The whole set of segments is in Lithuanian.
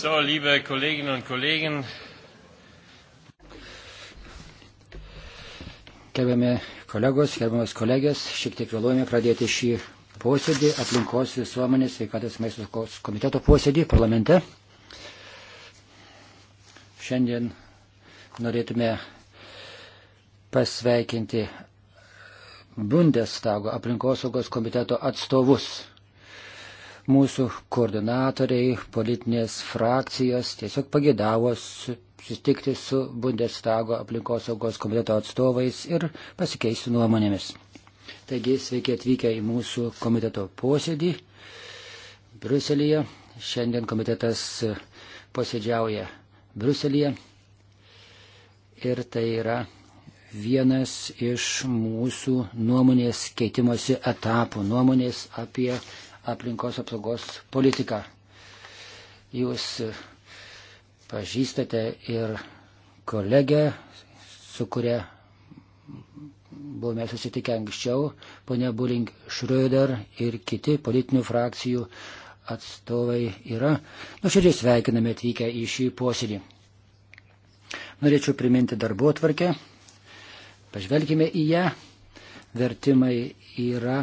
So, liebe Kolleginnen und Kollegen. Gerbiami kolegos, gerbiamas kolegės, šiek tiek vėluojame pradėti šį posėdį, aplinkos visuomenės sveikatos maisto komiteto posėdį parlamente. Šiandien norėtume pasveikinti Bundestago aplinkosaugos komiteto atstovus mūsų koordinatoriai, politinės frakcijos tiesiog pagėdavo susitikti su Bundestago aplinkosaugos komiteto atstovais ir pasikeisti nuomonėmis. Taigi sveiki atvykę į mūsų komiteto posėdį Bruselėje. Šiandien komitetas posėdžiauja Bruselėje ir tai yra vienas iš mūsų nuomonės keitimosi etapų, nuomonės apie aplinkos apsaugos politiką. Jūs pažįstate ir kolegę, su kuria buvome susitikę anksčiau, ponia Buling Šröder ir kiti politinių frakcijų atstovai yra nuoširdžiai sveikinami atvykę į šį posėdį. Norėčiau priminti darbo tvarkę. Pažvelgime į ją. Vertimai yra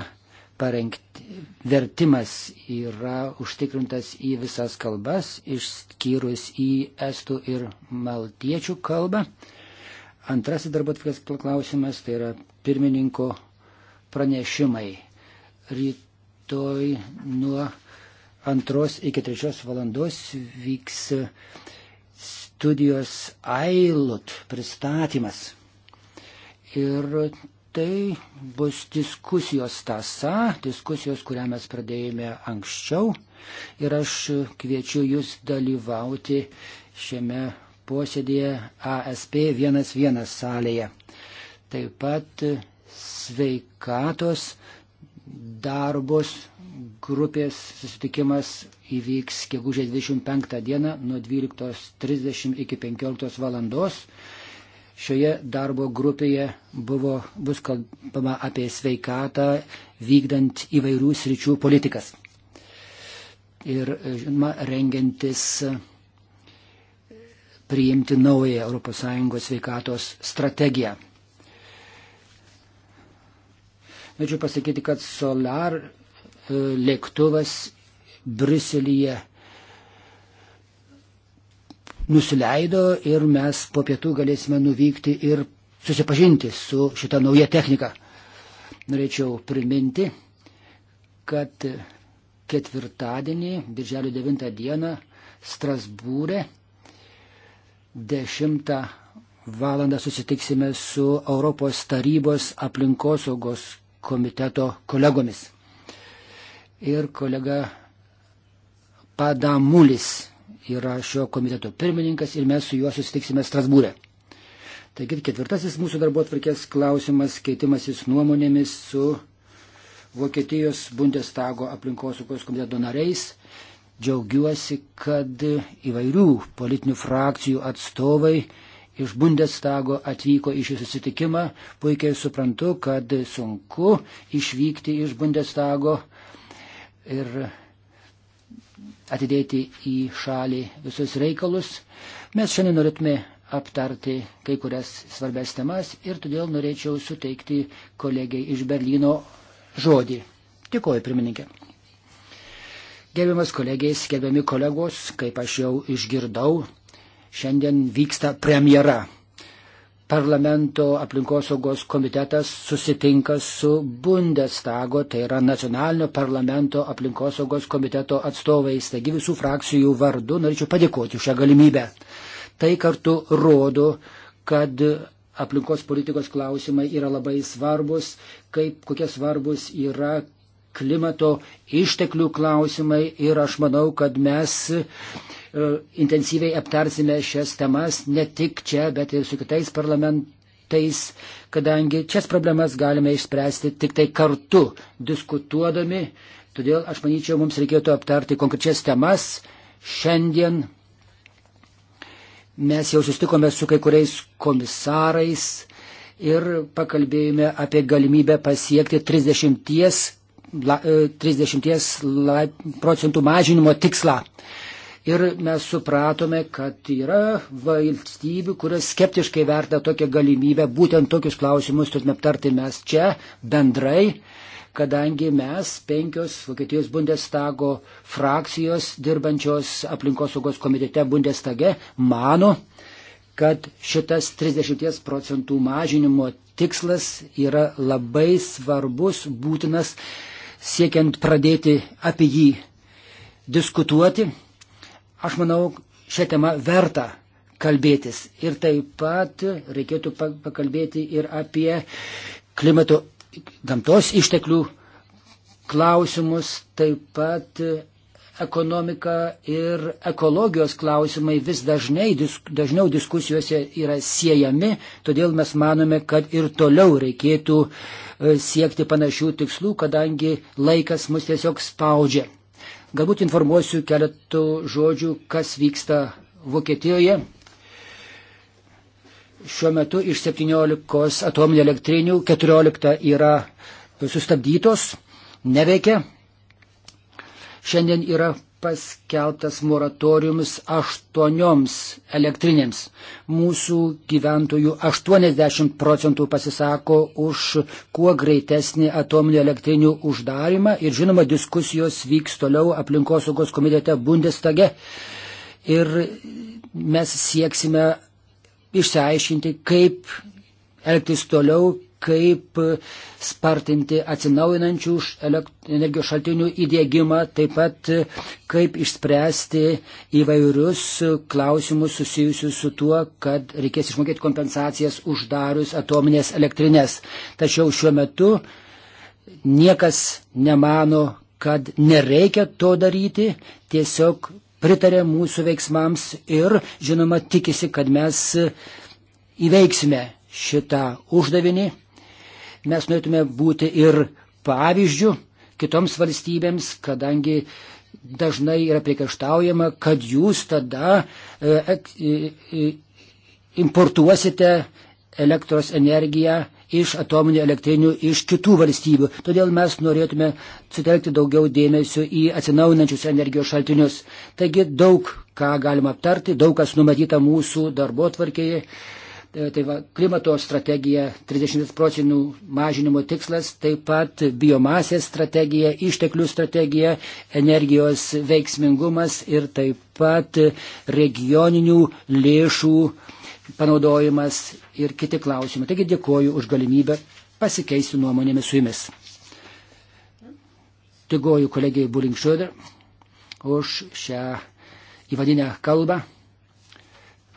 parengti, vertimas yra užtikrintas į visas kalbas, išskyrus į estų ir maltiečių kalbą. Antrasis darbotvarkės klausimas tai yra pirmininko pranešimai. Rytoj nuo antros iki trečios valandos vyks studijos Ailut pristatymas. Ir tai bus diskusijos tasa, diskusijos, kurią mes pradėjome anksčiau. Ir aš kviečiu jūs dalyvauti šiame posėdėje ASP 11 salėje. Taip pat sveikatos darbos grupės susitikimas įvyks gegužės 25 dieną nuo 12.30 iki 15 valandos. Šioje darbo grupėje buvo, bus kalbama apie sveikatą, vykdant įvairių sričių politikas. Ir, žinoma, rengiantis priimti naują ES sveikatos strategiją. Norėčiau pasakyti, kad Solar e, lėktuvas Briselyje nusileido ir mes po pietų galėsime nuvykti ir susipažinti su šita nauja technika. Norėčiau priminti, kad ketvirtadienį, birželio 9 dieną, Strasbūrė 10 val. susitiksime su Europos tarybos aplinkosaugos komiteto kolegomis. Ir kolega Padamulis yra šio komiteto pirmininkas ir mes su juo susitiksime Strasbūrė. Taigi ketvirtasis mūsų darbo atvarkės klausimas - keitimasis nuomonėmis su Vokietijos Bundestago aplinkosaugos komiteto nariais. Džiaugiuosi, kad įvairių politinių frakcijų atstovai iš Bundestago atvyko į šį susitikimą. Puikiai suprantu, kad sunku išvykti iš Bundestago ir atidėti į šalį visus reikalus. Mes šiandien norėtume aptarti kai kurias svarbias temas ir todėl norėčiau suteikti kolegiai iš Berlyno žodį. Tikoju, pirmininkė. Gerbiamas kolegijas, gerbiami kolegos, kaip aš jau išgirdau, šiandien vyksta premjera parlamento aplinkosaugos komitetas susitinka su Bundestago, tai yra nacionalinio parlamento aplinkosaugos komiteto atstovais. Taigi visų frakcijų vardu norėčiau padėkoti už šią galimybę. Tai kartu rodo, kad aplinkos politikos klausimai yra labai svarbus, kaip kokie svarbus yra klimato išteklių klausimai ir aš manau, kad mes E, intensyviai aptarsime šias temas ne tik čia, bet ir su kitais parlamentais, kadangi šias problemas galime išspręsti tik tai kartu diskutuodami. Todėl aš manyčiau, mums reikėtų aptarti konkrečias temas. Šiandien mes jau sustikome su kai kuriais komisarais ir pakalbėjome apie galimybę pasiekti 30 30 e, procentų mažinimo tikslą. Ir mes supratome, kad yra valstybių, kurios skeptiškai vertina tokią galimybę. Būtent tokius klausimus turime aptarti mes čia bendrai, kadangi mes penkios Vokietijos Bundestago frakcijos dirbančios aplinkosaugos komitete Bundestage mano, kad šitas 30 procentų mažinimo tikslas yra labai svarbus, būtinas, siekiant pradėti apie jį diskutuoti Aš manau, šią temą verta kalbėtis. Ir taip pat reikėtų pakalbėti ir apie klimato gamtos išteklių klausimus, taip pat ekonomika ir ekologijos klausimai vis dažnai, disk, dažniau diskusijose yra siejami, todėl mes manome, kad ir toliau reikėtų e, siekti panašių tikslų, kadangi laikas mus tiesiog spaudžia. Galbūt informuosiu keletų žodžių, kas vyksta Vokietijoje. Šiuo metu iš 17 atominių elektrinių 14 yra sustabdytos, neveikia. Šiandien yra paskeltas moratoriumis aštuonioms elektrinėms. Mūsų gyventojų 80 procentų pasisako už kuo greitesnį atominių elektrinių uždarimą ir žinoma diskusijos vyks toliau aplinkosaugos komitete Bundestage ir mes sieksime išsiaiškinti, kaip elgtis toliau, kaip spartinti atsinaujinančių energijos šaltinių įdėgymą, taip pat e, kaip išspręsti įvairius klausimus susijusius su tuo, kad reikės išmokėti kompensacijas uždarius atominės elektrinės. Tačiau šiuo metu niekas nemano, kad nereikia to daryti, tiesiog pritarė mūsų veiksmams ir, žinoma, tikisi, kad mes įveiksime šitą uždavinį. Mes norėtume būti ir pavyzdžių kitoms valstybėms, kadangi dažnai yra priekaištaujama, kad jūs tada e e, e, e, importuosite elektros energiją iš atominių elektrinių iš kitų valstybių. Todėl mes norėtume sutelkti daugiau dėmesio į atsinaujinančius energijos šaltinius. Taigi daug ką galima aptarti, daug kas numatyta mūsų darbo tvarkėje E, tai va, klimato strategija 30 procentų mažinimo tikslas, taip pat biomasės strategija, išteklių strategija, energijos veiksmingumas ir taip pat regioninių lėšų panaudojimas ir kiti klausimai. Taigi dėkoju už galimybę pasikeisti nuomonėmis su jumis. Dėkoju kolegijai Bulinkšoder už šią įvadinę kalbą.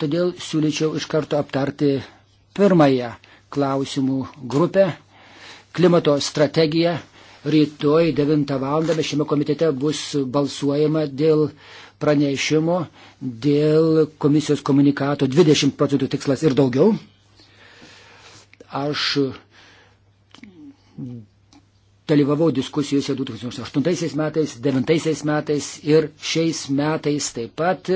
Todėl siūlyčiau iš karto aptarti pirmąją klausimų grupę - klimato strategija. Rytoj 9 val. šiame komitete bus balsuojama dėl pranešimo, dėl komisijos komunikato 20 procentų tikslas ir daugiau. Aš dalyvavau diskusijose 2008 metais, 2009 metais ir šiais metais taip pat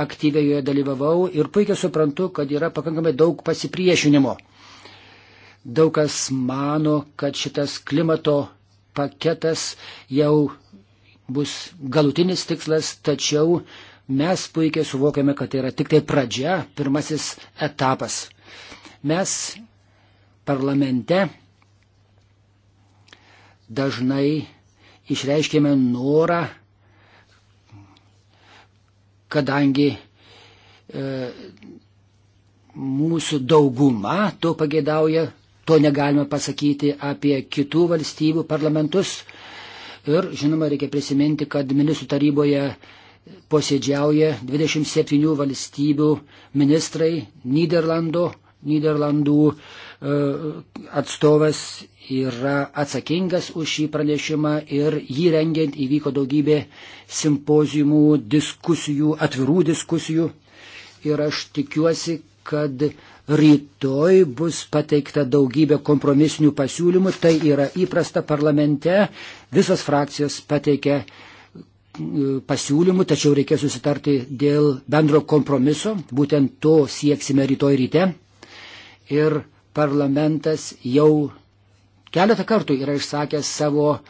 aktyviai joje dalyvavau ir puikiai suprantu, kad yra pakankamai daug pasipriešinimo. Daug kas mano, kad šitas klimato paketas jau bus galutinis tikslas, tačiau mes puikiai suvokiame, kad tai yra tik tai pradžia, pirmasis etapas. Mes parlamente dažnai išreiškėme norą, kadangi e, mūsų dauguma to pagėdauja, to negalime pasakyti apie kitų valstybių parlamentus. Ir, žinoma, reikia prisiminti, kad ministrų taryboje posėdžiauja 27 valstybių ministrai Niderlando, Niderlandų e, atstovas yra atsakingas už šį pranešimą ir jį rengiant įvyko daugybė simpozijumų, diskusijų, atvirų diskusijų. Ir aš tikiuosi, kad rytoj bus pateikta daugybė kompromisinių pasiūlymų, tai yra įprasta parlamente, visos frakcijos pateikia e, pasiūlymų, tačiau reikės susitarti dėl bendro kompromiso, būtent to sieksime rytoj ryte. Ir parlamentas jau keletą kartų yra išsakęs savo e,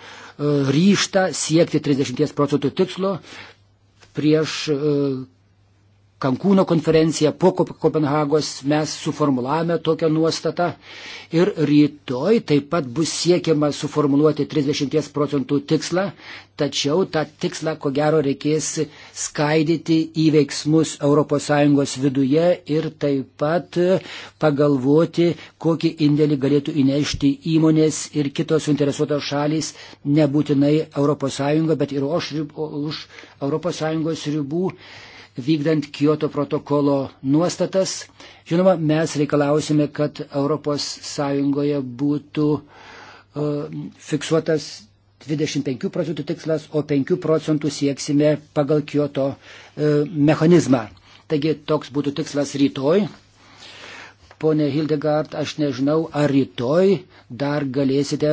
ryštą siekti 30 procentų tikslo prieš e, Kankūno konferenciją po Kopenhagos mes suformulavome tokią nuostatą ir rytoj taip pat bus siekiama suformuluoti 30 procentų tikslą, tačiau tą tikslą ko gero reikės skaidyti į veiksmus ES viduje ir taip pat pagalvoti, kokį indėlį galėtų įnešti įmonės ir kitos suinteresuotos šalys, nebūtinai ES, bet ir už ES ribų vykdant Kyoto protokolo nuostatas. Žinoma, mes reikalausime, kad ES būtų uh, fiksuotas 25 procentų tikslas, o 5 procentų sieksime pagal Kyoto uh, mechanizmą. Taigi toks būtų tikslas rytoj. Pone Hildegard, aš nežinau, ar rytoj uh, dar galėsite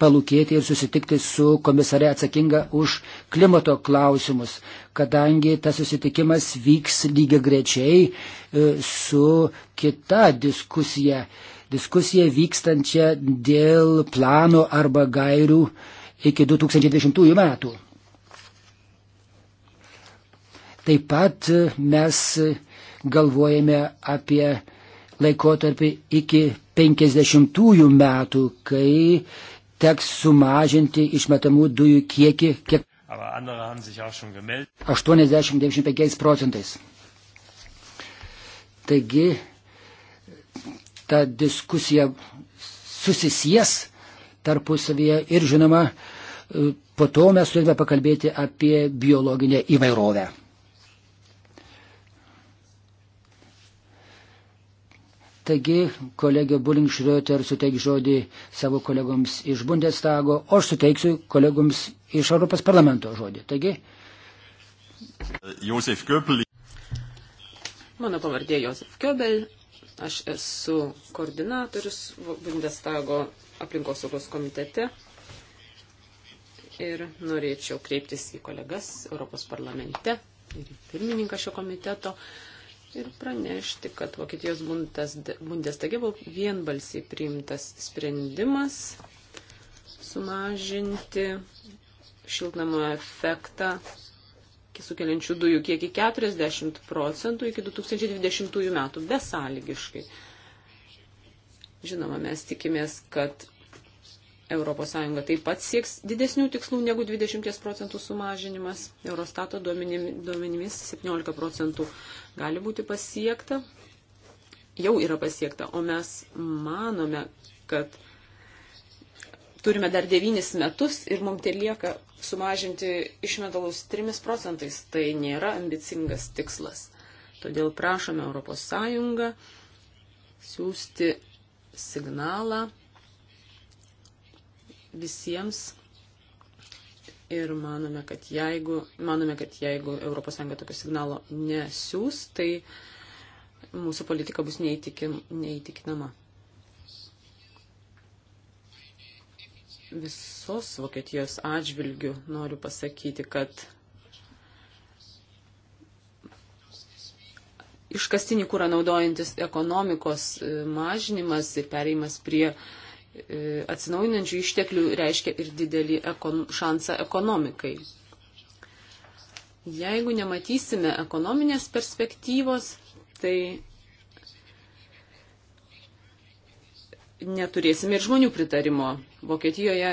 palūkėti ir susitikti su komisare atsakinga už klimato klausimus, kadangi tas susitikimas vyks lygiai grečiai e, su kita diskusija, diskusija vykstančia dėl plano arba gairių iki 2010 metų. Taip pat e, mes e, galvojame apie laikotarpį iki 50-ųjų metų, kai teks sumažinti išmetamų dujų kiekį kiek 80-95 procentais. Taigi ta diskusija susisies tarpusavyje ir žinoma, po to mes turime pakalbėti apie biologinę įvairovę. Taigi, kolegė Buling Šrioter suteiks žodį savo kolegoms iš Bundestago, o aš suteiksiu kolegoms iš Europos parlamento žodį. Taigi. Josef Köpel. Mano pavardė Josef Köpel. Aš esu koordinatorius Bundestago aplinkosaugos komitete. Ir norėčiau kreiptis į kolegas Europos parlamente ir pirmininką šio komiteto. Uh, ir pranešti, kad Vokietijos bundestage buvo vienbalsiai priimtas sprendimas sumažinti šiltnamo efektą sukeliančių dujų kiekį 40 procentų iki 2020 metų besąlygiškai. Žinoma, mes tikimės, kad ES taip pat sieks didesnių tikslų negu 20 procentų sumažinimas. Eurostato duomenimis 17 procentų gali būti pasiekta, jau yra pasiekta, o mes manome, kad turime dar 9 metus ir mums tai lieka sumažinti išmetalus 3 procentais. Tai nėra ambicingas tikslas. Todėl prašome ES siūsti signalą visiems. Ir manome, kad jeigu, manome, kad jeigu ES tokio signalo nesiūs, tai mūsų politika bus neįtikin, neįtikinama. Visos Vokietijos atžvilgių noriu pasakyti, kad iškastinį kūrą naudojantis ekonomikos mažinimas ir pereimas prie uh, E, atsinaujinančių išteklių reiškia ir didelį ekon, šansą ekonomikai. Jeigu nematysime ekonominės perspektyvos, tai neturėsime ir žmonių pritarimo. Vokietijoje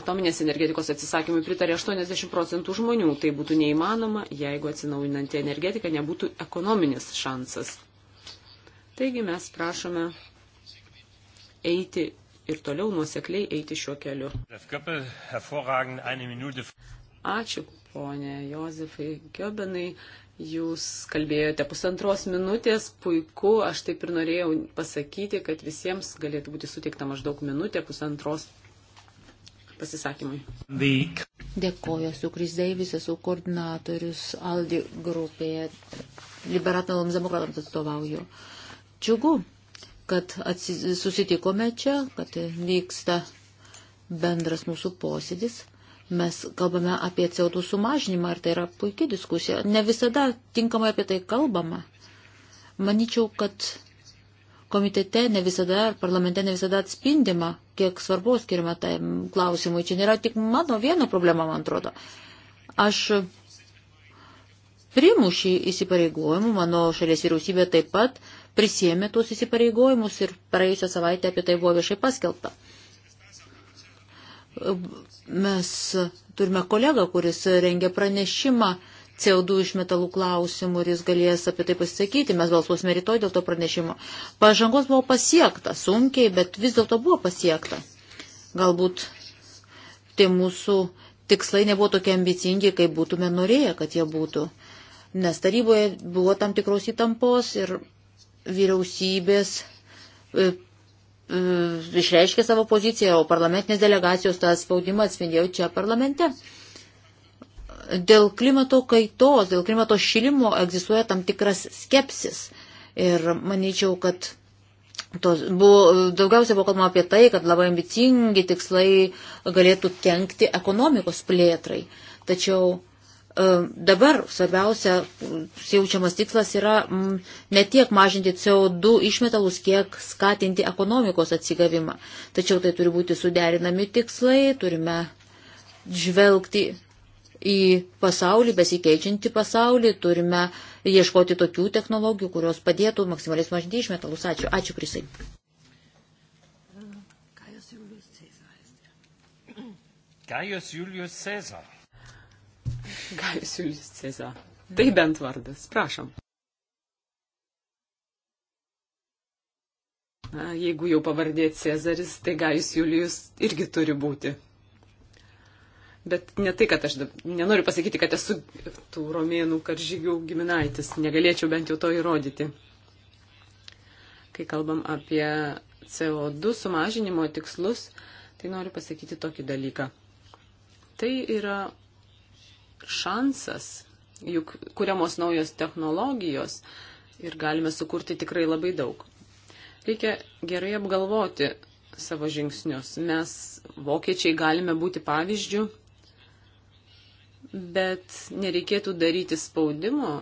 atominės energetikos atsisakymui pritarė 80 procentų žmonių. Tai būtų neįmanoma, jeigu atsinaujinanti energetika nebūtų ekonominis šansas. Taigi mes prašome eiti ir toliau nuosekliai eiti šiuo keliu. Ačiū, ponė Jozefai Giobenai. Jūs kalbėjote pusantros minutės, puiku, aš taip ir norėjau pasakyti, kad visiems galėtų būti suteikta maždaug minutė, pusantros pasisakymui. Dėkoju, esu Kris Deivis, esu koordinatorius Aldi grupėje, liberatalams demokratams atstovauju. Džiugu, kad susitikome čia, kad vyksta bendras mūsų posėdis. Mes kalbame apie CO2 sumažinimą ir tai yra puikia diskusija. Ne visada tinkamai apie tai kalbama. Maničiau, kad komitete ne visada ar parlamente ne visada atspindima, kiek svarbos skiriama tam klausimui. Čia nėra tik mano viena problema, man atrodo. Aš priimu šį įsipareigojimą, mano šalies vyriausybė taip pat prisėmė tuos įsipareigojimus ir praėjusią savaitę apie tai buvo viešai paskelbta. Mes turime kolegą, kuris rengia pranešimą CO2 išmetalų klausimų ir jis galės apie tai pasisakyti. Mes balsuosime rytoj dėl to pranešimo. Pažangos buvo pasiekta, sunkiai, bet vis dėlto buvo pasiekta. Galbūt tie mūsų tikslai nebuvo tokie ambicingi, kaip būtume norėję, kad jie būtų. Nes taryboje buvo tam tikros įtampos ir vyriausybės e, e, išreiškė savo poziciją, o parlamentinės delegacijos tą spaudimą atspindėjo čia parlamente. Dėl klimato kaitos, dėl klimato šilimo egzistuoja tam tikras skepsis. Ir manyčiau, kad tos, buvo, daugiausia buvo kalbama apie tai, kad labai ambicingi tikslai galėtų kenkti ekonomikos plėtrai. Tačiau E, dabar svarbiausia jaučiamas tikslas yra ne tiek mažinti CO2 išmetalus, kiek skatinti ekonomikos atsigavimą. Tačiau tai turi būti suderinami tikslai, turime žvelgti į pasaulį, besikeičiantį pasaulį, turime ieškoti tokių technologijų, kurios padėtų maksimaliai sumažinti išmetalus. Ačiū. Ačiū, Krisai. Gaius Julius Cezar. Gaius Julius Cezar. Tai bent vardas. Prašom. Na, jeigu jau pavardė Cezaris, tai Gaius Julius irgi turi būti. Bet ne tai, kad aš nenoriu pasakyti, kad esu tų romėnų karžygių giminaitis. Negalėčiau bent jau to įrodyti. Kai kalbam apie CO2 sumažinimo tikslus, tai noriu pasakyti tokį dalyką. Tai yra šansas, juk kuriamos naujos technologijos ir galime sukurti tikrai labai daug. Reikia gerai apgalvoti savo žingsnius. Mes, vokiečiai, galime būti pavyzdžių, bet nereikėtų daryti spaudimo.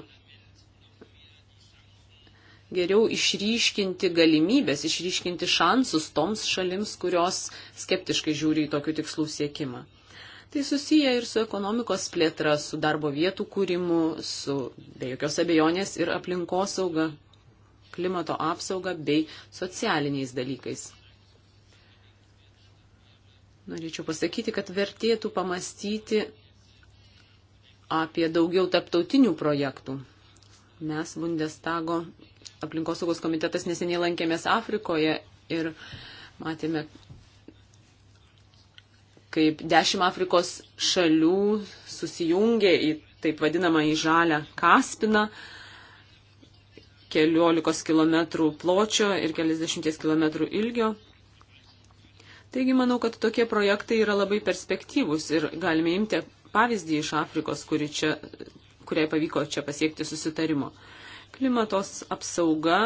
Geriau išryškinti galimybės, išryškinti šansus toms šalims, kurios skeptiškai žiūri į tokių tikslų siekimą. Tai susiję ir su ekonomikos plėtra, su darbo vietų kūrimu, su be jokios abejonės ir aplinkosauga, klimato apsauga bei socialiniais dalykais. Norėčiau pasakyti, kad vertėtų pamastyti apie daugiau taptautinių projektų. Mes Bundestago aplinkosaugos komitetas neseniai lankėmės Afrikoje ir matėme, kaip dešimt Afrikos šalių susijungė į taip vadinamą į žalę Kaspiną, keliolikos kilometrų pločio ir keliasdešimties kilometrų ilgio. Taigi manau, kad tokie projektai yra labai perspektyvūs ir galime imti pavyzdį iš Afrikos, kuri čia, kuriai pavyko čia pasiekti susitarimo. Klimatos apsauga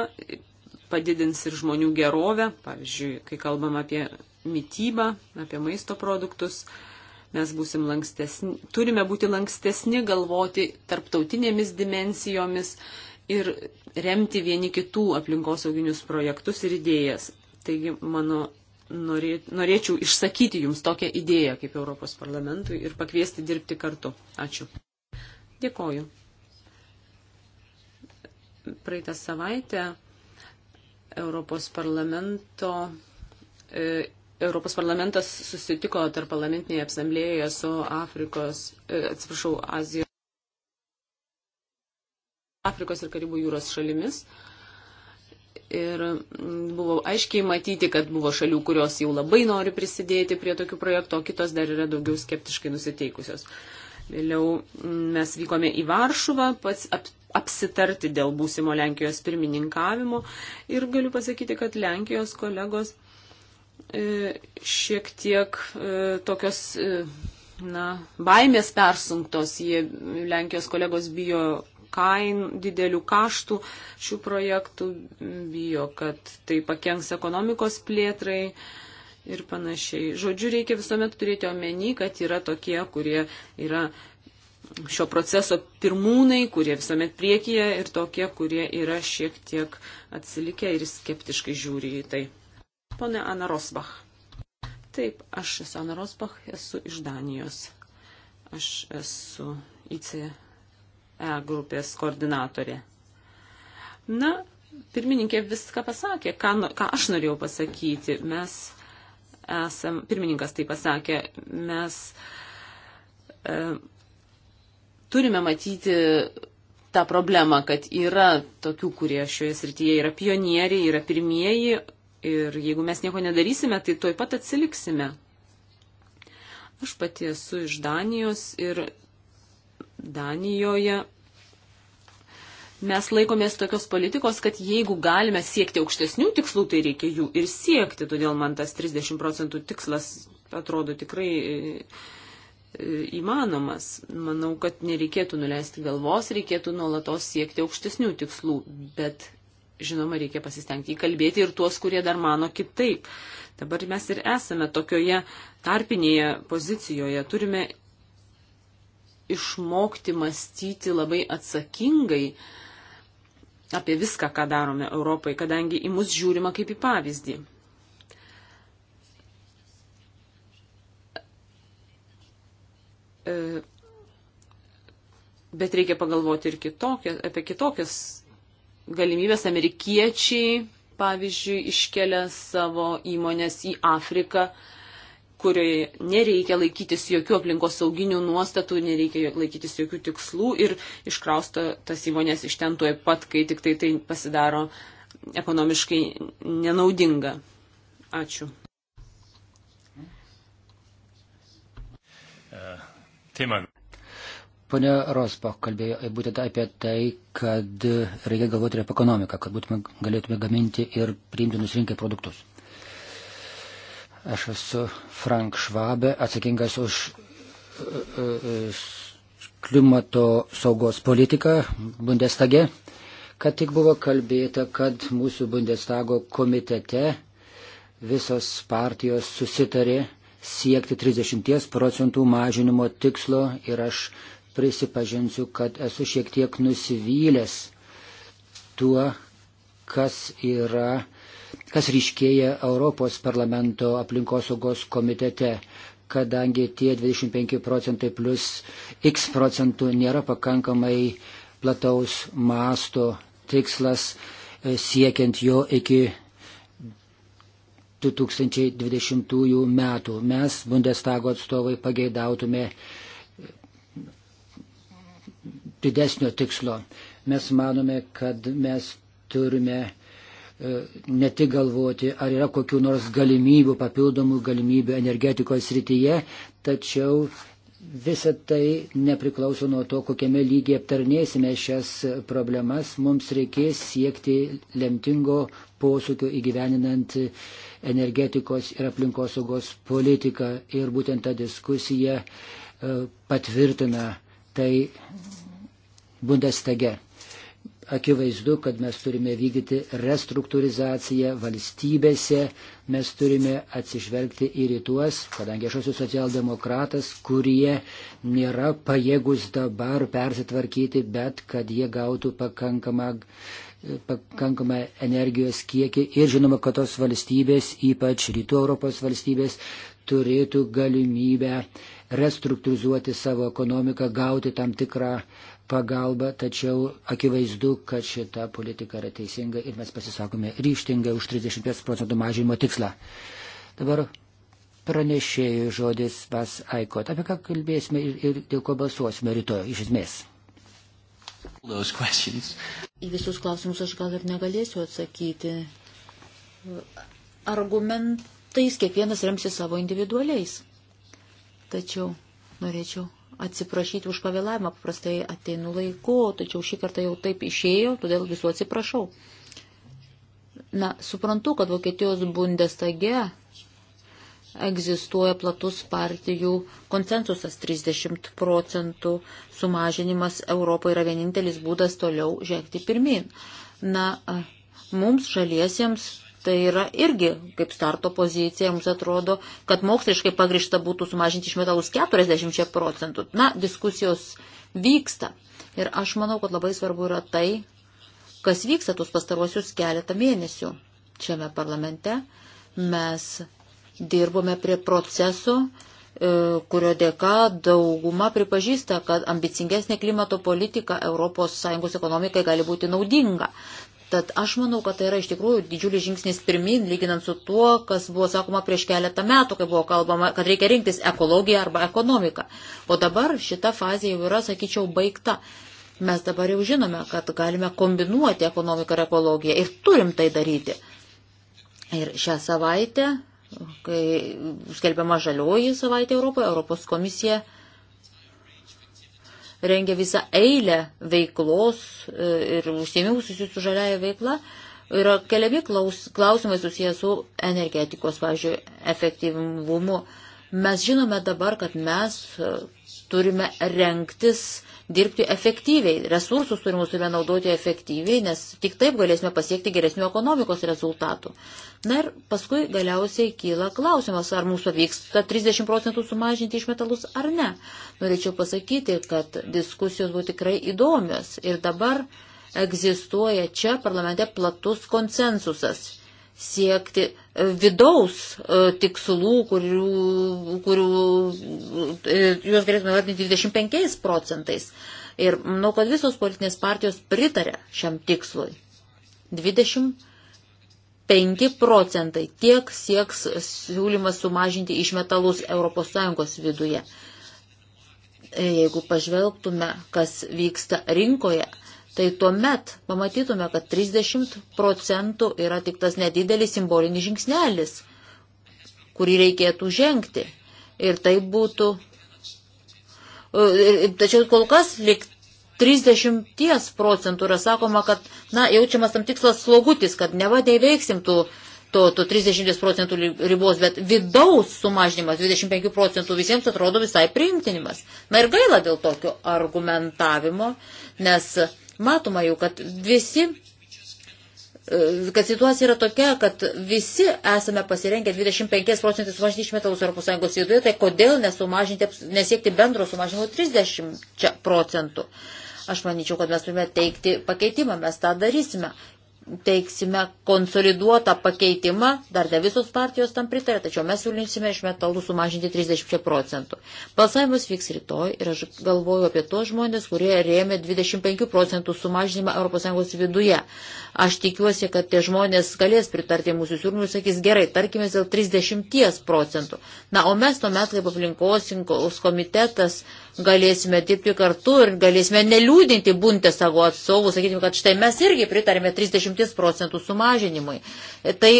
padidins ir žmonių gerovę, pavyzdžiui, kai kalbam apie mytybą, apie maisto produktus. Mes būsim lankstesni, turime būti lankstesni, galvoti tarptautinėmis dimensijomis ir remti vieni kitų aplinkosauginius projektus ir idėjas. Taigi, mano norė, norėčiau išsakyti Jums tokią idėją kaip Europos parlamentui ir pakviesti dirbti kartu. Ačiū. Dėkoju. Praeitą savaitę Europos parlamento e, Europos parlamentas susitiko tarp parlamentinėje asamblėje su Afrikos, e, atsiprašau, Azijos, Afrikos ir Karibų jūros šalimis. Ir mm, buvo aiškiai matyti, kad buvo šalių, kurios jau labai nori prisidėti prie tokių projektų, o kitos dar yra daugiau skeptiškai nusiteikusios. Vėliau mm, mes vykome į Varšuvą, pats ap, apsitarti dėl būsimo Lenkijos pirmininkavimo ir galiu pasakyti, kad Lenkijos kolegos E, šiek tiek e, tokios e, na, baimės persunktos. Jie, Lenkijos kolegos bijo kain, didelių kaštų šių projektų, bijo, kad tai pakenks ekonomikos plėtrai ir panašiai. Žodžiu, reikia visuomet turėti omeny, kad yra tokie, kurie yra šio proceso pirmūnai, kurie visuomet priekyje ir tokie, kurie yra šiek tiek atsilikę ir skeptiškai žiūri į tai. Pone Ana Rosbach. Taip, aš esu Ana Rosbach, esu iš Danijos. Aš esu ICE grupės koordinatorė. Na, pirmininkė viską pasakė, ką, ką aš norėjau pasakyti. Mes esam, pirmininkas tai pasakė, mes e, turime matyti tą problemą, kad yra tokių, kurie šioje srityje yra pionieriai, yra pirmieji, Ir jeigu mes nieko nedarysime, tai tuoj pat atsiliksime. Aš pati esu iš Danijos ir Danijoje mes laikomės tokios politikos, kad jeigu galime siekti aukštesnių tikslų, tai reikia jų ir siekti. Todėl man tas 30 procentų tikslas atrodo tikrai e, e, įmanomas. Manau, kad nereikėtų nuleisti galvos, reikėtų nuolatos siekti aukštesnių tikslų, bet žinoma, reikia pasistengti įkalbėti ir tuos, kurie dar mano kitaip. Dabar mes ir esame tokioje tarpinėje pozicijoje. Turime išmokti mąstyti labai atsakingai apie viską, ką darome Europai, kadangi į mus žiūrima kaip į pavyzdį. E, bet reikia pagalvoti ir kitokias, apie kitokias galimybės amerikiečiai, pavyzdžiui, iškelia savo įmonės į Afriką, kurioje nereikia laikytis jokių aplinkos sauginių nuostatų, nereikia laikytis jokių tikslų ir iškrausto tas įmonės iš ten tuoj pat, kai tik tai tai pasidaro ekonomiškai nenaudinga. Ačiū. Tema. Pone Rospa kalbėjo būtent apie tai, kad reikia galvoti ir apie ekonomiką, kad būtume, galėtume gaminti ir priimtinus rinkai produktus. Aš esu Frank Švabe, atsakingas už e, e, klimato saugos politiką Bundestage. Kad tik buvo kalbėta, kad mūsų Bundestago komitete visos partijos susitarė siekti 30 procentų mažinimo tikslo ir aš prisipažinsiu, kad esu šiek tiek nusivylęs tuo, kas yra, kas ryškėja Europos parlamento aplinkosaugos komitete, kadangi tie 25 procentai plus x procentų nėra pakankamai plataus masto tikslas e, siekiant jo iki 2020 metų. Mes, Bundestago atstovai, pageidautume didesnio tikslo. Mes manome, kad mes turime e, ne tik galvoti, ar yra kokių nors galimybių, papildomų galimybių energetikos srityje, tačiau visa tai nepriklauso nuo to, kokiame lygiai aptarnėsime šias problemas. Mums reikės siekti lemtingo posūkio įgyveninant energetikos ir aplinkosaugos politiką. Ir būtent ta diskusija e, patvirtina tai Bundestage. Akivaizdu, kad mes turime vykdyti restruktūrizaciją valstybėse, mes turime atsižvelgti ir į tuos, kadangi aš esu socialdemokratas, kurie nėra pajėgus dabar persitvarkyti, bet kad jie gautų pakankamą pakankamą energijos kiekį ir žinoma, kad tos valstybės, ypač rytų Europos valstybės, turėtų galimybę restruktūrizuoti savo ekonomiką, gauti tam tikrą uh, pagalba, tačiau akivaizdu, kad šita politika yra teisinga ir mes pasisakome ryštingai už 30 procentų mažinimo tikslą. Dabar pranešėjų žodis pas Aikot. Apie ką kalbėsime ir, ir dėl ko balsuosime rytoj iš esmės? Į visus klausimus aš gal ir negalėsiu atsakyti. Argumentais kiekvienas remsi savo individualiais. Tačiau norėčiau atsiprašyti už pavėlavimą, paprastai ateinu laiku, tačiau šį kartą jau taip išėjo, todėl visų atsiprašau. Na, suprantu, kad Vokietijos bundestage egzistuoja platus partijų konsensusas 30 procentų sumažinimas Europoje yra vienintelis būdas toliau žengti pirmin. Na, mums žaliesiems Tai yra irgi, kaip starto pozicija, mums atrodo, kad moksliškai pagrišta būtų sumažinti išmetalus 40 procentų. Na, diskusijos vyksta. Ir aš manau, kad labai svarbu yra tai, kas vyksta tuos pastaruosius keletą mėnesių. Šiame parlamente mes dirbome prie proceso, e, kurio dėka dauguma pripažįsta, kad ambicingesnė klimato politika ES ekonomikai gali būti naudinga. Tad aš manau, kad tai yra iš tikrųjų didžiulis žingsnis pirmin, lyginant su tuo, kas buvo sakoma prieš keletą metų, kai buvo kalbama, kad reikia rinktis ekologiją arba ekonomiką. O dabar šita fazė jau yra, sakyčiau, baigta. Mes dabar jau žinome, kad galime kombinuoti ekonomiką ir ekologiją ir turim tai daryti. Ir šią savaitę, kai skelbiama žalioji savaitė Europoje, Europos komisija rengia visą eilę veiklos e, ir užsiemimų susijusių su žaliaja veikla. Yra keliami klaus, klausimai susijęs su energetikos, pavyzdžiui, efektyvumu. Mes žinome dabar, kad mes e, turime renktis dirbti efektyviai. Resursus turime, turime naudoti efektyviai, nes tik taip galėsime pasiekti geresnių ekonomikos rezultatų. Na ir paskui galiausiai kyla klausimas, ar mūsų vyksta 30 procentų sumažinti išmetalus ar ne. Norėčiau pasakyti, kad diskusijos buvo tikrai įdomios ir dabar egzistuoja čia parlamente platus konsensusas siekti vidaus e, tikslų, kurių, kurių e, juos galėtume vertinti 25 procentais. Ir manau, kad visos politinės partijos pritarė šiam tikslui. 25 procentai tiek sieks siūlymas sumažinti išmetalus ES viduje. E, jeigu pažvelgtume, kas vyksta rinkoje, tai tuomet pamatytume, kad 30 procentų yra tik tas nedidelis simbolinis žingsnelis, kurį reikėtų žengti. Ir tai būtų. E, tačiau kol kas lik 30 procentų yra sakoma, kad, na, jaučiamas tam tikslas slogutis, kad neva neįveiksim tų to, to 30 procentų ribos, bet vidaus sumažinimas 25 procentų visiems atrodo visai priimtinimas. Na ir gaila dėl tokio argumentavimo, nes Matoma jau, kad visi e, kad situacija yra tokia, kad visi esame pasirengę 25 procentus sumažinti išmetalus Europos Sąjungos viduje, tai kodėl nesumažinti, nesiekti bendro sumažinimo 30 procentų? Aš manyčiau, kad mes turime teikti pakeitimą, mes tą darysime teiksime konsoliduotą pakeitimą, dar ne visos partijos tam pritarė, tačiau mes siūlysime iš metalų sumažinti 30 procentų. Balsavimas vyks rytoj ir aš galvoju apie tos žmonės, kurie rėmė 25 procentų sumažinimą ES viduje. Aš tikiuosi, kad tie žmonės galės pritarti mūsų siūlymui ir sakys gerai, tarkime dėl 30 procentų. Na, o mes tuomet kaip aplinkos komitetas galėsime dirbti kartu ir galėsime neliūdinti buntę savo atstovų, sakykime, kad štai mes irgi pritarėme 30 procentų sumažinimui. Tai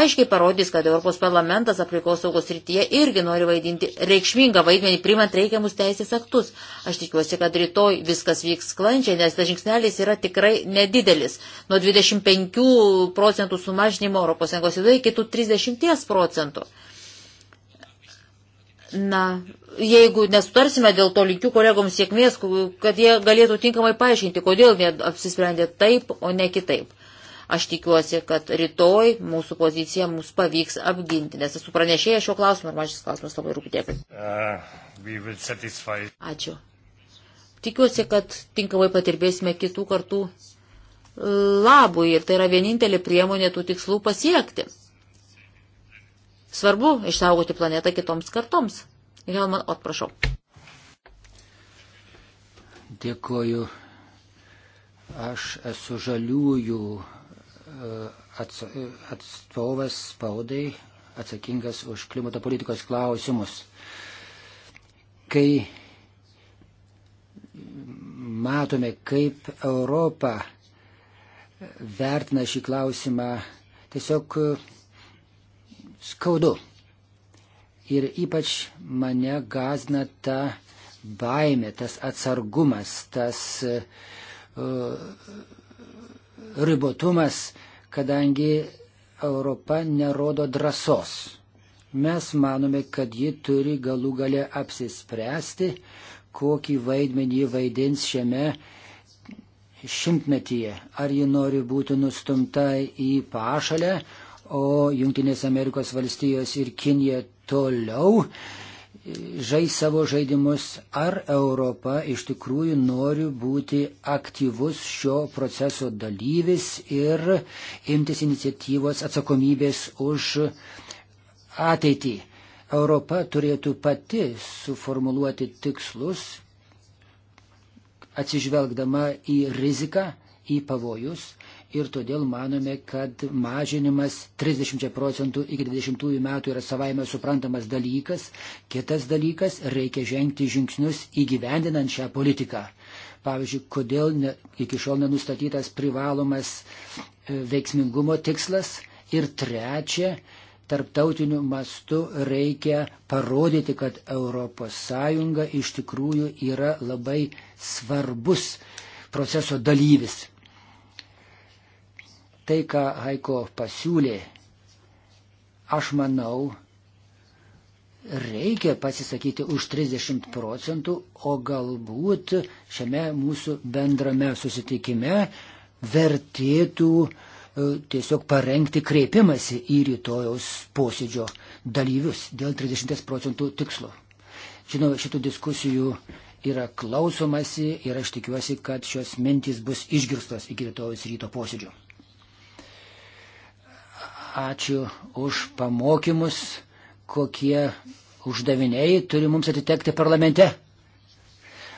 aiškiai parodys, kad Europos parlamentas aplinkos saugos rytyje irgi nori vaidinti reikšmingą vaidmenį, primant reikiamus teisės aktus. Aš tikiuosi, kad rytoj viskas vyks sklandžiai, nes tas žingsnelis yra tikrai nedidelis. Nuo 25 procentų sumažinimo Europos Sąjungos viduje iki 30 procentų. Na, jeigu nesutarsime dėl to, linkiu kolegoms sėkmės, kad jie galėtų tinkamai paaiškinti, kodėl jie apsisprendė taip, o ne kitaip. Aš tikiuosi, kad rytoj mūsų pozicija mums pavyks apginti, nes esu pranešėjęs šio klausimo ir man šis klausimas labai rūpi. Dėkui. Uh, Ačiū. Tikiuosi, kad tinkamai patirbėsime kitų kartų uh, labui ir tai yra vienintelė priemonė tų tikslų pasiekti. Svarbu išsaugoti planetą kitoms kartoms. Helman, ot prašau. Dėkoju. Aš esu žaliųjų e, e, atstovas spaudai, atsakingas už klimato politikos klausimus. Kai matome, kaip Europa vertina šį klausimą, tiesiog skaudu. Ir ypač mane gazna ta baimė, tas atsargumas, tas uh, ribotumas, kadangi Europa nerodo drąsos. Mes manome, kad ji turi galų gale apsispręsti, kokį vaidmenį ji vaidins šiame šimtmetyje. Ar ji nori būti nustumta į pašalę, o Junktinės Amerikos valstijos ir Kinija toliau žais savo žaidimus, ar Europa iš tikrųjų nori būti aktyvus šio proceso dalyvis ir imtis iniciatyvos atsakomybės už ateitį. Europa turėtų pati suformuluoti tikslus, atsižvelgdama į riziką, į pavojus ir todėl manome, kad mažinimas 30 procentų iki 20 metų yra savaime suprantamas dalykas. Kitas dalykas - reikia žengti žingsnius įgyvendinant šią politiką. Pavyzdžiui, kodėl ne, iki šiol nenustatytas privalomas e, veiksmingumo tikslas. Ir trečia, tarptautiniu mastu reikia parodyti, kad ES iš tikrųjų yra labai svarbus proceso dalyvis. Tai, ką Haiko pasiūlė, aš manau, reikia pasisakyti už 30 procentų, o galbūt šiame mūsų bendrame susitikime vertėtų e, tiesiog parengti kreipimąsi į rytojaus posėdžio dalyvius dėl 30 procentų tikslo. Žinau, šitų diskusijų yra klausomasi ir aš tikiuosi, kad šios mintys bus išgirstos iki rytojaus ryto posėdžio. Ačiū už pamokymus, kokie uždaviniai turi mums atitekti parlamente.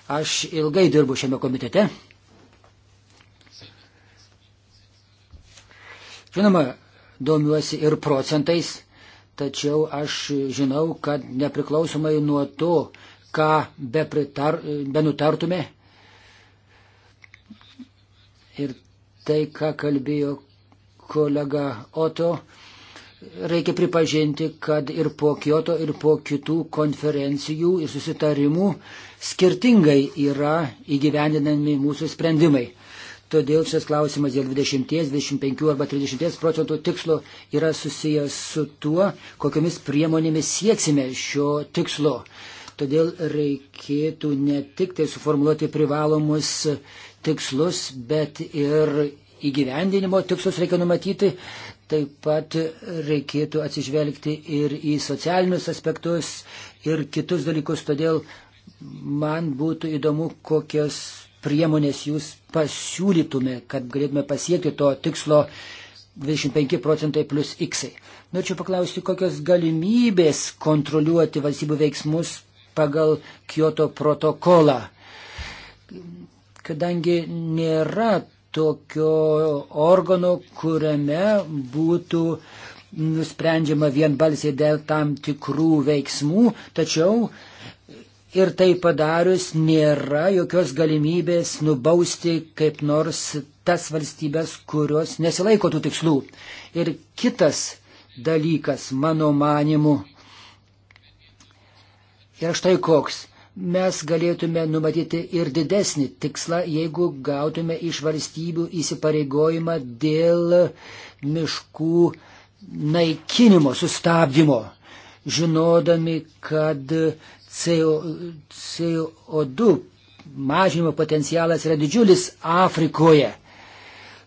Aš ilgai dirbu šiame komitete. Žinoma, domiuosi ir procentais, tačiau aš žinau, kad nepriklausomai nuo to, ką bepritar, benutartume, ir tai, ką kalbėjo kolega Oto, reikia pripažinti, kad ir po Kyoto, ir po kitų konferencijų ir susitarimų skirtingai yra įgyvendinami mūsų sprendimai. Todėl šis klausimas dėl 20, 25 arba 30 procentų tikslo yra susijęs su tuo, kokiamis priemonėmis sieksime šio tikslo. Todėl reikėtų ne tik tai suformuoluoti privalomus tikslus, bet ir įgyvendinimo tikslus reikia numatyti, taip pat reikėtų atsižvelgti ir į socialinius aspektus ir kitus dalykus. Todėl man būtų įdomu, kokias priemonės jūs pasiūlytume, kad galėtume pasiekti to tikslo 25 procentai plus x. Norėčiau paklausti, kokios galimybės kontroliuoti valstybių veiksmus pagal Kyoto protokolą kadangi nėra tokio organo, kuriame būtų nusprendžiama vienbalsiai dėl tam tikrų veiksmų, tačiau ir tai padarius nėra jokios galimybės nubausti kaip nors tas valstybės, kurios nesilaiko tų tikslų. Ir kitas dalykas, mano manimu, yra štai koks mes galėtume numatyti ir didesnį tikslą, jeigu gautume iš valstybių įsipareigojimą dėl miškų naikinimo, sustabdymo, žinodami, kad CO, CO2 mažinimo potencialas yra didžiulis Afrikoje.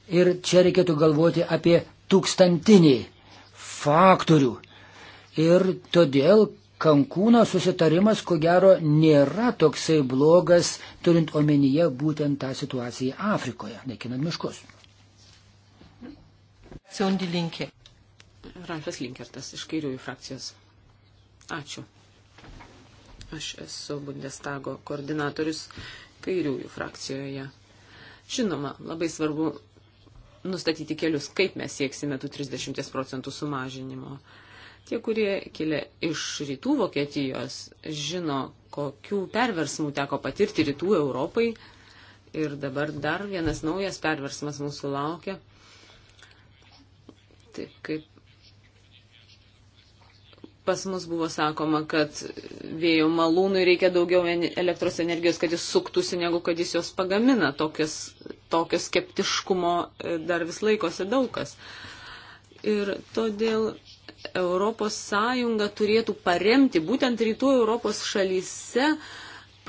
Ir čia reikėtų galvoti apie tūkstantinį faktorių. Ir todėl Kankūno susitarimas, ko gero, nėra toksai blogas, turint omenyje būtent tą situaciją Afrikoje, naikinant miškus. Siondi Linkė. Ralfas Linkertas iš kairiųjų frakcijos. Ačiū. Aš esu Bundestago koordinatorius kairiųjų frakcijoje. Žinoma, labai svarbu nustatyti kelius, kaip mes sieksime tų 30 procentų sumažinimo. Uh, Tie, kurie kilė iš rytų Vokietijos, žino, kokių perversmų teko patirti rytų Europai. Ir dabar dar vienas naujas perversmas mūsų laukia. Taip kaip pas mus buvo sakoma, kad vėjo malūnui reikia daugiau elektros energijos, kad jis suktųsi, negu kad jis jos pagamina. Tokios, tokio skeptiškumo e, dar vis laikosi daugas. Ir todėl ES turėtų paremti būtent rytų Europos šalyse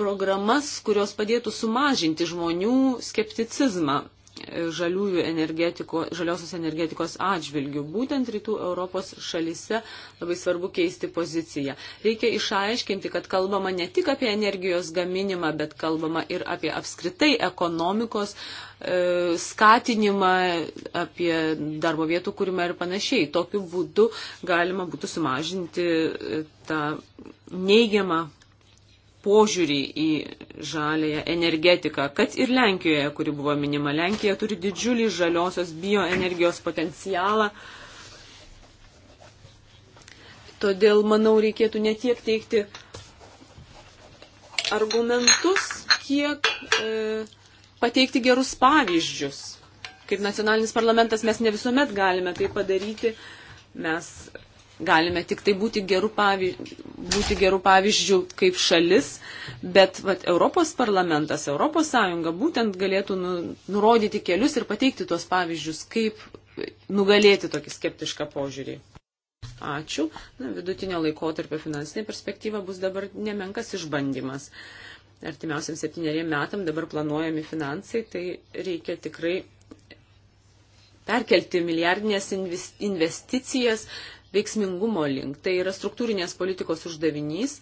programas, kurios padėtų sumažinti žmonių skepticizmą energetiko, žaliosios energetikos atžvilgių. Būtent rytų Europos šalise labai svarbu keisti poziciją. Reikia išaiškinti, kad kalbama ne tik apie energijos gaminimą, bet kalbama ir apie apskritai ekonomikos e, skatinimą, apie darbo vietų kūrimą ir panašiai. Tokiu būdu galima būtų sumažinti e, tą neigiamą požiūrį į žalėją energetiką, kad ir Lenkijoje, kuri buvo minima, Lenkija turi didžiulį žaliosios bioenergijos potencialą. Todėl, manau, reikėtų ne tiek teikti argumentus, kiek e, pateikti gerus pavyzdžius. Kaip nacionalinis parlamentas mes ne visuomet galime tai padaryti. Mes Galime tik tai būti gerų, pavyzdžių, būti gerų pavyzdžių kaip šalis, bet vat, Europos parlamentas, Europos Sąjunga būtent galėtų nu, nurodyti kelius ir pateikti tuos pavyzdžius, kaip nugalėti tokį skeptišką požiūrį. Ačiū. Na, vidutinio laikotarpio finansinė perspektyva bus dabar nemenkas išbandymas artimiausiam septyneriem metam dabar planuojami finansai, tai reikia tikrai perkelti milijardinės investicijas veiksmingumo link. Tai yra struktūrinės politikos uždavinys.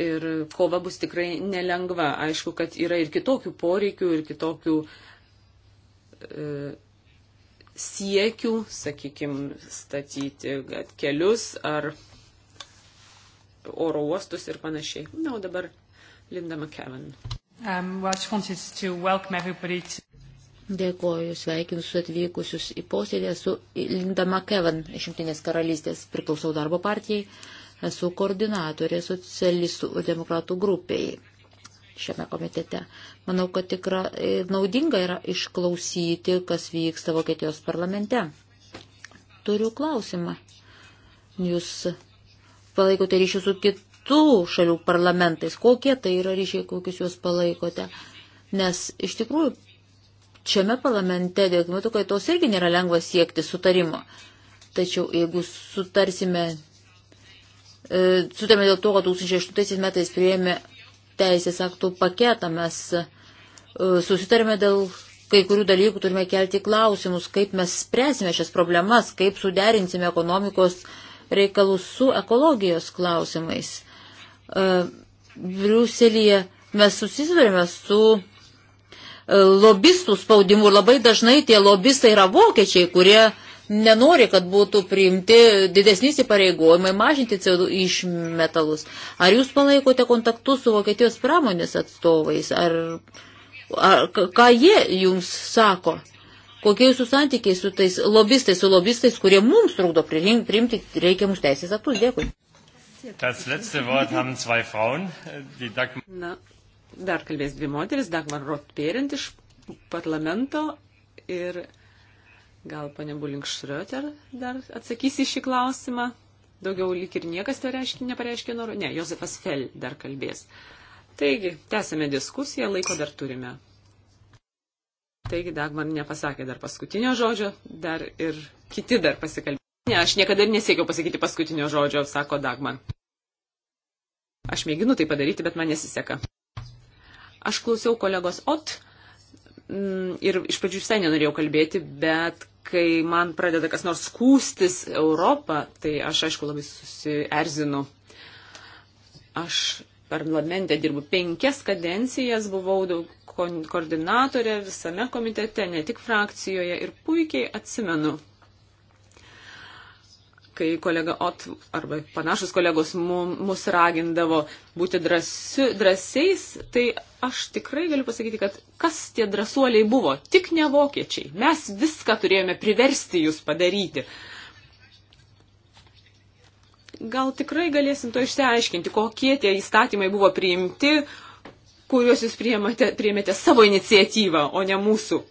Ir kova bus tikrai nelengva. Aišku, kad yra ir kitokių poreikių, ir kitokių e, siekių, sakykime, statyti kelius ar oro uostus ir panašiai. Na, o dabar Linda McKevin. Um, well, I just wanted to welcome everybody to... Dėkoju, sveikinu su atvykusius į posėdį. Esu Linda McKevan iš Junktinės karalystės, priklausau darbo partijai, esu koordinatorė socialistų ir demokratų grupiai šiame komitete. Manau, kad tikra e, naudinga yra išklausyti, kas vyksta Vokietijos parlamente. Turiu klausimą. Jūs palaikote ryšių su kitų šalių parlamentais. Kokie tai yra ryšiai, kokius jūs palaikote? Nes iš tikrųjų šiame parlamente dėl klimato kaitos irgi nėra lengva siekti sutarimo. Tačiau jeigu sutarsime, e, sutarime dėl to, kad 2008 metais prieėmė teisės aktų paketą, mes e, susitarime dėl kai kurių dalykų, turime kelti klausimus, kaip mes spręsime šias problemas, kaip suderinsime ekonomikos reikalus su ekologijos klausimais. E, Briuselėje mes susidurime su lobistų spaudimu ir labai dažnai tie lobistai yra vokiečiai, kurie nenori, kad būtų priimti didesnis įpareigojimai mažinti CO2 išmetalus. Ar jūs palaikote kontaktus su Vokietijos pramonės atstovais? Ar, ar ką jie jums sako? Kokie jūsų santykiai su tais lobistais, su lobistais, kurie mums trukdo priimti reikiamus teisės aktus? Dėkui. Das letzte Wort haben zwei Frauen, die Dagmar. Dar kalbės dvi moteris, Dagmar Rotperint iš parlamento ir gal ponė Bulink Šrioter dar atsakys į šį klausimą. Daugiau lyg ir niekas tai reiškia, nepareiškė norų. Ne, Josefas Fel dar kalbės. Taigi, tęsime diskusiją, laiko dar turime. Taigi, Dagmar nepasakė dar paskutinio žodžio, dar ir kiti dar pasikalbėjo. Ne, aš niekada nesiekiau pasakyti paskutinio žodžio, sako Dagmar. Aš mėginu tai padaryti, bet man nesiseka. Aš klausiau kolegos Ot mm, ir iš pradžių visai nenorėjau kalbėti, bet kai man pradeda kas nors skūstis Europą, tai aš aišku labai susierzinu. Aš parlamente dirbu penkias kadencijas, buvau daug koordinatorė visame komitete, ne tik frakcijoje ir puikiai atsimenu kai kolega Ot arba panašus kolegos mus ragindavo būti drąsiu, drąsiais, tai aš tikrai galiu pasakyti, kad kas tie drąsuoliai buvo, tik ne vokiečiai. Mes viską turėjome priversti jūs padaryti. Gal tikrai galėsim to išsiaiškinti, kokie tie įstatymai buvo priimti, kuriuos jūs priėmėte, priėmėte savo iniciatyvą, o ne mūsų.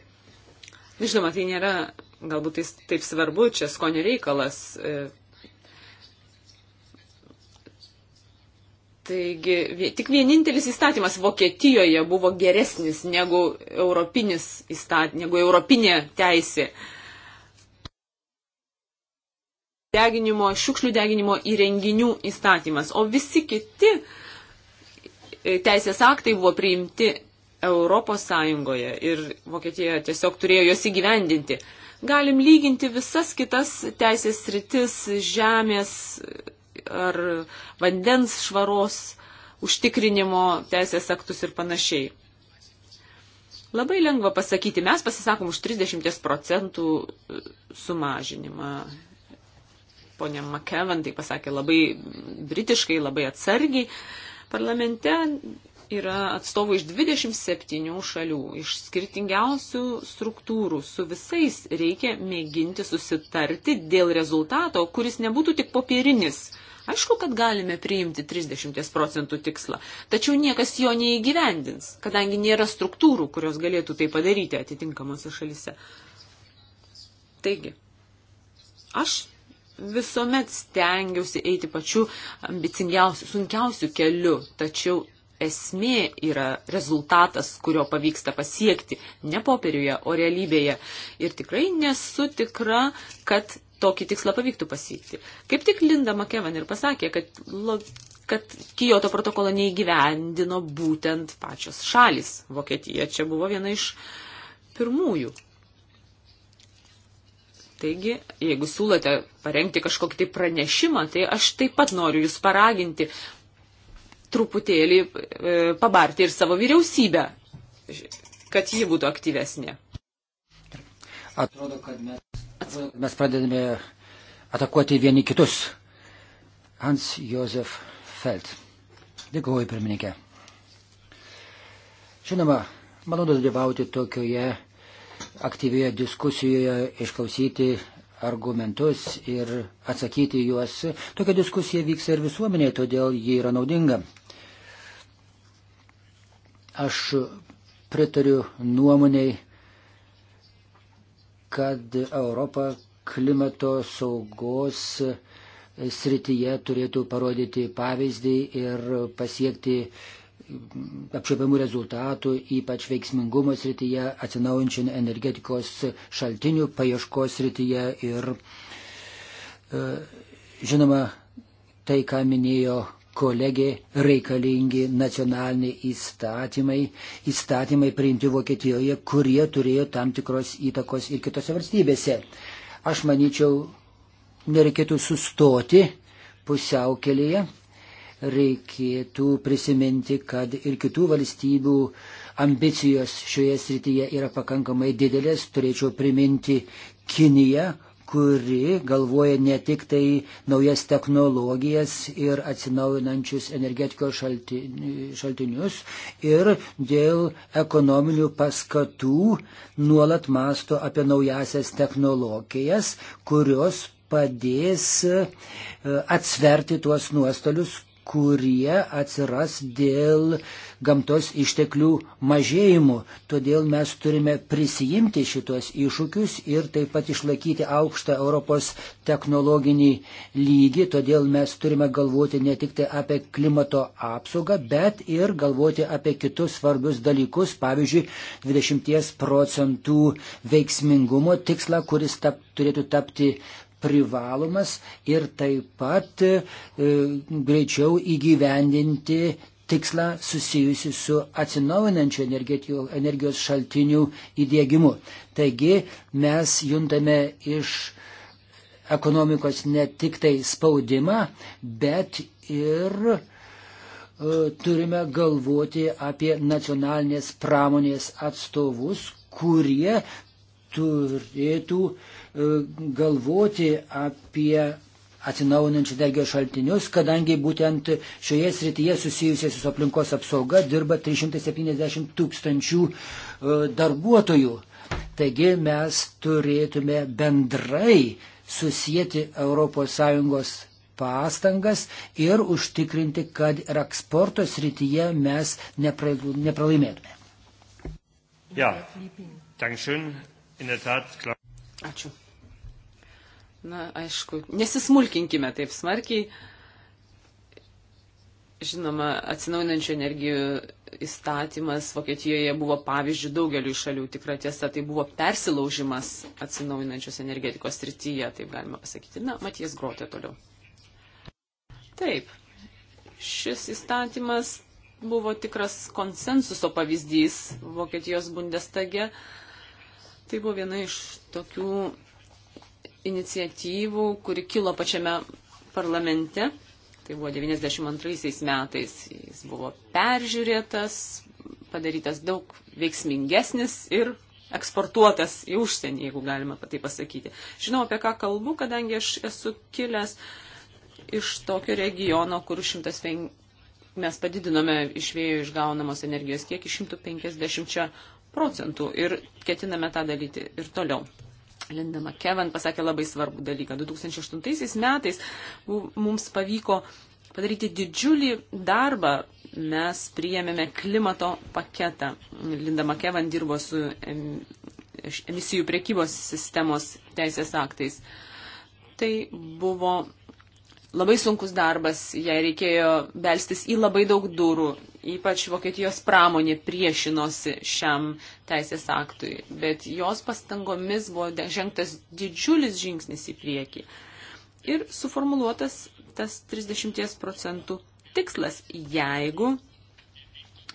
Žinoma, tai nėra galbūt tai taip svarbu, čia skonio reikalas. E, Taigi tik vienintelis įstatymas Vokietijoje buvo geresnis negu, europinis įstat, negu europinė teisė. Deginimo, šiukšlių deginimo įrenginių įstatymas. O visi kiti e, teisės aktai buvo priimti Europos Sąjungoje ir Vokietija tiesiog turėjo juos įgyvendinti galim lyginti visas kitas teisės rytis žemės ar vandens švaros užtikrinimo teisės aktus ir panašiai. Labai lengva pasakyti, mes pasisakom už 30 procentų sumažinimą. Pone McKevin tai pasakė labai britiškai, labai atsargiai. Parlamente yra atstovų iš 27 šalių, iš skirtingiausių struktūrų. Su visais reikia mėginti susitarti dėl rezultato, kuris nebūtų tik popierinis. Aišku, kad galime priimti 30 procentų tikslą, tačiau niekas jo neįgyvendins, kadangi nėra struktūrų, kurios galėtų tai padaryti atitinkamose šalise. Taigi, aš visuomet stengiausi eiti pačiu ambicingiausiu, sunkiausiu keliu, tačiau esmė yra rezultatas, kurio pavyksta pasiekti ne popieriuje, o realybėje. Ir tikrai nesu tikra, kad tokį tikslą pavyktų pasiekti. Kaip tik Linda McKevan ir pasakė, kad, kad Kijoto protokolo neįgyvendino būtent pačios šalis. Vokietija čia buvo viena iš pirmųjų. Taigi, jeigu siūlote parengti kažkokį tai pranešimą, tai aš taip pat noriu Jūs paraginti truputėlį e, pabarti ir savo vyriausybę, kad ji būtų aktyvesnė. Atrodo, kad mes, atrodo, kad mes pradedame atakuoti vieni kitus. Hans Josef Feld. Dėkuoju, pirmininkė. Žinoma, malonu dalyvauti tokioje aktyvioje diskusijoje, išklausyti argumentus ir atsakyti juos. Tokia diskusija vyksta ir visuomenėje, todėl ji yra naudinga. Aš pritariu nuomoniai, kad Europa klimato saugos srityje turėtų parodyti pavyzdį ir pasiekti apčiopiamų rezultatų, ypač veiksmingumo srityje, atsinaujančių energetikos šaltinių paieškos srityje ir, e, žinoma, tai, ką minėjo kolegė reikalingi nacionaliniai įstatymai, įstatymai priimti Vokietijoje, kurie turėjo tam tikros įtakos ir kitose valstybėse. Aš manyčiau, nereikėtų sustoti pusiaukelėje, reikėtų prisiminti, kad ir kitų valstybių ambicijos šioje srityje yra pakankamai didelės. Turėčiau priminti Kiniją, kuri galvoja ne tik tai naujas technologijas ir atsinaujinančius energetikos šaltinius ir dėl ekonominių paskatų nuolat masto apie naujasias technologijas, kurios padės e, atsverti tuos nuostolius, kurie atsiras dėl uh, gamtos išteklių mažėjimu. Todėl mes turime prisijimti šitos iššūkius ir taip pat išlaikyti aukštą Europos technologinį lygį. Todėl mes turime galvoti ne tik tai apie klimato apsaugą, bet ir galvoti apie kitus svarbius dalykus, pavyzdžiui, 20 procentų veiksmingumo tikslą, kuris tap, turėtų tapti privalomas ir taip pat e, greičiau įgyvendinti tikslą susijusi su atsinaujinančių energijos šaltinių įdėgymu. Taigi mes juntame iš ekonomikos ne tik tai spaudimą, bet ir uh, turime galvoti apie nacionalinės pramonės atstovus, kurie turėtų uh, galvoti apie atsinaujinančių energijos šaltinius, kadangi būtent šioje srityje susijusiai su aplinkos apsauga dirba 370 tūkstančių e, darbuotojų. Taigi mes turėtume bendrai susijęti ES pastangas ir užtikrinti, kad ir eksporto srityje mes nepra, nepralaimėtume. Ja. Dankeschön. In der Tat, klar. Ačiū. Na, aišku, nesismulkinkime taip smarkiai. Žinoma, atsinaujinančių energijų įstatymas Vokietijoje buvo pavyzdžių daugeliu šalių. Tikra tiesa, tai buvo persilaužimas atsinaujinančios energetikos srityje, taip galima pasakyti. Na, Matijas Grotė toliau. Taip, šis įstatymas buvo tikras konsensuso pavyzdys Vokietijos bundestage. Tai buvo viena iš tokių iniciatyvų, kuri kilo pačiame parlamente. Tai buvo 92 metais. Jis buvo peržiūrėtas, padarytas daug veiksmingesnis ir eksportuotas į užsienį, jeigu galima tai pasakyti. Žinau, apie ką kalbu, kadangi aš esu kilęs iš tokio regiono, kur 105, mes padidinome iš vėjo išgaunamos energijos kiekį 150 procentų ir ketiname tą daryti ir toliau. Linda McKevan pasakė labai svarbų dalyką. 2008 metais mums pavyko padaryti didžiulį darbą. Mes priėmėme klimato paketą. Linda McKevan dirbo su emisijų priekybos sistemos teisės aktais. Tai buvo labai sunkus darbas, jai reikėjo belstis į labai daug durų, ypač Vokietijos pramonė priešinosi šiam teisės aktui, bet jos pastangomis buvo žengtas didžiulis žingsnis į priekį. Ir suformuluotas tas 30 procentų tikslas, jeigu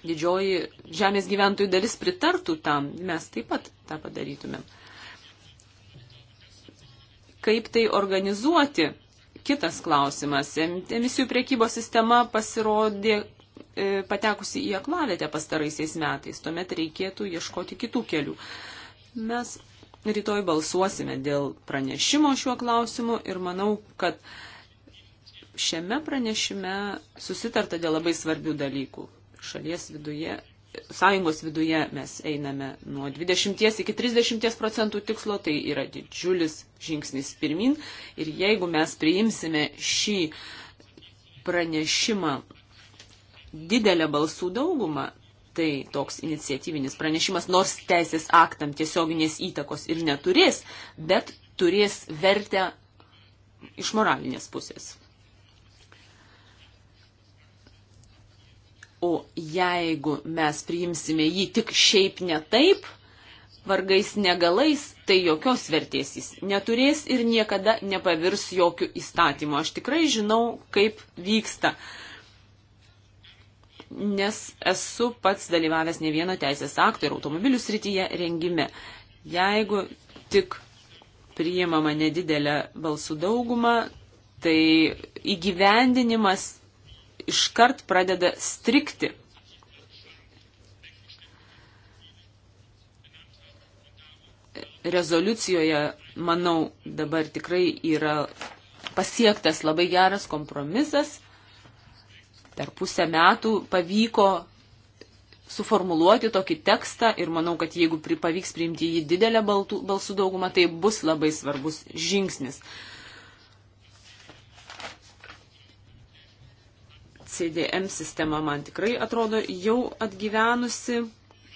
didžioji žemės gyventojų dalis pritartų tam, mes taip pat tą padarytumėm. Kaip tai organizuoti? kitas klausimas. Emisijų priekybos sistema pasirodė e, patekusi į aklavietę pastaraisiais metais. Tuomet reikėtų ieškoti kitų kelių. Mes rytoj balsuosime dėl pranešimo šiuo klausimu ir manau, kad šiame pranešime susitarta dėl labai svarbių dalykų. Šalies viduje sąjungos viduje mes einame nuo 20 iki 30 procentų tikslo, tai yra didžiulis žingsnis pirmin. Ir jeigu mes priimsime šį pranešimą didelę balsų daugumą, tai toks iniciatyvinis pranešimas, nors teisės aktam tiesioginės įtakos ir neturės, bet turės vertę iš moralinės pusės. O jeigu mes priimsime jį tik šiaip ne taip, vargais negalais, tai jokios vertės jis neturės ir niekada nepavirs jokių įstatymų. Aš tikrai žinau, kaip vyksta, nes esu pats dalyvavęs ne vieno teisės akto ir automobilių srityje rengime. Jeigu tik priimama nedidelė balsų dauguma, tai įgyvendinimas iškart pradeda strikti. Rezoliucijoje, manau, dabar tikrai yra pasiektas labai geras kompromisas. Per pusę metų pavyko suformuluoti tokį tekstą ir manau, kad jeigu pavyks priimti jį didelę baltų, balsų daugumą, tai bus labai svarbus žingsnis. CDM sistema man tikrai atrodo jau atgyvenusi.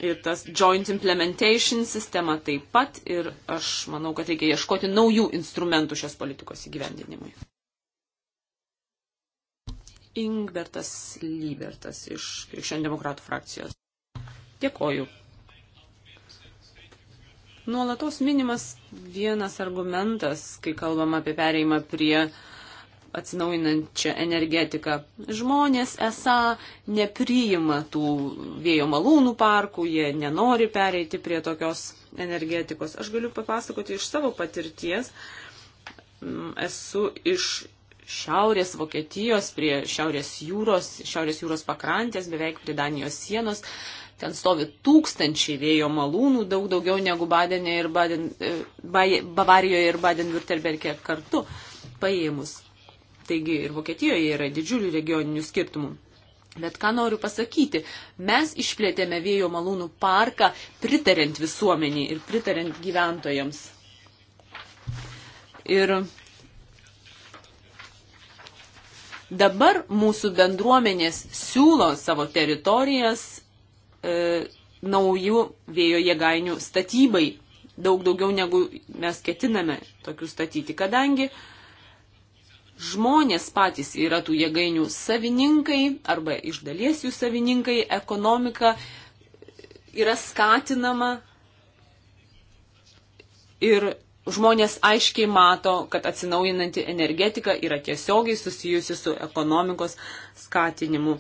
Ir tas joint implementation sistema taip pat. Ir aš manau, kad reikia ieškoti naujų instrumentų šios politikos įgyvendinimui. Ingbertas Lybertas iš Krikščionių demokratų frakcijos. Dėkoju. Nuolatos minimas vienas argumentas, kai kalbam apie pereimą prie uh, atsinaujinančią energetiką. Žmonės esą nepriima tų vėjo malūnų parkų, jie nenori pereiti prie tokios energetikos. Aš galiu papasakoti iš savo patirties. Mm, esu iš šiaurės Vokietijos, prie šiaurės jūros, šiaurės jūros pakrantės, beveik prie Danijos sienos. Ten stovi tūkstančiai vėjo malūnų, daug daugiau negu Badenė ir Baden, e, Bavarijoje ir Baden-Württembergė kartu paėmus. Taigi ir Vokietijoje yra didžiulių regioninių skirtumų. Bet ką noriu pasakyti, mes išplėtėme vėjo malūnų parką pritarint visuomenį ir pritarint gyventojams. Ir dabar mūsų bendruomenės siūlo savo teritorijas e, naujų vėjo jėgainių statybai. Daug daugiau negu mes ketiname tokių statyti, kadangi e, žmonės patys yra tų jėgainių savininkai arba iš dalies jų savininkai, ekonomika yra skatinama ir žmonės aiškiai mato, kad atsinaujinanti energetika yra tiesiogiai susijusi su ekonomikos skatinimu.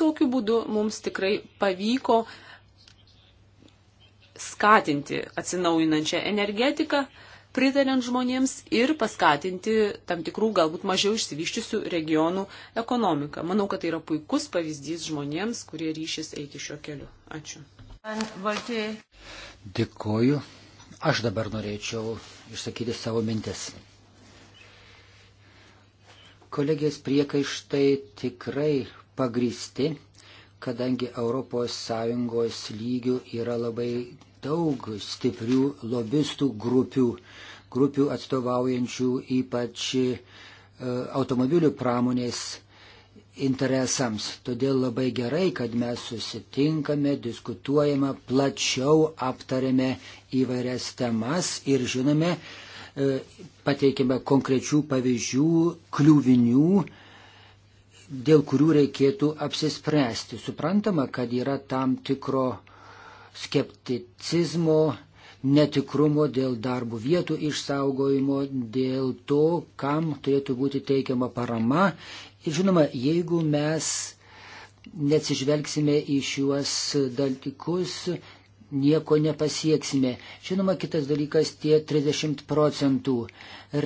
Tokiu būdu mums tikrai pavyko skatinti atsinaujinančią energetiką, pritariant žmonėms ir paskatinti tam tikrų galbūt mažiau išsivyščiusių regionų ekonomiką. Manau, kad tai yra puikus pavyzdys žmonėms, kurie ryšis eiti šiuo keliu. Ačiū. Dėkoju. Aš dabar norėčiau išsakyti savo mintis. Kolegės priekaištai tikrai pagristi, kadangi ES lygių yra labai daug stiprių lobistų grupių, grupių atstovaujančių ypač e, automobilių pramonės interesams. Todėl labai gerai, kad mes susitinkame, diskutuojame, plačiau aptarėme įvairias temas ir žinome, e, pateikėme konkrečių pavyzdžių, kliūvinių, dėl kurių reikėtų apsispręsti. Suprantama, kad yra tam tikro skepticizmo, netikrumo dėl darbo vietų išsaugojimo, dėl to, kam turėtų būti teikiama parama. Ir žinoma, jeigu mes neatsižvelgsime į šiuos dalykus, nieko nepasieksime. Žinoma, kitas dalykas tie 30 procentų.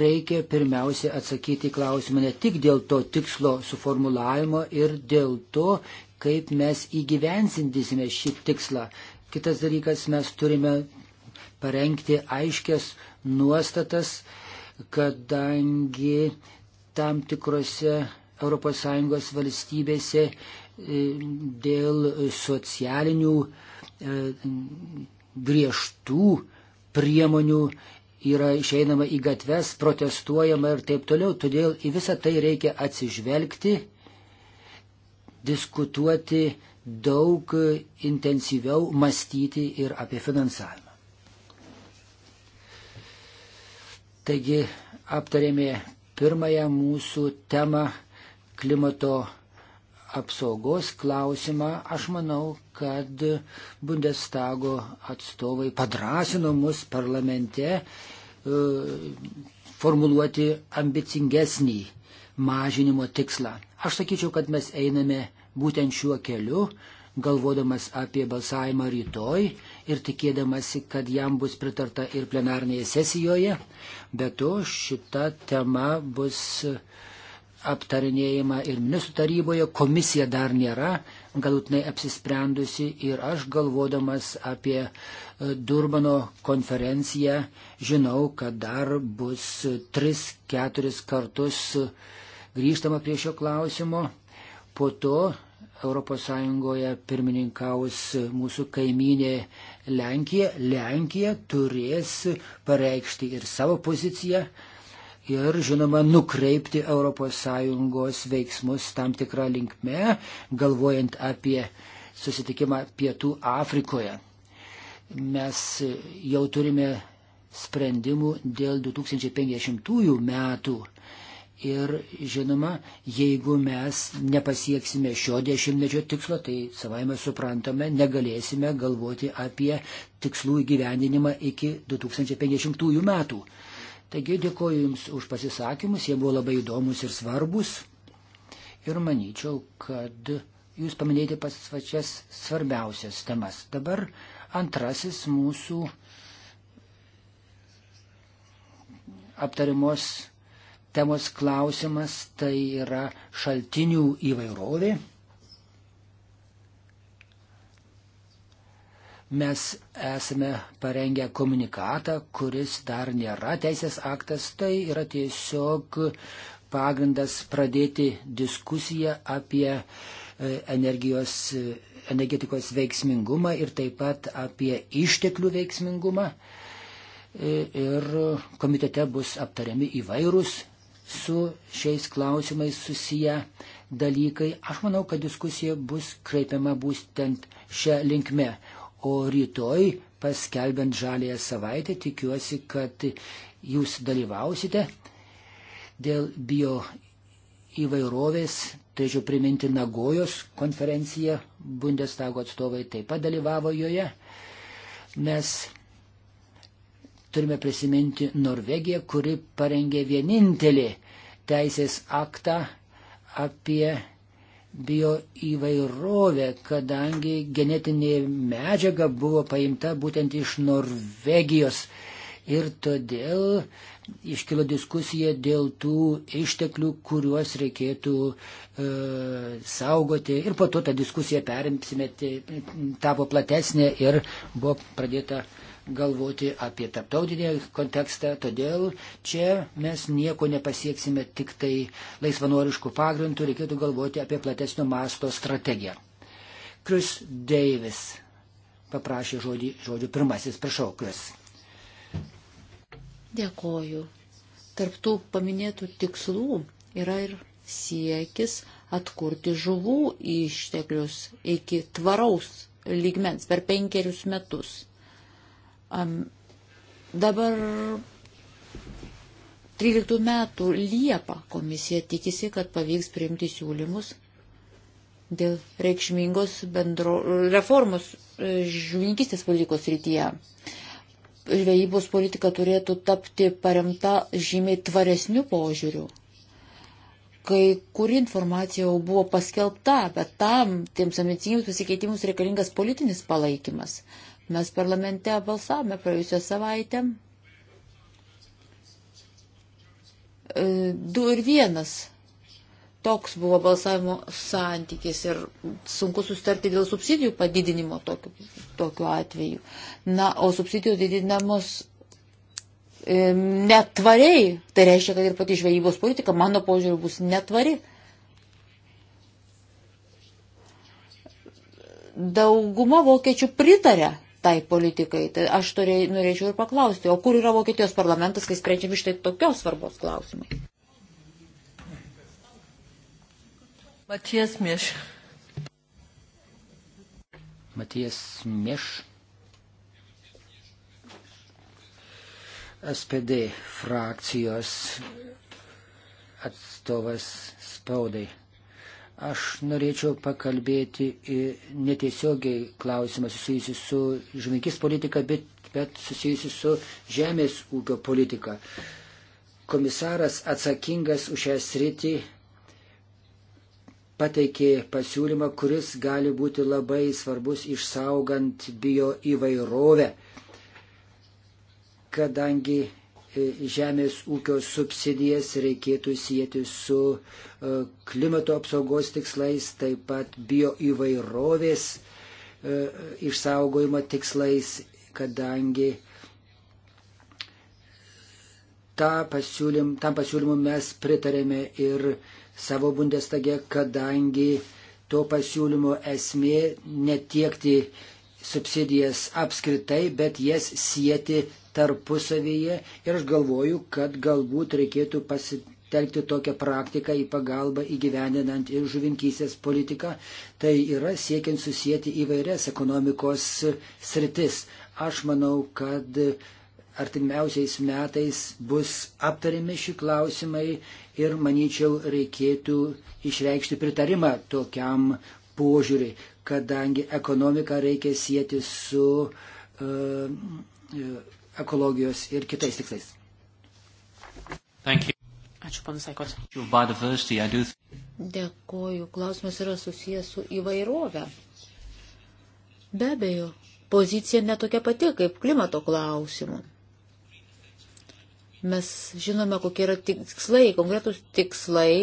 Reikia pirmiausia atsakyti klausimą ne tik dėl to tikslo suformulavimo ir dėl to, kaip mes įgyvensindysime šį tikslą. Kitas dalykas, mes turime parengti aiškias nuostatas, kadangi tam tikrose ES valstybėse e, dėl socialinių e, griežtų priemonių yra išeinama į gatves, protestuojama ir taip toliau. Todėl į visą tai reikia atsižvelgti, diskutuoti daug intensyviau mąstyti ir apie finansavimą. Taigi aptarėme pirmąją mūsų temą klimato apsaugos klausimą. Aš manau, kad Bundestago atstovai padrasino mus parlamente e, formuluoti ambicingesnį mažinimo tikslą. Aš sakyčiau, kad mes einame būtent šiuo keliu, galvodamas apie balsavimą rytoj ir tikėdamasi, kad jam bus pritarta ir plenarnėje sesijoje. Be to, šita tema bus aptarinėjama ir ministrų taryboje, komisija dar nėra galutinai apsisprendusi ir aš galvodamas apie e, Durbano konferenciją žinau, kad dar bus 3-4 kartus e, grįžtama prie šio klausimo Po to ES pirmininkaus mūsų kaimynė Lenkija. Lenkija turės pareikšti ir savo poziciją ir, žinoma, nukreipti ES veiksmus tam tikrą linkmę, galvojant apie susitikimą Pietų Afrikoje. Mes jau turime sprendimų dėl 2050 metų Ir žinoma, jeigu mes nepasieksime šio dešimtmečio tikslo, tai savaime suprantame, negalėsime galvoti apie tikslų įgyvendinimą iki 2050 metų. Taigi dėkoju Jums už pasisakymus, jie buvo labai įdomus ir svarbus. Ir manyčiau, kad Jūs paminėjote pas pačias svarbiausias temas. Dabar antrasis mūsų aptarimos temos klausimas tai yra šaltinių įvairovė. Mes esame parengę komunikatą, kuris dar nėra teisės aktas, tai yra tiesiog pagrindas pradėti diskusiją apie e, energijos, e, energetikos veiksmingumą ir taip pat apie išteklių veiksmingumą. E, ir komitete bus aptariami įvairūs su šiais klausimais susiję dalykai. Aš manau, kad diskusija bus kreipiama būtent šią linkmę. O rytoj, paskelbent žalėją savaitę, tikiuosi, kad jūs dalyvausite dėl bio įvairovės. Turėčiau priminti Nagojos konferenciją, Bundestago atstovai taip pat dalyvavo joje. Mes turime prisiminti Norvegiją, kuri parengė vienintelį teisės aktą apie bioįvairovę, kadangi genetinė medžiaga buvo paimta būtent iš Norvegijos. Ir todėl iškilo diskusija dėl tų išteklių, kuriuos reikėtų e, saugoti. Ir po to tą diskusiją perimsime, tai tapo platesnė ir buvo pradėta galvoti apie tarptautinį kontekstą, todėl čia mes nieko nepasieksime tik tai laisvanoriškų pagrindų, reikėtų galvoti apie platesnio masto strategiją. Chris Davis paprašė žodį, žodžių pirmasis, prašau, Chris. Dėkoju. Tarptų paminėtų tikslų yra ir siekis atkurti žuvų išteklius iki tvaraus lygmens per penkerius metus. Um, dabar 13 metų Liepą komisija tikisi, kad pavyks priimti siūlymus dėl reikšmingos bendro, reformos e, žuvininkistės politikos rytyje. Žvejybos politika turėtų tapti paremta žymiai tvaresnių požiūrių. Kai kuri informacija jau buvo paskelbta, bet tam tiems ambicingiems pasikeitimams reikalingas politinis palaikymas. Mes parlamente balsavome praėjusią savaitę. E, du ir vienas. Toks buvo balsavimo santykis ir sunku sustarti dėl subsidijų padidinimo tokiu, tokiu atveju. Na, o subsidijų didinamos e, netvariai. Tai reiškia, kad ir pati žvejybos politika, mano požiūriu, bus netvari. Dauguma vokiečių pritarė tai politikai. Tai aš turėjau, norėčiau ir paklausti, o kur yra Vokietijos parlamentas, kai sprendžiami štai tokios svarbos klausimai? Matijas Mieš. Matijas Mieš. SPD frakcijos atstovas spaudai. Aš norėčiau pakalbėti netiesiogiai klausimą susijusi su žvinkis politika, bet, bet susijusi su žemės ūkio politika. Komisaras atsakingas už šią sritį pateikė pasiūlymą, kuris gali būti labai svarbus išsaugant bio įvairovę, kadangi žemės ūkio subsidijas reikėtų sieti su e, klimato apsaugos tikslais, taip pat bioįvairovės e, išsaugojimo tikslais, kadangi Ta pasiūlym, tam pasiūlymu mes pritarėme ir savo bundestage, kadangi to pasiūlymo esmė netiekti subsidijas apskritai, bet jas sieti tarpusavyje ir aš galvoju, kad galbūt reikėtų pasitelkti tokią praktiką į pagalbą įgyvendinant ir žuvinkysės politiką. Tai yra siekiant susijęti įvairias ekonomikos sritis. Aš manau, kad artimiausiais metais bus aptariami šį klausimai ir, manyčiau, reikėtų išreikšti pritarimą tokiam požiūriui, kadangi ekonomiką reikia sieti su uh, ekologijos ir kitais tikslais. Ačiū, panas Aikos. Dėkoju. Klausimas yra susijęs su įvairovė. Be abejo, pozicija netokia pati kaip klimato klausimu. Mes žinome, kokie yra tikslai, konkretus tikslai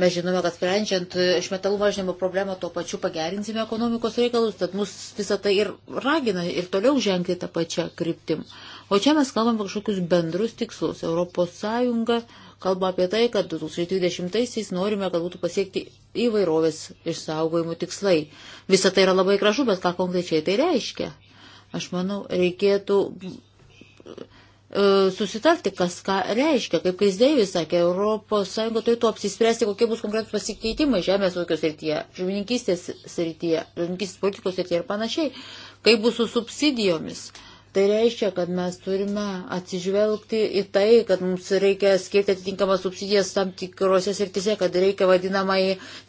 Mes žinome, kad sprendžiant iš metalų mažinimo problemą, tuo pačiu pagerinsime ekonomikos reikalus, tad mus visą tai ir ragina ir toliau žengti tą pačią kryptim. O čia mes kalbam kažkokius bendrus tikslus. Europos Sąjunga kalba apie tai, kad 2020-aisiais norime, kad būtų pasiekti įvairovės išsaugojimų tikslai. Visą tai yra labai gražu, bet ką konkrečiai tai reiškia? Aš manau, reikėtų E, susitarti, kas ką reiškia. Kaip Krizdėvis sakė, ES turėtų apsispręsti, kokie bus konkretus pasikeitimai žemės ūkio srityje, žuvininkystės srityje, žuvininkystės politikos srityje ir panašiai, kaip bus su subsidijomis. Tai reiškia, kad mes turime atsižvelgti į tai, kad mums reikia skirti atitinkamas subsidijas tam tikrose srityse, kad reikia vadinamai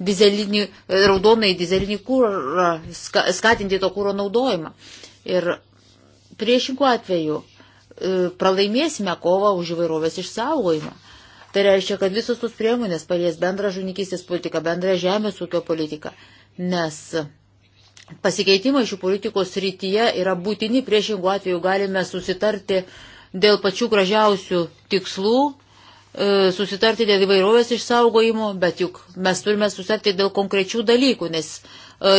dizelinį, raudonai dizelinį kūrą, skatinti to kūro naudojimą. Ir priešingų atveju E, pralaimėsime kovą už įvairovės išsaugojimą. Tai reiškia, kad visos tos priemonės palies bendrą žunikystės politiką, bendrą žemės ūkio politiką, nes pasikeitimai šių politikos rytyje yra būtini, priešingų atveju galime susitarti dėl pačių gražiausių tikslų, e, susitarti dėl įvairovės išsaugojimo, bet juk mes turime susitarti dėl konkrečių dalykų, nes e,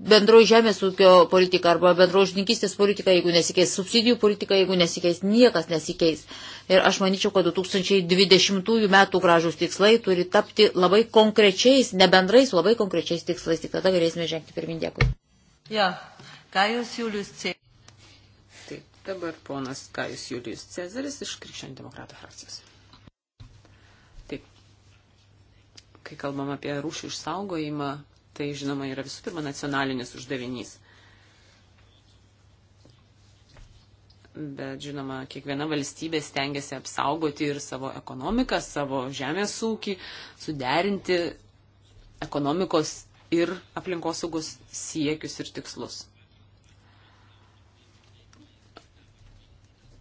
bendroji žemės ūkio politika arba bendroji žininkistės politika, jeigu nesikeis, subsidijų politika, jeigu nesikeis, niekas nesikeis. Ir aš manyčiau, kad 2020 metų gražus tikslai turi tapti labai konkrečiais, ne bendrais, labai konkrečiais tikslais, tik tada galėsime žengti pirmin. Dėkui. Ja, Gaius Julius Cezaris. Taip, dabar ponas Gaius Julius Cezaris iš Krikščionių demokratų frakcijos. Taip, kai kalbam apie rūšių išsaugojimą, Tai, žinoma, yra visų pirma nacionalinis uždavinys. Bet, žinoma, kiekviena valstybė stengiasi apsaugoti ir savo ekonomiką, savo žemės ūkį, suderinti ekonomikos ir aplinkosaugos siekius ir tikslus.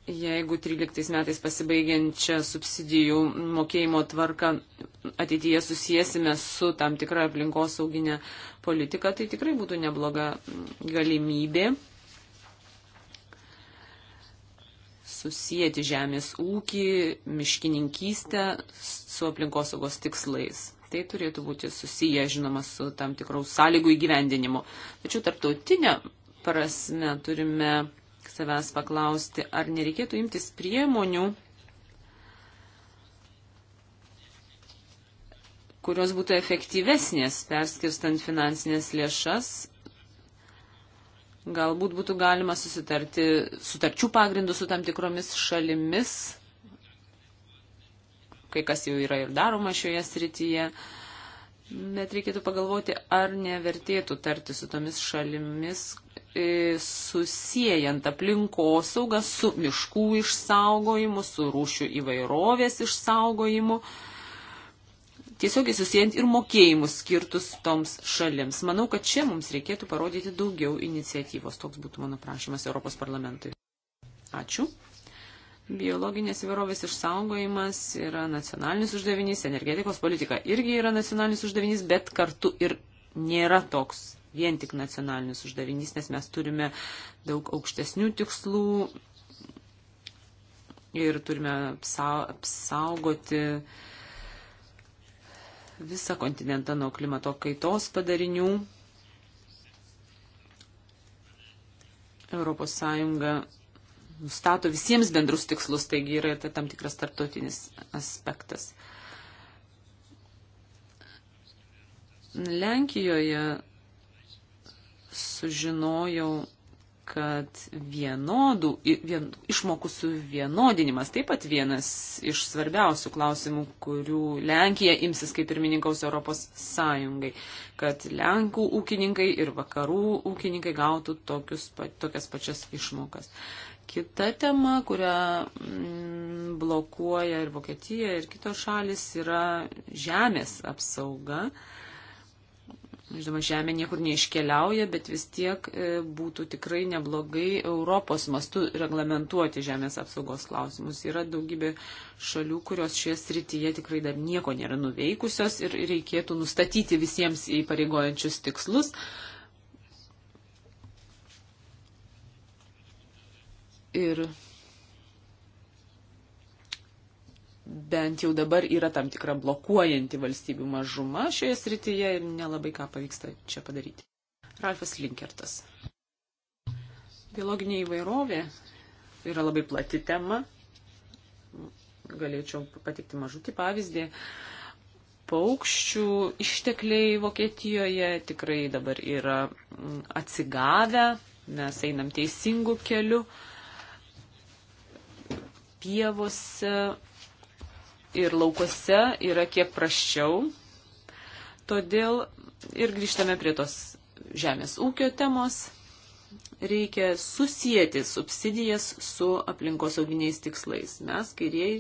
jeigu 13 metais pasibaigiančią subsidijų mokėjimo tvarką ateityje susijęsime su tam tikra aplinkos sauginė politika, tai tikrai būtų nebloga galimybė susijęti žemės ūkį, miškininkystę su aplinkosaugos tikslais. Tai turėtų būti susiję, žinoma, su tam tikraus sąlygų įgyvendinimu. Tačiau tarptautinė prasme turime savęs paklausti, ar nereikėtų imtis priemonių, kurios būtų efektyvesnės perskirstant finansinės lėšas. Galbūt būtų galima susitarti sutarčių pagrindų su tam tikromis šalimis, kai kas jau yra ir daroma šioje srityje. Uh, Bet reikėtų pagalvoti, ar nevertėtų tarti su tomis šalimis e, susijęjant aplinkosaugą su miškų išsaugojimu, su rūšių įvairovės išsaugojimu, tiesiog susijęjant ir mokėjimus skirtus toms šalims. Manau, kad čia mums reikėtų parodyti daugiau iniciatyvos. Toks būtų mano prašymas Europos parlamentui. Ačiū biologinės įvairovės išsaugojimas yra nacionalinis uždavinys, energetikos politika irgi yra nacionalinis uždavinys, bet kartu ir nėra toks vien tik nacionalinis uždavinys, nes mes turime daug aukštesnių tikslų ir turime apsaugoti visą kontinentą nuo klimato kaitos padarinių. Europos Sąjunga nustato visiems bendrus tikslus, taigi yra tai tam tikras tarptautinis aspektas. Lenkijoje sužinojau, kad vienodų, vien, išmokų suvienodinimas taip pat vienas iš svarbiausių klausimų, kurių Lenkija imsis kaip pirmininkaus Europos Sąjungai, kad Lenkų ūkininkai ir vakarų ūkininkai gautų tokius, tokias pačias išmokas. Uh, Kita tema, kurią mm, blokuoja ir Vokietija, ir kitos šalis, yra žemės apsauga. Žinoma, žemė niekur neiškeliauja, bet vis tiek e, būtų tikrai neblogai Europos mastu reglamentuoti žemės apsaugos klausimus. Yra daugybė šalių, kurios šioje srityje tikrai dar nieko nėra nuveikusios ir reikėtų nustatyti visiems įpareigojančius tikslus. Uh, Ir bent jau dabar yra tam tikra blokuojanti valstybių mažuma šioje srityje ir nelabai ką pavyksta čia padaryti. Ralfas Linkertas. Biologinė įvairovė yra labai plati tema. Galėčiau patikti mažutį pavyzdį. Paukščių ištekliai Vokietijoje tikrai dabar yra atsigavę, mes einam teisingų kelių. Uh, pievose ir laukuose yra kiek praščiau. Todėl ir grįžtame prie tos žemės ūkio temos. Reikia susijęti subsidijas su aplinkosauginiais tikslais. Mes, kairieji,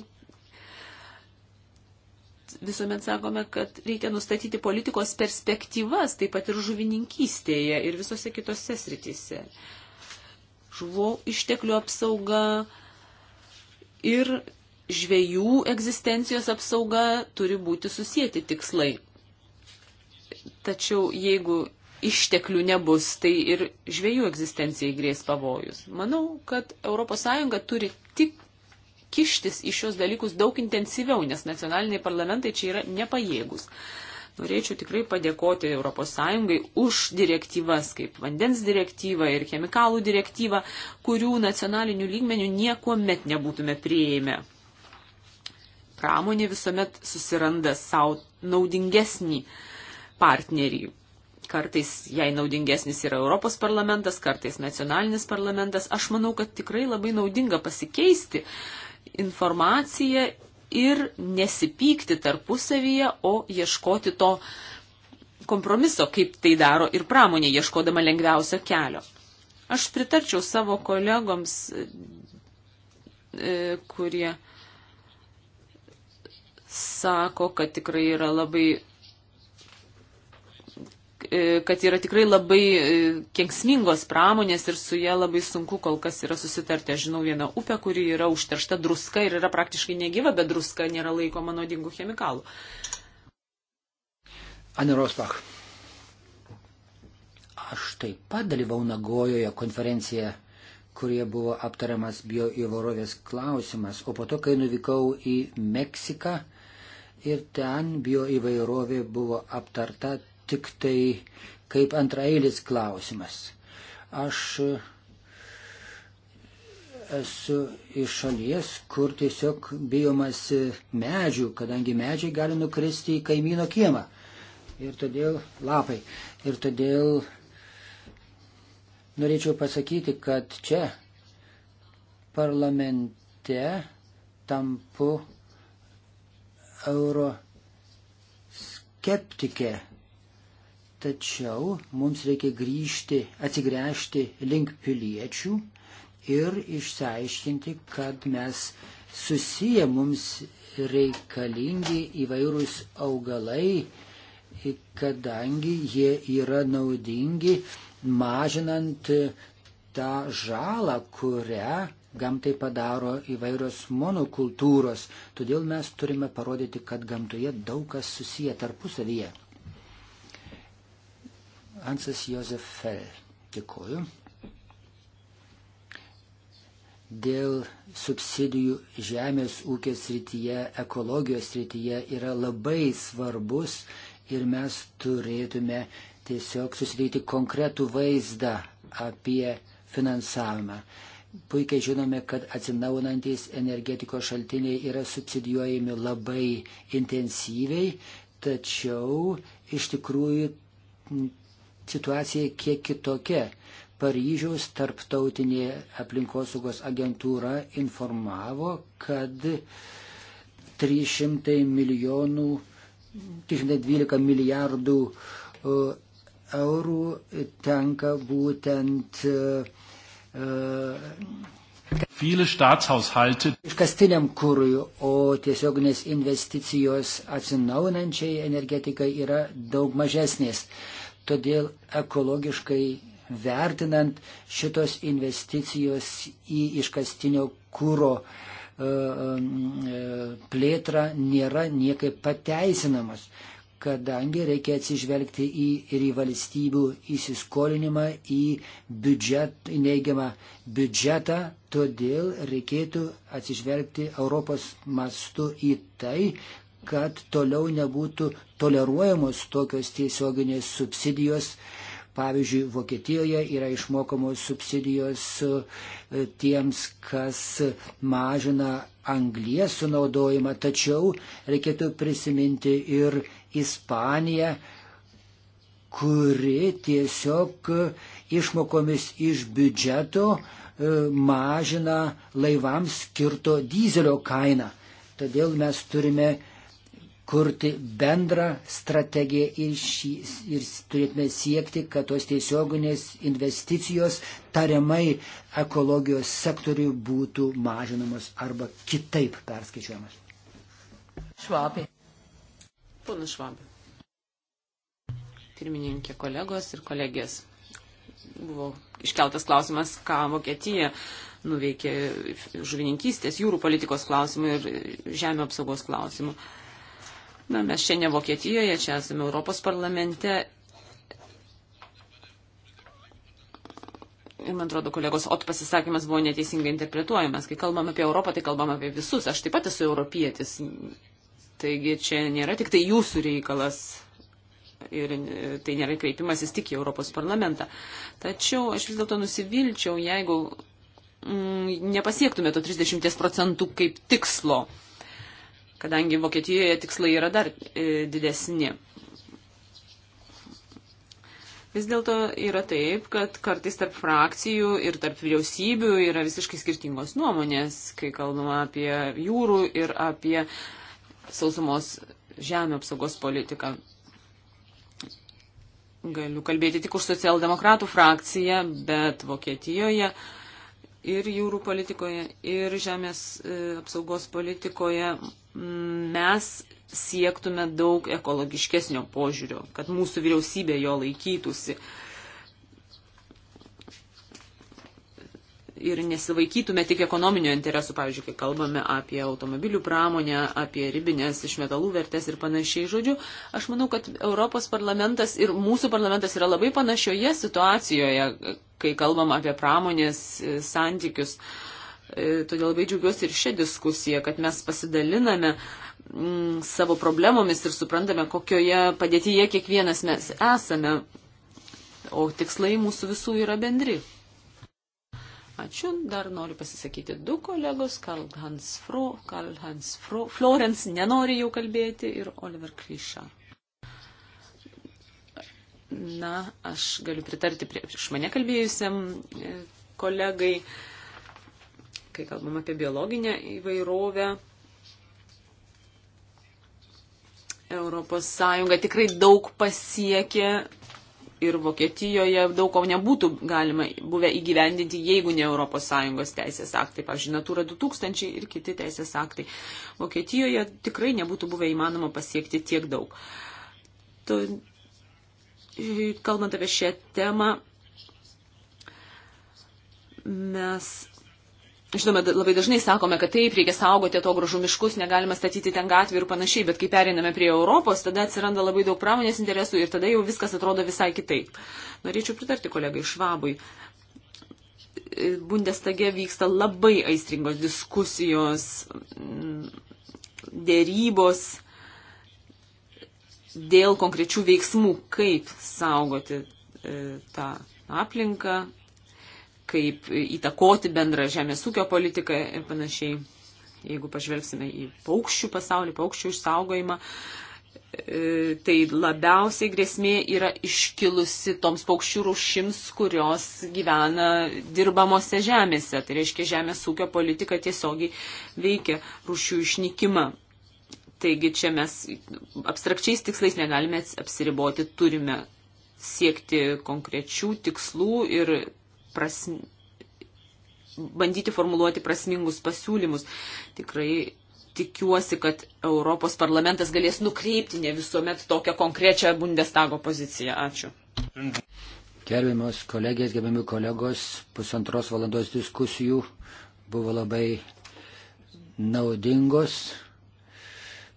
visuomet sakome, kad reikia nustatyti politikos perspektyvas, taip pat ir žuvininkystėje ir visose kitose srityse. Žuvų išteklių apsauga, ir žvėjų egzistencijos apsauga turi būti susijęti tikslai. Tačiau jeigu išteklių nebus, tai ir žvėjų egzistencijai grės pavojus. Manau, kad ES turi tik kištis į šios dalykus daug intensyviau, nes nacionaliniai parlamentai čia yra nepajėgus. Norėčiau tikrai padėkoti ES už direktyvas, kaip vandens direktyva ir chemikalų direktyva, kurių nacionalinių lygmenių nieko met nebūtume prieėmę. Pramonė visuomet susiranda savo naudingesnį partnerį. Kartais jai naudingesnis yra Europos parlamentas, kartais nacionalinis parlamentas. Aš manau, kad tikrai labai naudinga pasikeisti informaciją ir nesipykti tarpusavyje, o ieškoti to kompromiso, kaip tai daro ir pramonė, ieškodama lengviausio kelio. Aš pritarčiau savo kolegoms, e, kurie sako, kad tikrai yra labai E, kad yra tikrai labai e, kenksmingos pramonės ir su ją labai sunku kol kas yra susitarti. Aš žinau vieną upę, kuri yra užteršta druska ir yra praktiškai negyva, bet druska nėra laikoma naudingų chemikalų. Anne Rosbach. Aš taip pat dalyvau Nagojoje konferencijoje, kurie buvo aptariamas bioįvarovės klausimas, o po to, kai nuvykau į Meksiką, ir ten bioįvairovė buvo aptarta tik tai kaip antrailis klausimas. Aš esu iš šalies, kur tiesiog bijomas medžių, kadangi medžiai gali nukristi į kaimyno kiemą. Ir todėl lapai. Ir todėl norėčiau pasakyti, kad čia parlamente tampu euro skeptikė Tačiau mums reikia grįžti, atsigręžti link piliečių ir išsiaiškinti, kad mes susiję mums reikalingi įvairūs augalai, kadangi jie yra naudingi mažinant tą žalą, kurią gamtai padaro įvairios monokultūros. Todėl mes turime parodyti, kad gamtoje daug kas susiję tarpusavyje. Ansas Josef Fel. Dėkuoju. Dėl subsidijų žemės ūkio srityje, ekologijos srityje yra labai svarbus ir mes turėtume tiesiog susidaryti konkretų vaizdą apie finansavimą. Puikiai žinome, kad atsinaunantis energetikos šaltiniai yra subsidijuojami labai intensyviai, tačiau iš tikrųjų situacija kiek kitokia. Paryžiaus tarptautinė aplinkosaugos agentūra informavo, kad 300 milijonų, 312 milijardų e, eurų tenka būtent e, e, Viele Staatshaushalte. Iškastiniam kūrui, o tiesioginės investicijos atsinaunančiai energetikai yra daug mažesnės. Todėl ekologiškai vertinant šitos investicijos į iškastinio kūro e, e, plėtrą nėra niekaip pateisinamas, kadangi reikia atsižvelgti į, ir į valstybių įsiskolinimą, į biudžet, neigiamą biudžetą, todėl reikėtų atsižvelgti Europos mastu į tai, kad toliau nebūtų toleruojamos tokios tiesioginės subsidijos. Pavyzdžiui, Vokietijoje yra išmokamos subsidijos e, tiems, kas mažina anglies sunaudojimą, tačiau reikėtų prisiminti ir Ispaniją, kuri tiesiog išmokomis iš biudžeto e, mažina laivams skirto dizelio kainą. Todėl mes turime kurti bendrą strategiją ir, šį, ir turėtume siekti, kad tos tiesioginės investicijos tariamai ekologijos sektoriui būtų mažinamos arba kitaip perskaičiuojamas. Švabė. Pana Švabė. Pirmininkė kolegos ir kolegės. Buvo iškeltas klausimas, ką Vokietija nuveikė žuvininkystės, jūrų politikos klausimų ir žemė apsaugos klausimų. Uh, Na, mes šiandien Vokietijoje, čia esame Europos parlamente. Ir man atrodo, kolegos Ot pasisakymas buvo neteisingai interpretuojamas. Kai kalbam apie Europą, tai kalbam apie visus. Aš taip pat esu europietis. Taigi čia nėra tik tai jūsų reikalas ir e, tai nėra kreipimasis tik į Europos parlamentą. Tačiau aš vis dėlto nusivilčiau, jeigu mm, nepasiektume to 30 procentų kaip tikslo kadangi Vokietijoje tikslai yra dar e, didesni. Vis dėlto yra taip, kad kartais tarp frakcijų ir tarp vyriausybių yra visiškai skirtingos nuomonės, kai kalbama apie jūrų ir apie sausumos žemė apsaugos politiką. Galiu kalbėti tik už socialdemokratų frakciją, bet Vokietijoje ir jūrų politikoje, ir žemės e, apsaugos politikoje mes siektume daug ekologiškesnio požiūrio, kad mūsų vyriausybė jo laikytųsi. ir nesivaikytume tik ekonominio interesų, pavyzdžiui, kai kalbame apie automobilių pramonę, apie ribinės iš metalų vertės ir panašiai žodžiu, aš manau, kad Europos parlamentas ir mūsų parlamentas yra labai panašioje situacijoje, kai kalbam apie pramonės e, santykius. Uh, E, todėl labai džiaugiuosi ir šią diskusiją, kad mes pasidaliname mm, savo problemomis ir suprantame, kokioje padėtyje kiekvienas mes esame. O tikslai mūsų visų yra bendri. Ačiū, dar noriu pasisakyti du kolegos, Karl Hans Fro, Karl Hans Fro, Florence nenori jau kalbėti ir Oliver Kryša. Na, aš galiu pritarti prieš mane kalbėjusiam e, kolegai. E, kai kalbam apie biologinę įvairovę. Europos Sąjunga tikrai daug pasiekė ir Vokietijoje daug ko nebūtų galima buvę įgyvendinti, jeigu ne ES teisės aktai, pavyzdžiui, Natura 2000 ir kiti teisės aktai. Vokietijoje tikrai nebūtų buvę įmanoma pasiekti tiek daug. To, kalbant apie šią temą, mes Žinoma, labai dažnai sakome, kad taip, reikia saugoti to gražų miškus, negalima statyti ten gatvių ir panašiai, bet kai pereiname prie Europos, tada atsiranda labai daug pramonės interesų ir tada jau viskas atrodo visai kitaip. Norėčiau pritarti kolegai Švabui. Bundestage vyksta labai aistringos diskusijos, dėrybos dėl konkrečių veiksmų, kaip saugoti e, tą aplinką kaip įtakoti bendrą žemės ūkio politiką ir panašiai. Jeigu pažvelgsime į paukščių pasaulį, paukščių išsaugojimą, e, tai labiausiai grėsmė yra iškilusi toms paukščių rūšims, kurios gyvena dirbamose žemėse. Tai reiškia, žemės ūkio politika tiesiogiai veikia rūšių išnykimą. Taigi čia mes abstrakčiais tikslais negalime apsiriboti, turime siekti konkrečių tikslų ir prasm... bandyti formuluoti prasmingus pasiūlymus. Tikrai tikiuosi, kad Europos parlamentas galės nukreipti ne visuomet tokią konkrečią Bundestago poziciją. Ačiū. Gerbiamos kolegės, gerbiami kolegos, pusantros valandos diskusijų buvo labai naudingos.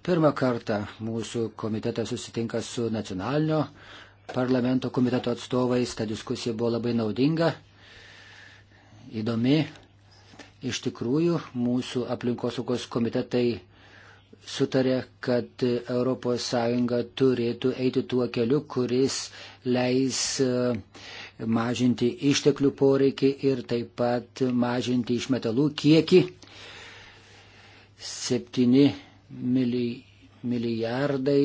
Pirmą kartą mūsų komitetas susitinka su nacionalinio parlamento komiteto atstovais, ta diskusija buvo labai naudinga įdomi. Iš tikrųjų, mūsų aplinkosaugos komitetai sutarė, kad ES turėtų eiti tuo keliu, kuris leis e, mažinti išteklių poreikį ir taip pat mažinti išmetalų kiekį. 7 milijardai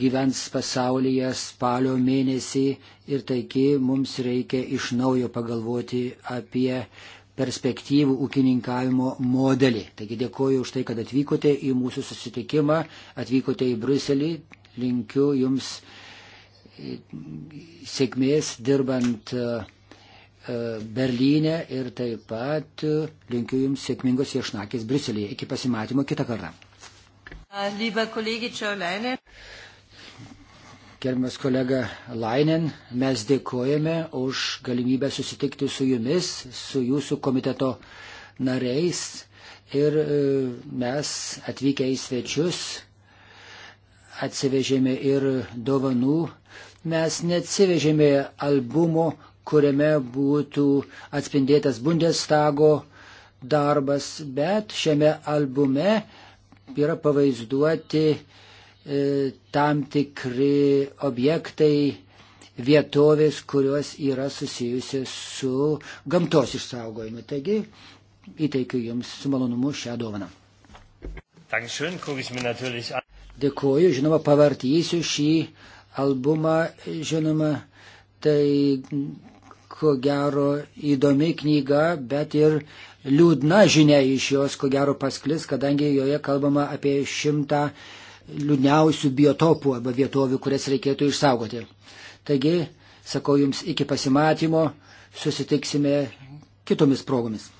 gyvens pasaulyje spalio mėnesį ir taigi mums reikia iš naujo pagalvoti apie perspektyvų ūkininkavimo modelį. Taigi dėkoju už tai, kad atvykote į mūsų susitikimą, atvykote į Bruselį, linkiu Jums e, sėkmės dirbant e, e, Berlyne ir taip pat linkiu Jums sėkmingos viešnakės Briuselėje. Iki pasimatymo kitą kartą. Äh, Gerbiamas kolega Lainen, mes dėkojame už galimybę susitikti su jumis, su jūsų komiteto nariais ir e, mes atvykę į svečius atsivežėme ir dovanų. Mes neatsivežėme albumo, kuriame būtų atspindėtas Bundestago darbas, bet šiame albume yra pavaizduoti e, tam tikri objektai, vietovės, kurios yra susijusios su gamtos išsaugojimu. Taigi, įteikiu Jums su malonumu šią dovaną. Dėkuoju, žinoma, pavartysiu šį albumą, žinoma, tai ko gero įdomi knyga, bet ir liūdna žinia iš jos, ko gero, pasklis, kadangi joje kalbama apie šimtą liūdniausių biotopų arba vietovių, kurias reikėtų išsaugoti. Taigi, sakau jums iki pasimatymo, susitiksime kitomis progomis.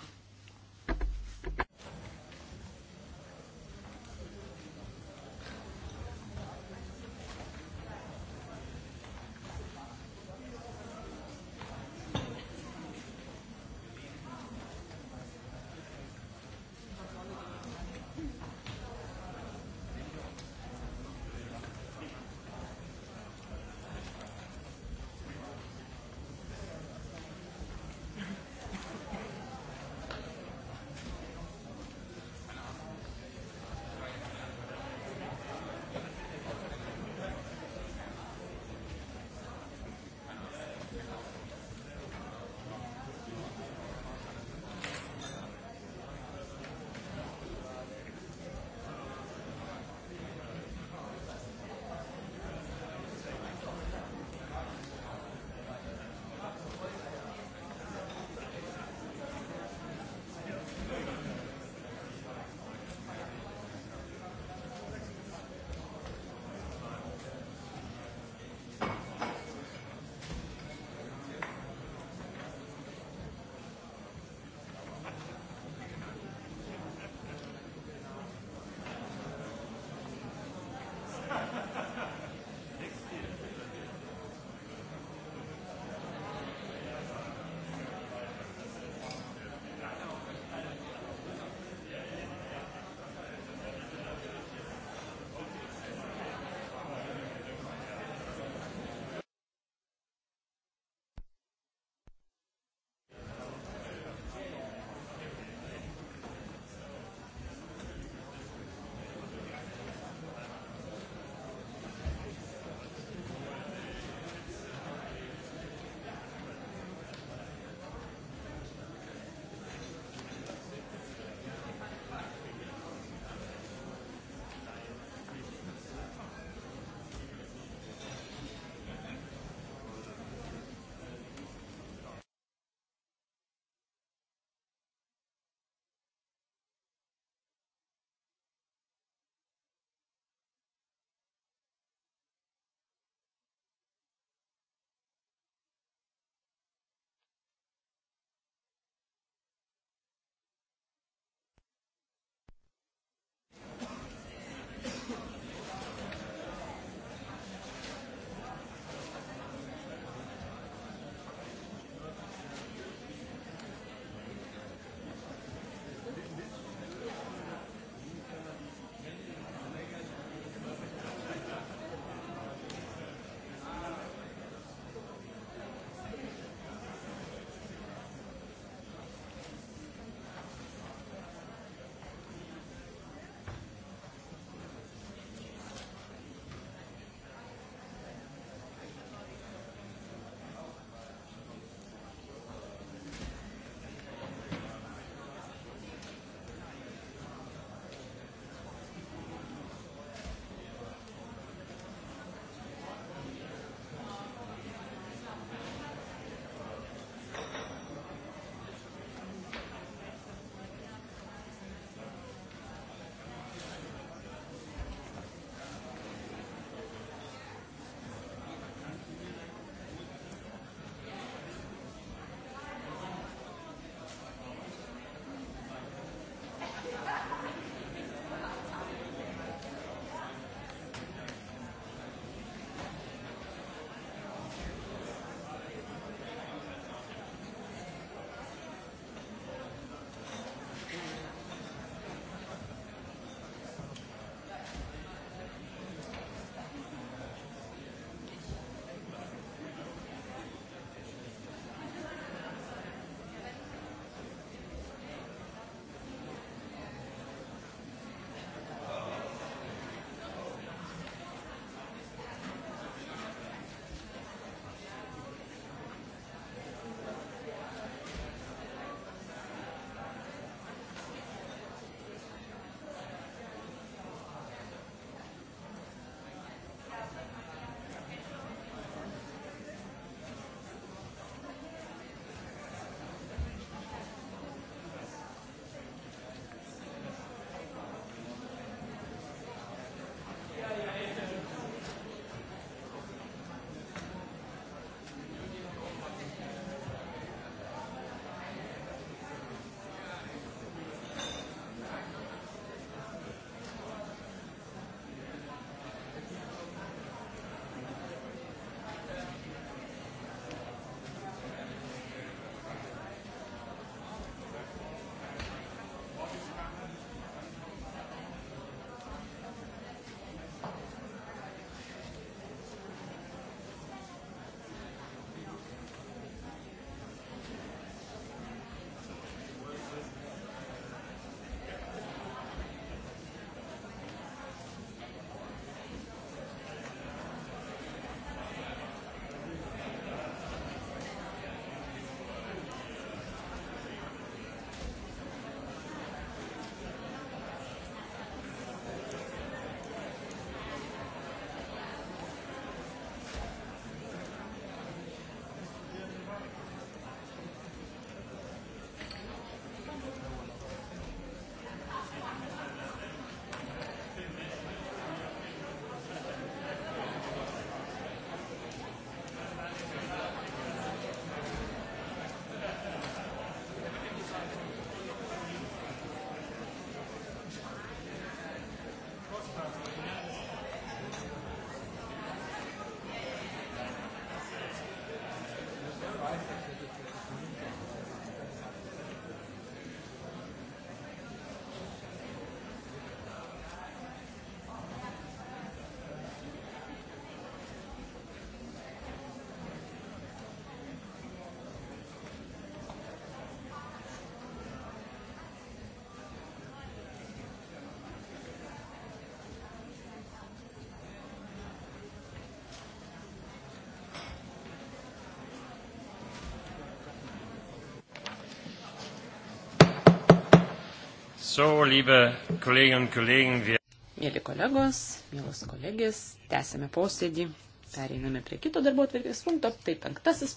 So, liebe Kolleginnen und Kollegen, wir. Mėly kolegos, mėlos kolegės, tęsėme posėdį, pereiname prie kito darbo atvarkės punkto, tai penktasis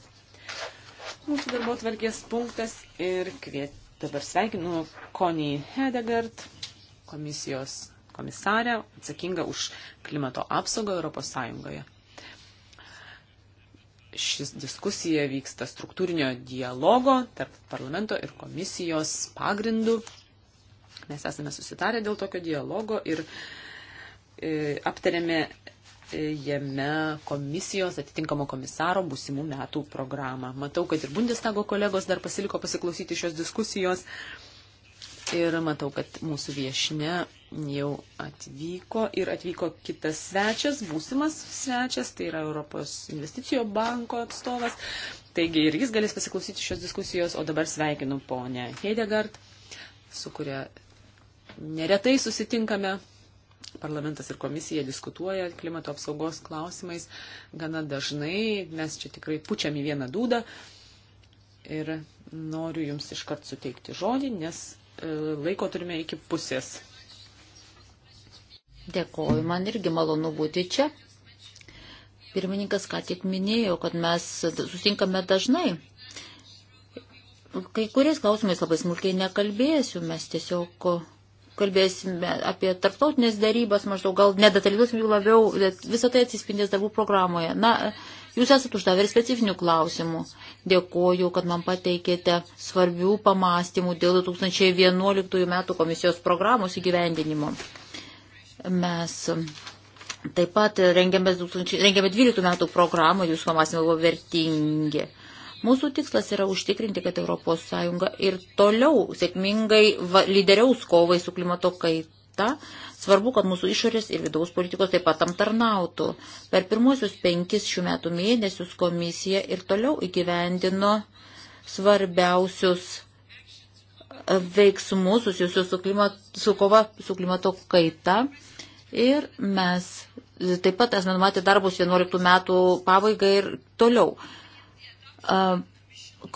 mūsų darbo atvarkės punktas ir kviet, dabar sveikinu Konį Hedegard, komisijos komisarę, atsakingą už klimato apsaugą Europos Sąjungoje. Šis diskusija vyksta struktūrinio dialogo tarp parlamento ir komisijos pagrindų Mes esame susitarę dėl tokio dialogo ir e, aptarėme e, jame komisijos atitinkamo komisaro būsimų metų programą. Matau, kad ir Bundestago kolegos dar pasiliko pasiklausyti šios diskusijos. Ir matau, kad mūsų viešinė jau atvyko ir atvyko kitas svečias, būsimas svečias, tai yra Europos investicijo banko atstovas. Taigi ir jis galės pasiklausyti šios diskusijos, o dabar sveikinu ponę Heidegard, su kuria neretai susitinkame. Parlamentas ir komisija diskutuoja klimato apsaugos klausimais gana dažnai. Mes čia tikrai pučiam į vieną dūdą. Ir noriu Jums iškart suteikti žodį, nes e, laiko turime iki pusės. Dėkoju, man irgi malonu būti čia. Pirmininkas ką tik minėjo, kad mes susinkame dažnai. Kai kuriais klausimais labai smulkiai nekalbėsiu, mes tiesiog kalbėsime apie tarptautinės darybas, maždaug gal nedetalizuosim jų labiau, bet visą tai atsispindės darbų programoje. Na, jūs esate uždavę ir specifinių klausimų. Dėkoju, kad man pateikėte svarbių pamastymų dėl 2011 metų komisijos programos įgyvendinimo. Mes taip pat rengiame 2012 metų programą, jūsų pamastymai buvo vertingi. Mūsų tikslas yra užtikrinti, kad ES ir toliau sėkmingai lyderiaus kovai su klimato kaita. Svarbu, kad mūsų išorės ir vidaus politikos taip pat tam tarnautų. Per pirmosius penkis šių metų mėnesius komisija ir toliau įgyvendino svarbiausius e, veiksmus susijusius su, klimat, su kova su klimato kaita. Ir mes taip pat esame numatę darbus 11 metų pabaigą ir toliau.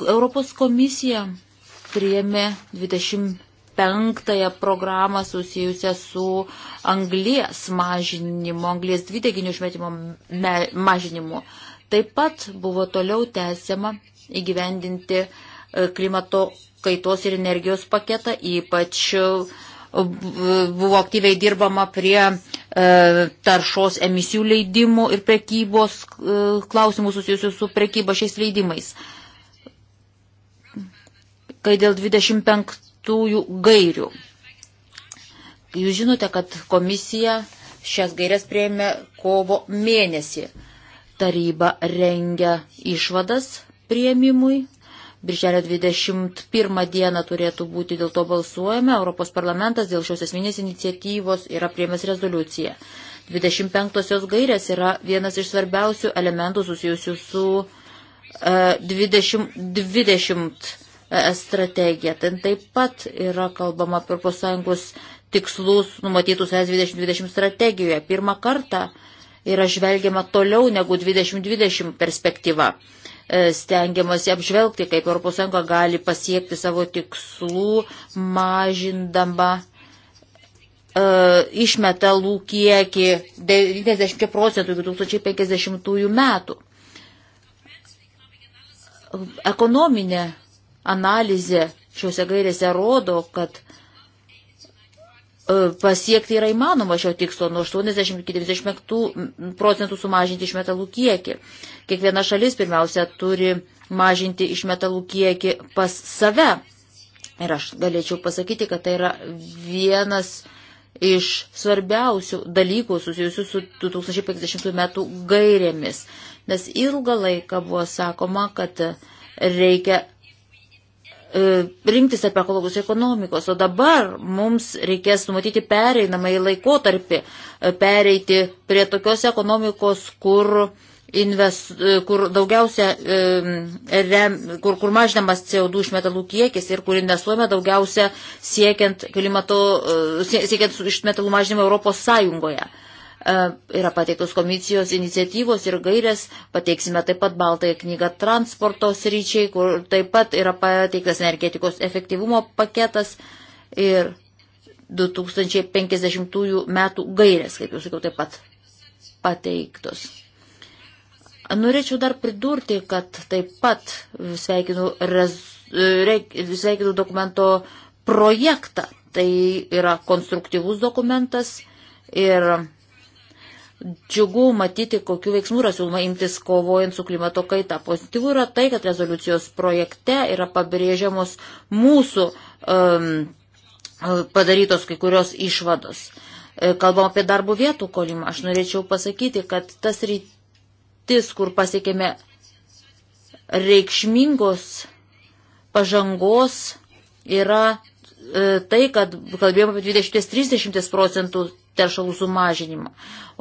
Europos komisija priėmė 25-ąją programą susijusią su anglies mažinimu, anglies dvideginių išmetimo mažinimu. Taip pat buvo toliau tęsiama įgyvendinti e, klimato kaitos ir energijos paketą, ypač buvo aktyviai dirbama prie e, taršos emisijų leidimų ir prekybos e, klausimų susijusių su prekyba šiais leidimais. Kai dėl 25 gairių. Jūs žinote, kad komisija šias gairias prieimė kovo mėnesį. Taryba rengia išvadas prieimimui Birželio 21 dieną turėtų būti dėl to balsuojama. Europos parlamentas dėl šios esminės iniciatyvos yra priemęs rezoliuciją. 25-osios gairės yra vienas iš svarbiausių elementų susijusių su uh, 20, 20 strategija. Ten taip pat yra kalbama apie ES tikslus numatytus ES 2020 strategijoje. Pirmą kartą yra žvelgiama toliau negu 2020 perspektyva. Uh, E, stengiamasi apžvelgti, kaip ES gali pasiekti savo tikslų, mažindama e, išmetalų kiekį 90 procentų iki 2050 metų. Ekonominė analizė šiuose gairėse rodo, kad E, pasiekti yra įmanoma šio tikslo nuo 80 iki 95 procentų sumažinti iš metalų kiekį. Kiekviena šalis pirmiausia turi mažinti iš metalų kiekį pas save. Ir aš galėčiau pasakyti, kad tai yra vienas iš svarbiausių dalykų susijusių su 2050 metų gairėmis. Nes ilgą laiką buvo sakoma, kad reikia E, rinktis apie ekologus ekonomikos, o dabar mums reikės numatyti pereinamą į laikotarpį, e, pereiti prie tokios ekonomikos, kur, invest, e, kur daugiausia, rem, kur, kur mažinamas CO2 išmetalų kiekis ir kur investuojame daugiausia siekiant, klimato, siekiant išmetalų mažinimą Europos Sąjungoje. E, yra pateiktos komisijos iniciatyvos ir gairės, pateiksime taip pat baltąją knygą transporto sryčiai, kur taip pat yra pateiktas energetikos efektyvumo paketas ir 2050 metų gairės, kaip jau sakiau, taip pat pateiktos. Norėčiau dar pridurti, kad taip pat sveikinu, rez, e, reik, sveikinu dokumento projektą. Tai yra konstruktyvus dokumentas ir džiugu matyti, kokiu veiksmu yra siūloma imtis kovojant su klimato kaita. Pozityvų yra tai, kad rezoliucijos projekte yra pabrėžiamos mūsų um, padarytos kai kurios išvados. E, kalbam apie darbo vietų kolimą. Aš norėčiau pasakyti, kad tas rytis, kur pasiekėme reikšmingos pažangos, yra e, tai, kad kalbėjome apie 20-30 procentų teršalų sumažinimą.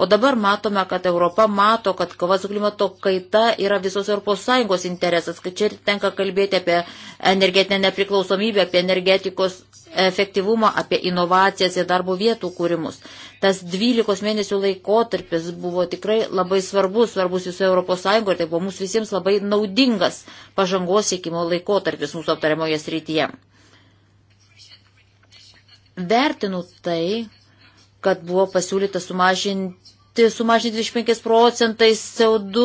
O dabar matome, kad Europa mato, kad kova su klimato kaita yra visos ES interesas, kad čia tenka kalbėti apie energetinę nepriklausomybę, apie energetikos efektyvumą, apie inovacijas ir darbo vietų kūrimus. Tas 12 mėnesių laikotarpis buvo tikrai labai svarbus, svarbus visoje ES ir tai buvo mums visiems labai naudingas pažangos siekimo laikotarpis mūsų aptariamoje srityje. Vertinu tai, kad buvo pasiūlyta sumažinti, sumažinti 25 procentais CO2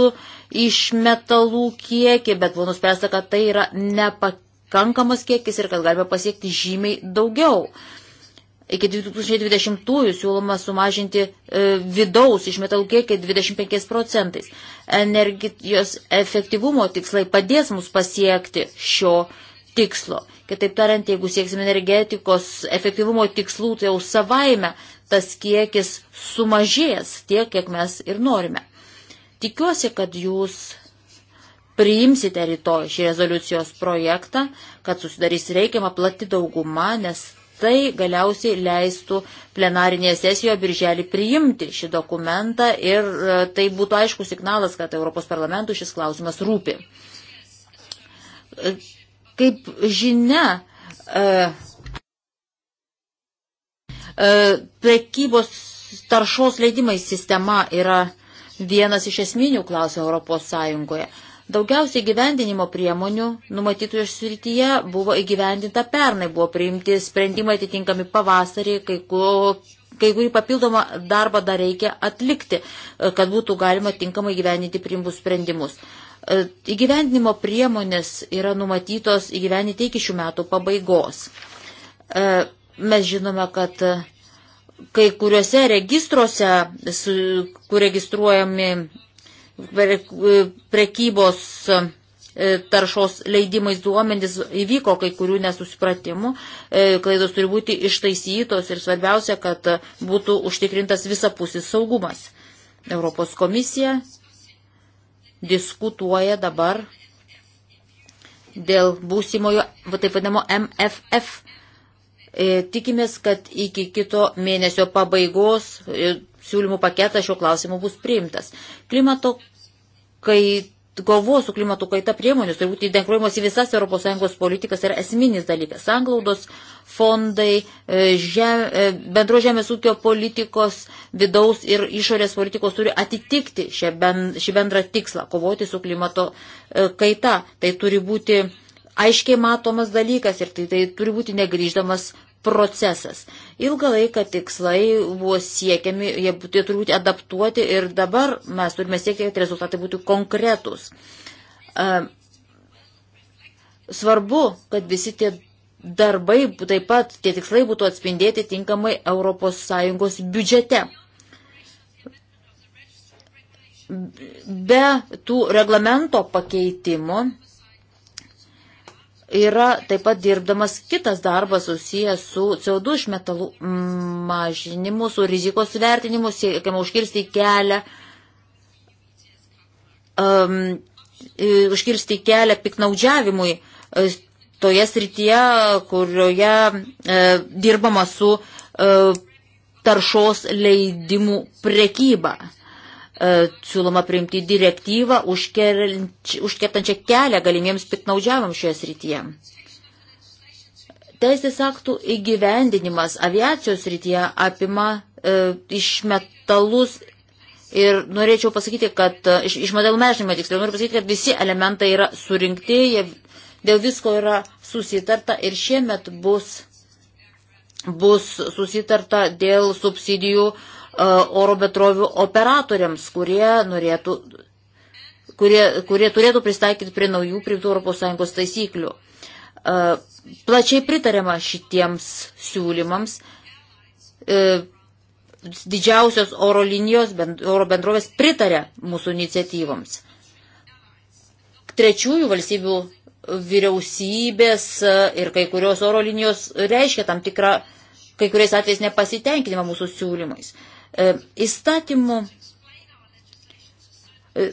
iš metalų kiekį, bet buvo nuspręsta, kad tai yra nepakankamas kiekis ir kad galime pasiekti žymiai daugiau. Iki 2020-ųjų siūloma sumažinti e, vidaus iš metalų kiekį 25 procentais. Energijos efektyvumo tikslai padės mums pasiekti šio tikslo. Kitaip tariant, jeigu sieksime energetikos efektyvumo tikslų, tai jau savaime tas kiekis sumažės tiek, kiek mes ir norime. Tikiuosi, kad jūs priimsite rytoj šį rezoliucijos projektą, kad susidarys reikiamą plati dauguma, nes tai galiausiai leistų plenarinėje sesijoje birželį priimti šį dokumentą ir e, tai būtų aišku signalas, kad Europos parlamentui šis klausimas rūpi. E, Kaip žinia, e, e, prekybos taršos leidimai sistema yra vienas iš esminių klausimų Europos Sąjungoje. Daugiausiai gyvendinimo priemonių numatytų iš srityje buvo įgyvendinta pernai, buvo priimti sprendimai atitinkami pavasarį, kai, ku, kai kurį papildomą darbą dar reikia atlikti, kad būtų galima tinkamai gyveninti priimbus sprendimus. E, įgyvendinimo priemonės yra numatytos įgyvendinti iki šių metų pabaigos. E, mes žinome, kad kai kuriuose registruose, kur registruojami prekybos e, taršos leidimais duomenys įvyko kai kurių nesusipratimų, klaidos turi būti ištaisytos ir svarbiausia, kad būtų užtikrintas visapusis saugumas. Europos komisija diskutuoja dabar dėl būsimojo, va, taip vadinamo, MFF. E, tikimės, kad iki kito mėnesio pabaigos e, siūlymų paketas šiuo klausimu bus priimtas. Klimato kai kovos su klimato kaita priemonės turi būti integruojamos į visas ES politikas tai yra esminis dalykas. Sanglaudos fondai, e, žem, e, bendro žemės ūkio politikos, vidaus ir išorės politikos turi atitikti šią, bend, šį bendrą tikslą - kovoti su klimato e, kaita. Tai turi būti aiškiai matomas dalykas ir tai, tai turi būti negryždamas procesas. Ilgą laiką tikslai buvo siekiami, jie, jie turi būti adaptuoti ir dabar mes turime siekti, kad rezultatai būtų konkretūs. Svarbu, kad visi tie darbai, taip pat tie tikslai būtų atspindėti tinkamai ES biudžete be tų reglamento pakeitimų Yra taip pat dirbdamas kitas darbas susijęs su CO2 išmetalų mažinimu, su rizikos vertinimu, siekiama užkirsti kelią, um, užkirsti kelią piknaudžiavimui e, toje srityje, kurioje e, dirbama su e, taršos leidimų prekyba. E, E, siūloma priimti direktyvą užkertančią kelią galimiems piknaudžiavams šioje srityje. Teisės aktų įgyvendinimas aviacijos srityje apima e, išmetalus ir norėčiau pasakyti, kad e, iš, išmetalų mežinimą tiksliau noriu pasakyti, kad visi elementai yra surinkti, jie, dėl visko yra susitarta ir šiemet bus, bus susitarta dėl subsidijų e, E, oro betrovių operatoriams, kurie, norėtų, kurie, kurie turėtų pristaikyti prie naujų priimtų ES taisyklių. E, plačiai pritarėma šitiems siūlymams. E, didžiausios oro linijos, oro bendrovės pritarė mūsų iniciatyvoms. Trečiųjų valstybių vyriausybės ir kai kurios oro linijos reiškia tam tikrą, kai kuriais atvejais nepasitenkinimą mūsų siūlymais. E, Įstatymų e,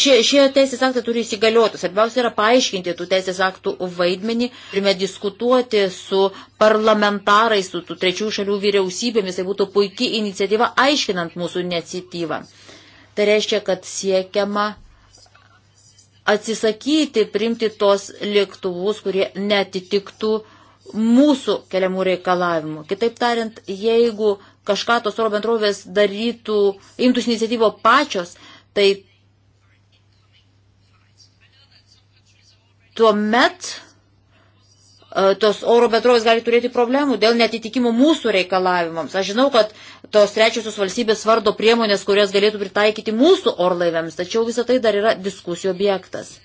Šie, šie teisės aktai turi įsigalioti. Svarbiausia yra paaiškinti tų teisės aktų vaidmenį. Turime diskutuoti su parlamentarais, su tų trečių šalių vyriausybėmis. Tai būtų puikiai iniciatyva aiškinant mūsų iniciatyvą. Tai reiškia, kad siekiama atsisakyti priimti tos lėktuvus, kurie netitiktų mūsų keliamų reikalavimų. Kitaip tariant, jeigu kažką tos oro bendrovės darytų, imtus iniciatyvo pačios, tai tuomet e, tos oro bendrovės gali turėti problemų dėl netitikimo mūsų reikalavimams. Aš žinau, kad tos trečiosios valstybės svardo priemonės, kurias galėtų pritaikyti mūsų orlaiviams, tačiau visą tai dar yra diskusijų objektas.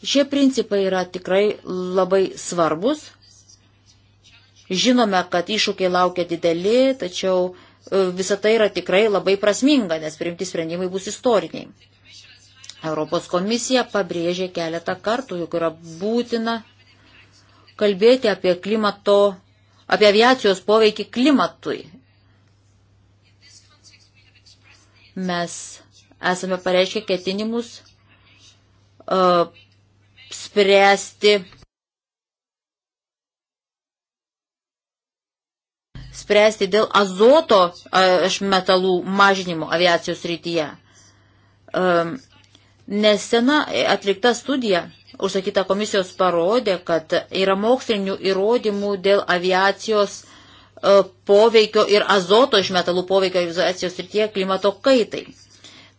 Šie principai yra tikrai labai svarbus Žinome, kad iššūkiai laukia dideli, tačiau e, visa tai yra tikrai labai prasminga, nes priimti sprendimai bus istoriniai. Europos komisija pabrėžė keletą kartų, juk yra būtina kalbėti apie klimato, apie aviacijos poveikį klimatui. Mes esame pareiškę ketinimus uh, spręsti spręsti dėl azoto metalų mažinimo aviacijos rytyje. Nesena atlikta studija, užsakyta komisijos parodė, kad yra mokslinių įrodymų dėl aviacijos e, poveikio ir azoto iš metalų poveikio aviacijos srityje klimato kaitai.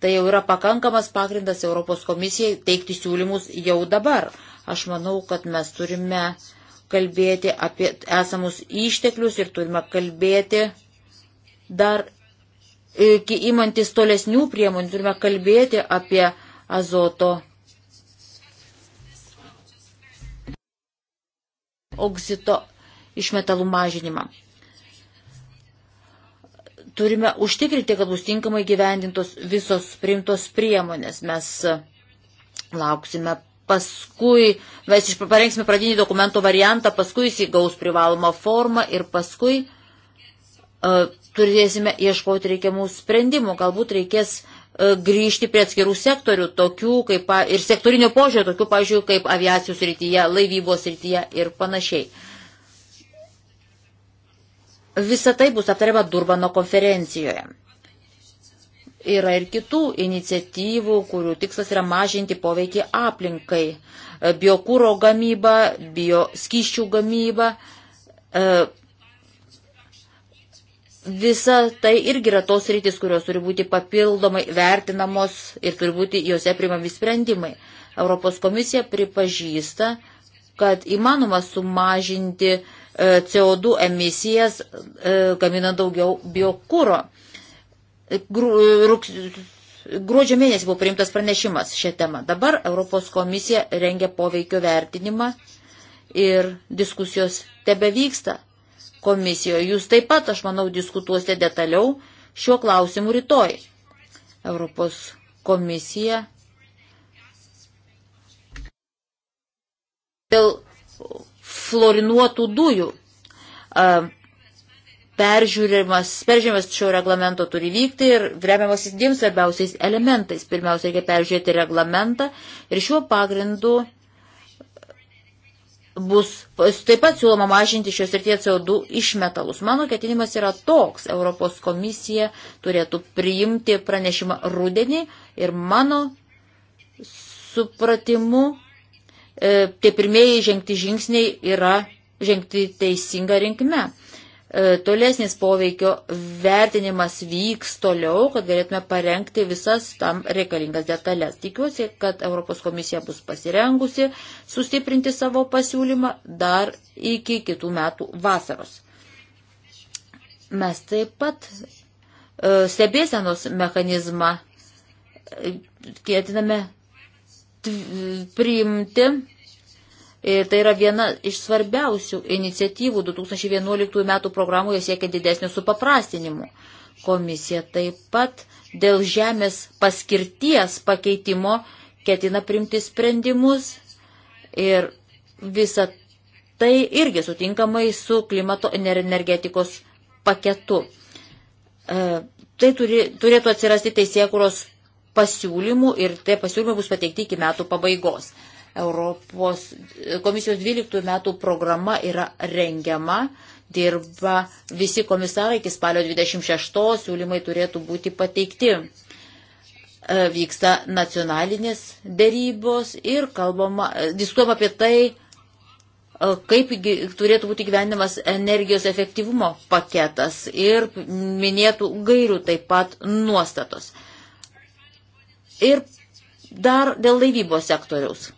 Tai jau yra pakankamas pagrindas Europos komisijai teikti siūlymus jau dabar. Aš manau, kad mes turime uh, kalbėti apie esamus išteklius ir turime kalbėti dar iki e, įmantis tolesnių priemonių, turime kalbėti apie azoto oksito išmetalų mažinimą. Turime užtikrinti, kad bus tinkamai gyvendintos visos priimtos priemonės. Mes e, lauksime paskui mes parengsime pradinį dokumento variantą, paskui jis įgaus privalomą formą ir paskui uh, turėsime ieškoti reikiamų sprendimų. Galbūt reikės uh, grįžti prie atskirų sektorių, tokių kaip ir sektorinio požiūrio, tokių, pažiūrėjau, kaip aviacijos rytyje, laivybos rytyje ir panašiai. Visa tai bus aptariama Durbano konferencijoje. Yra ir kitų iniciatyvų, kurių tikslas yra mažinti poveikį aplinkai. E, biokūro gamyba, bioskyščių gamyba. E, visa tai irgi yra tos rytis, kurios turi būti papildomai vertinamos ir turi būti juose primami sprendimai. Europos komisija pripažįsta, kad įmanoma sumažinti e, CO2 emisijas, gaminant daugiau biokūro. Gruodžio mėnesį buvo priimtas pranešimas šią temą. Dabar Europos komisija rengia poveikio vertinimą ir diskusijos tebe vyksta komisijoje. Jūs taip pat, aš manau, diskutuosite detaliau šiuo klausimu rytoj. Europos komisija dėl florinuotų dujų peržiūrimas, peržiūrimas šio reglamento turi vykti ir remiamas dviem svarbiausiais elementais. Pirmiausia, reikia peržiūrėti reglamentą ir šiuo pagrindu bus taip pat siūloma mažinti šios ir tie CO2 išmetalus. Mano ketinimas yra toks. Europos komisija turėtų priimti pranešimą rudenį ir mano supratimu e, tie pirmieji žengti žingsniai yra žengti teisinga rinkme. E, tolesnis poveikio vertinimas vyks toliau, kad galėtume parengti visas tam reikalingas detalės. Tikiuosi, kad Europos komisija bus pasirengusi sustiprinti savo pasiūlymą dar iki kitų metų vasaros. Mes taip pat e, stebėsenos mechanizmą e, ketiname priimti Ir tai yra viena iš svarbiausių iniciatyvų 2011 metų programoje siekia didesnio supaprastinimo. Komisija taip pat dėl žemės paskirties pakeitimo ketina primti sprendimus ir visa tai irgi sutinkamai su klimato ir energetikos paketu. E, tai turi, turėtų atsirasti teisėkuros pasiūlymų ir tie pasiūlymai bus pateikti iki metų pabaigos. Europos komisijos 12 metų programa yra rengiama, dirba visi komisarai iki spalio 26, siūlymai turėtų būti pateikti. E, vyksta nacionalinės dėrybos ir kalbama, e, diskutuojama apie tai, e, kaip turėtų būti gyvenimas energijos efektyvumo paketas ir minėtų gairių taip pat nuostatos. Ir dar dėl laivybos sektoriaus.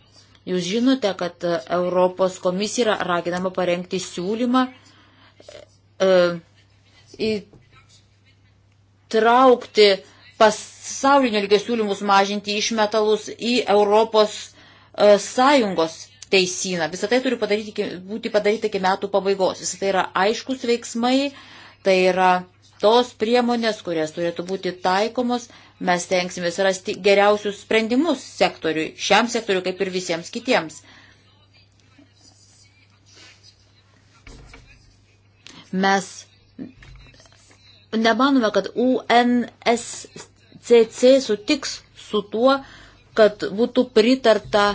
Jūs žinote, kad e, Europos komisija yra raginama parengti siūlymą e, e, įtraukti pasaulinio lygio siūlymus mažinti išmetalus į Europos Sąjungos teisyną. Visą tai turi padaryti, būti padaryta iki metų pabaigos. Visą tai yra aiškus veiksmai, tai yra tos priemonės, kurias turėtų būti taikomos Mes tenksimės rasti geriausius sprendimus sektoriui, šiam sektoriui kaip ir visiems kitiems. Mes nemanome, kad UNSCC sutiks su tuo, kad būtų pritarta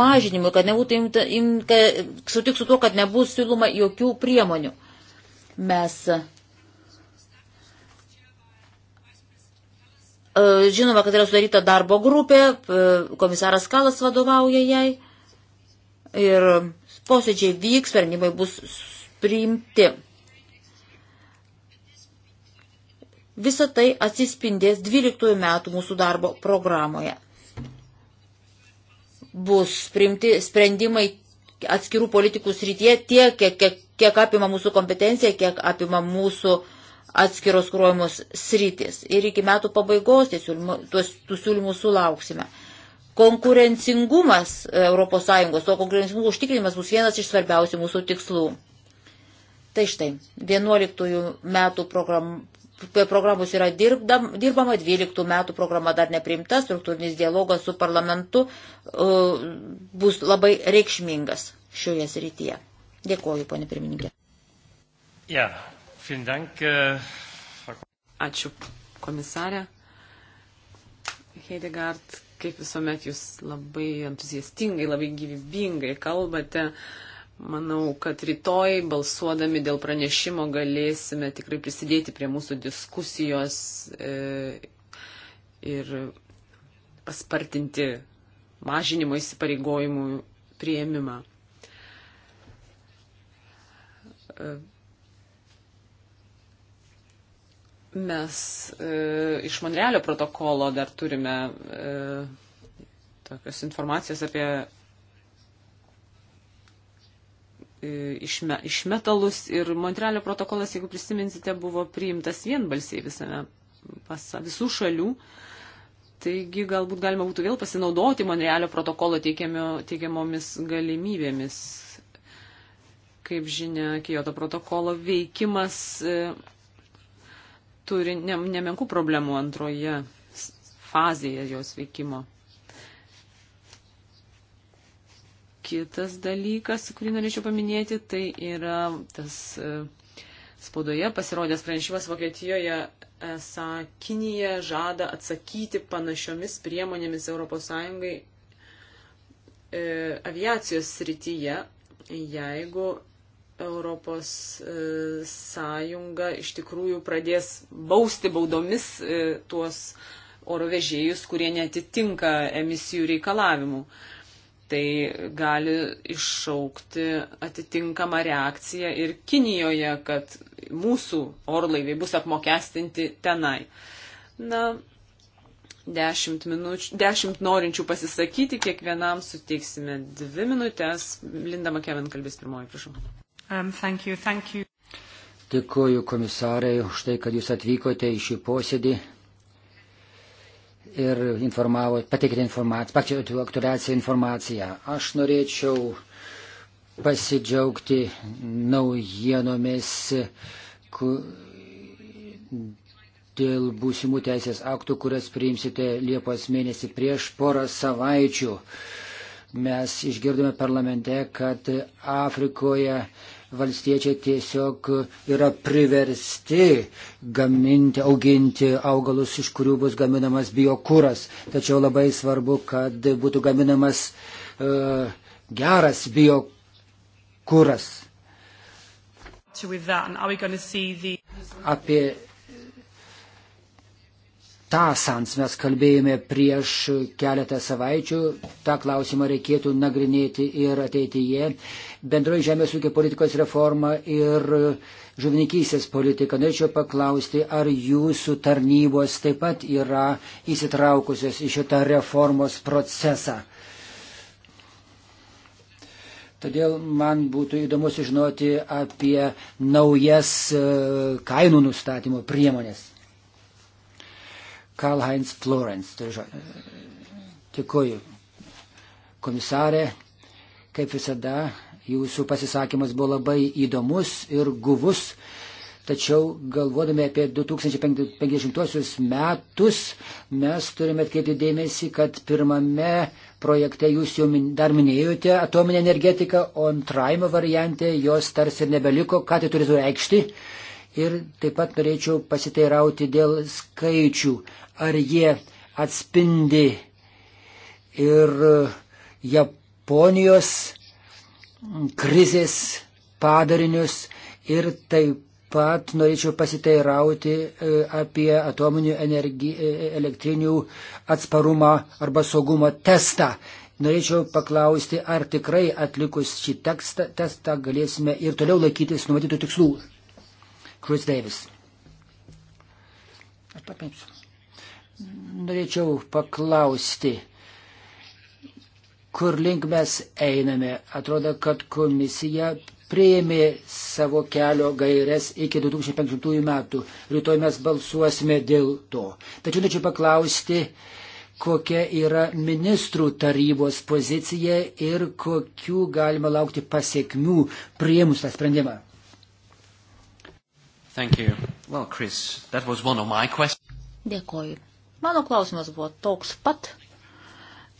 mažinimui, kad nebūtų imta, imta, sutiks su tuo, kad nebus siūloma jokių priemonių. Mes E, žinoma, kad yra sudaryta darbo grupė, e, komisaras Kalas vadovauja jai ir posėdžiai vyks, sprendimai bus priimti. Visą tai atsispindės 12 metų mūsų darbo programoje. Bus priimti sprendimai atskirų politikų srityje tiek, kiek, kiek, kiek apima mūsų kompetencija, kiek apima mūsų uh, atskiros kruojamos sritis. Ir iki metų pabaigos siūlymo, tuos, tų siūlymų sulauksime. Konkurencingumas ES, to konkurencingumo užtikrinimas bus vienas iš svarbiausių mūsų tikslų. Tai štai, 11 metų program, programos yra dirbdam, dirbama, 12 metų programa dar neprimta, struktūrinis dialogas su parlamentu uh, bus labai reikšmingas šioje srityje. Dėkuoju, ponė pirmininkė. Yeah. Äh, Ačiū, komisarė. Hedegard, kaip visuomet jūs labai entuziastingai, labai gyvybingai kalbate. Manau, kad rytoj balsuodami dėl pranešimo galėsime tikrai prisidėti prie mūsų diskusijos e, ir paspartinti mažinimo įsipareigojimų prieimimą e, Mes e, iš Monrealio protokolo dar turime e, tokios informacijos apie e, išme, išmetalus ir Montrealio protokolas, jeigu prisiminsite, buvo priimtas vienbalsiai visame pasa, visų šalių. Taigi galbūt galima būtų vėl pasinaudoti Montrealio protokolo teikiamio, teikiamomis galimybėmis. Kaip žinia, Kyoto protokolo veikimas e, turi nemenkų problemų antroje fazėje jos veikimo. Kitas dalykas, kurį norėčiau paminėti, tai yra tas e, spaudoje pasirodęs pranešimas Vokietijoje, esą Kinija žada atsakyti panašiomis priemonėmis ES e, aviacijos srityje, jeigu Europos e, Sąjunga iš tikrųjų pradės bausti baudomis e, tuos oro vežėjus, kurie netitinka emisijų reikalavimų. Tai gali iššaukti atitinkamą reakciją ir Kinijoje, kad mūsų orlaiviai bus apmokestinti tenai. Na, dešimt, minučių, dešimt norinčių pasisakyti, kiekvienam suteiksime dvi minutės. Linda Makevin kalbės pirmoji, prašau. Um, thank you, thank you. Dėkuoju komisarai už tai, kad jūs atvykote į šį posėdį ir pateikite informaciją, pačią aktualiaciją informaciją. Aš norėčiau pasidžiaugti naujienomis ku, dėl būsimų teisės aktų, kurias priimsite Liepos mėnesį prieš porą savaičių. Mes išgirdome parlamente, kad Afrikoje valstiečiai tiesiog yra priversti gaminti, auginti augalus, iš kurių bus gaminamas biokūras. Tačiau labai svarbu, kad būtų gaminamas uh, geras biokūras. The... Apie Stasans mes kalbėjome prieš keletą savaičių, tą klausimą reikėtų nagrinėti ir ateityje. Bendroji žemės ūkio politikos reforma ir žuvininkysės politika. Norėčiau paklausti, ar jūsų tarnybos taip pat yra įsitraukusios į šitą reformos procesą. Todėl man būtų įdomu sužinoti apie naujas e, kainų nustatymo priemonės. Karl Heinz Florence. Tai žo... Tikuoju, komisarė, kaip visada, jūsų pasisakymas buvo labai įdomus ir guvus, tačiau galvodami apie 2050 metus mes turime atkreipti dėmesį, kad pirmame projekte jūs jau min, dar minėjote atominę energetiką, o antrajame variante jos tarsi ir nebeliko, ką tai turėtų reikšti. Tai Ir taip pat norėčiau pasiteirauti dėl skaičių, ar jie atspindi ir Japonijos krizės padarinius ir taip pat norėčiau pasiteirauti e, apie atominių energi, e, e, elektrinių atsparumą arba saugumo testą. Norėčiau paklausti, ar tikrai atlikus šį tekstą, testą galėsime ir toliau laikytis numatytų tikslų. Chris Davis. Aš papinsiu. Norėčiau paklausti, kur link mes einame. Atrodo, kad komisija prieimė savo kelio gairias iki 2050 metų. Rytoj mes balsuosime dėl to. Tačiau norėčiau paklausti, kokia yra ministrų tarybos pozicija ir kokių galima laukti pasiekmių prieimus tą sprendimą. Thank you. Well, Chris, that was one of my questions. Dėkoju. Mano klausimas buvo toks pat,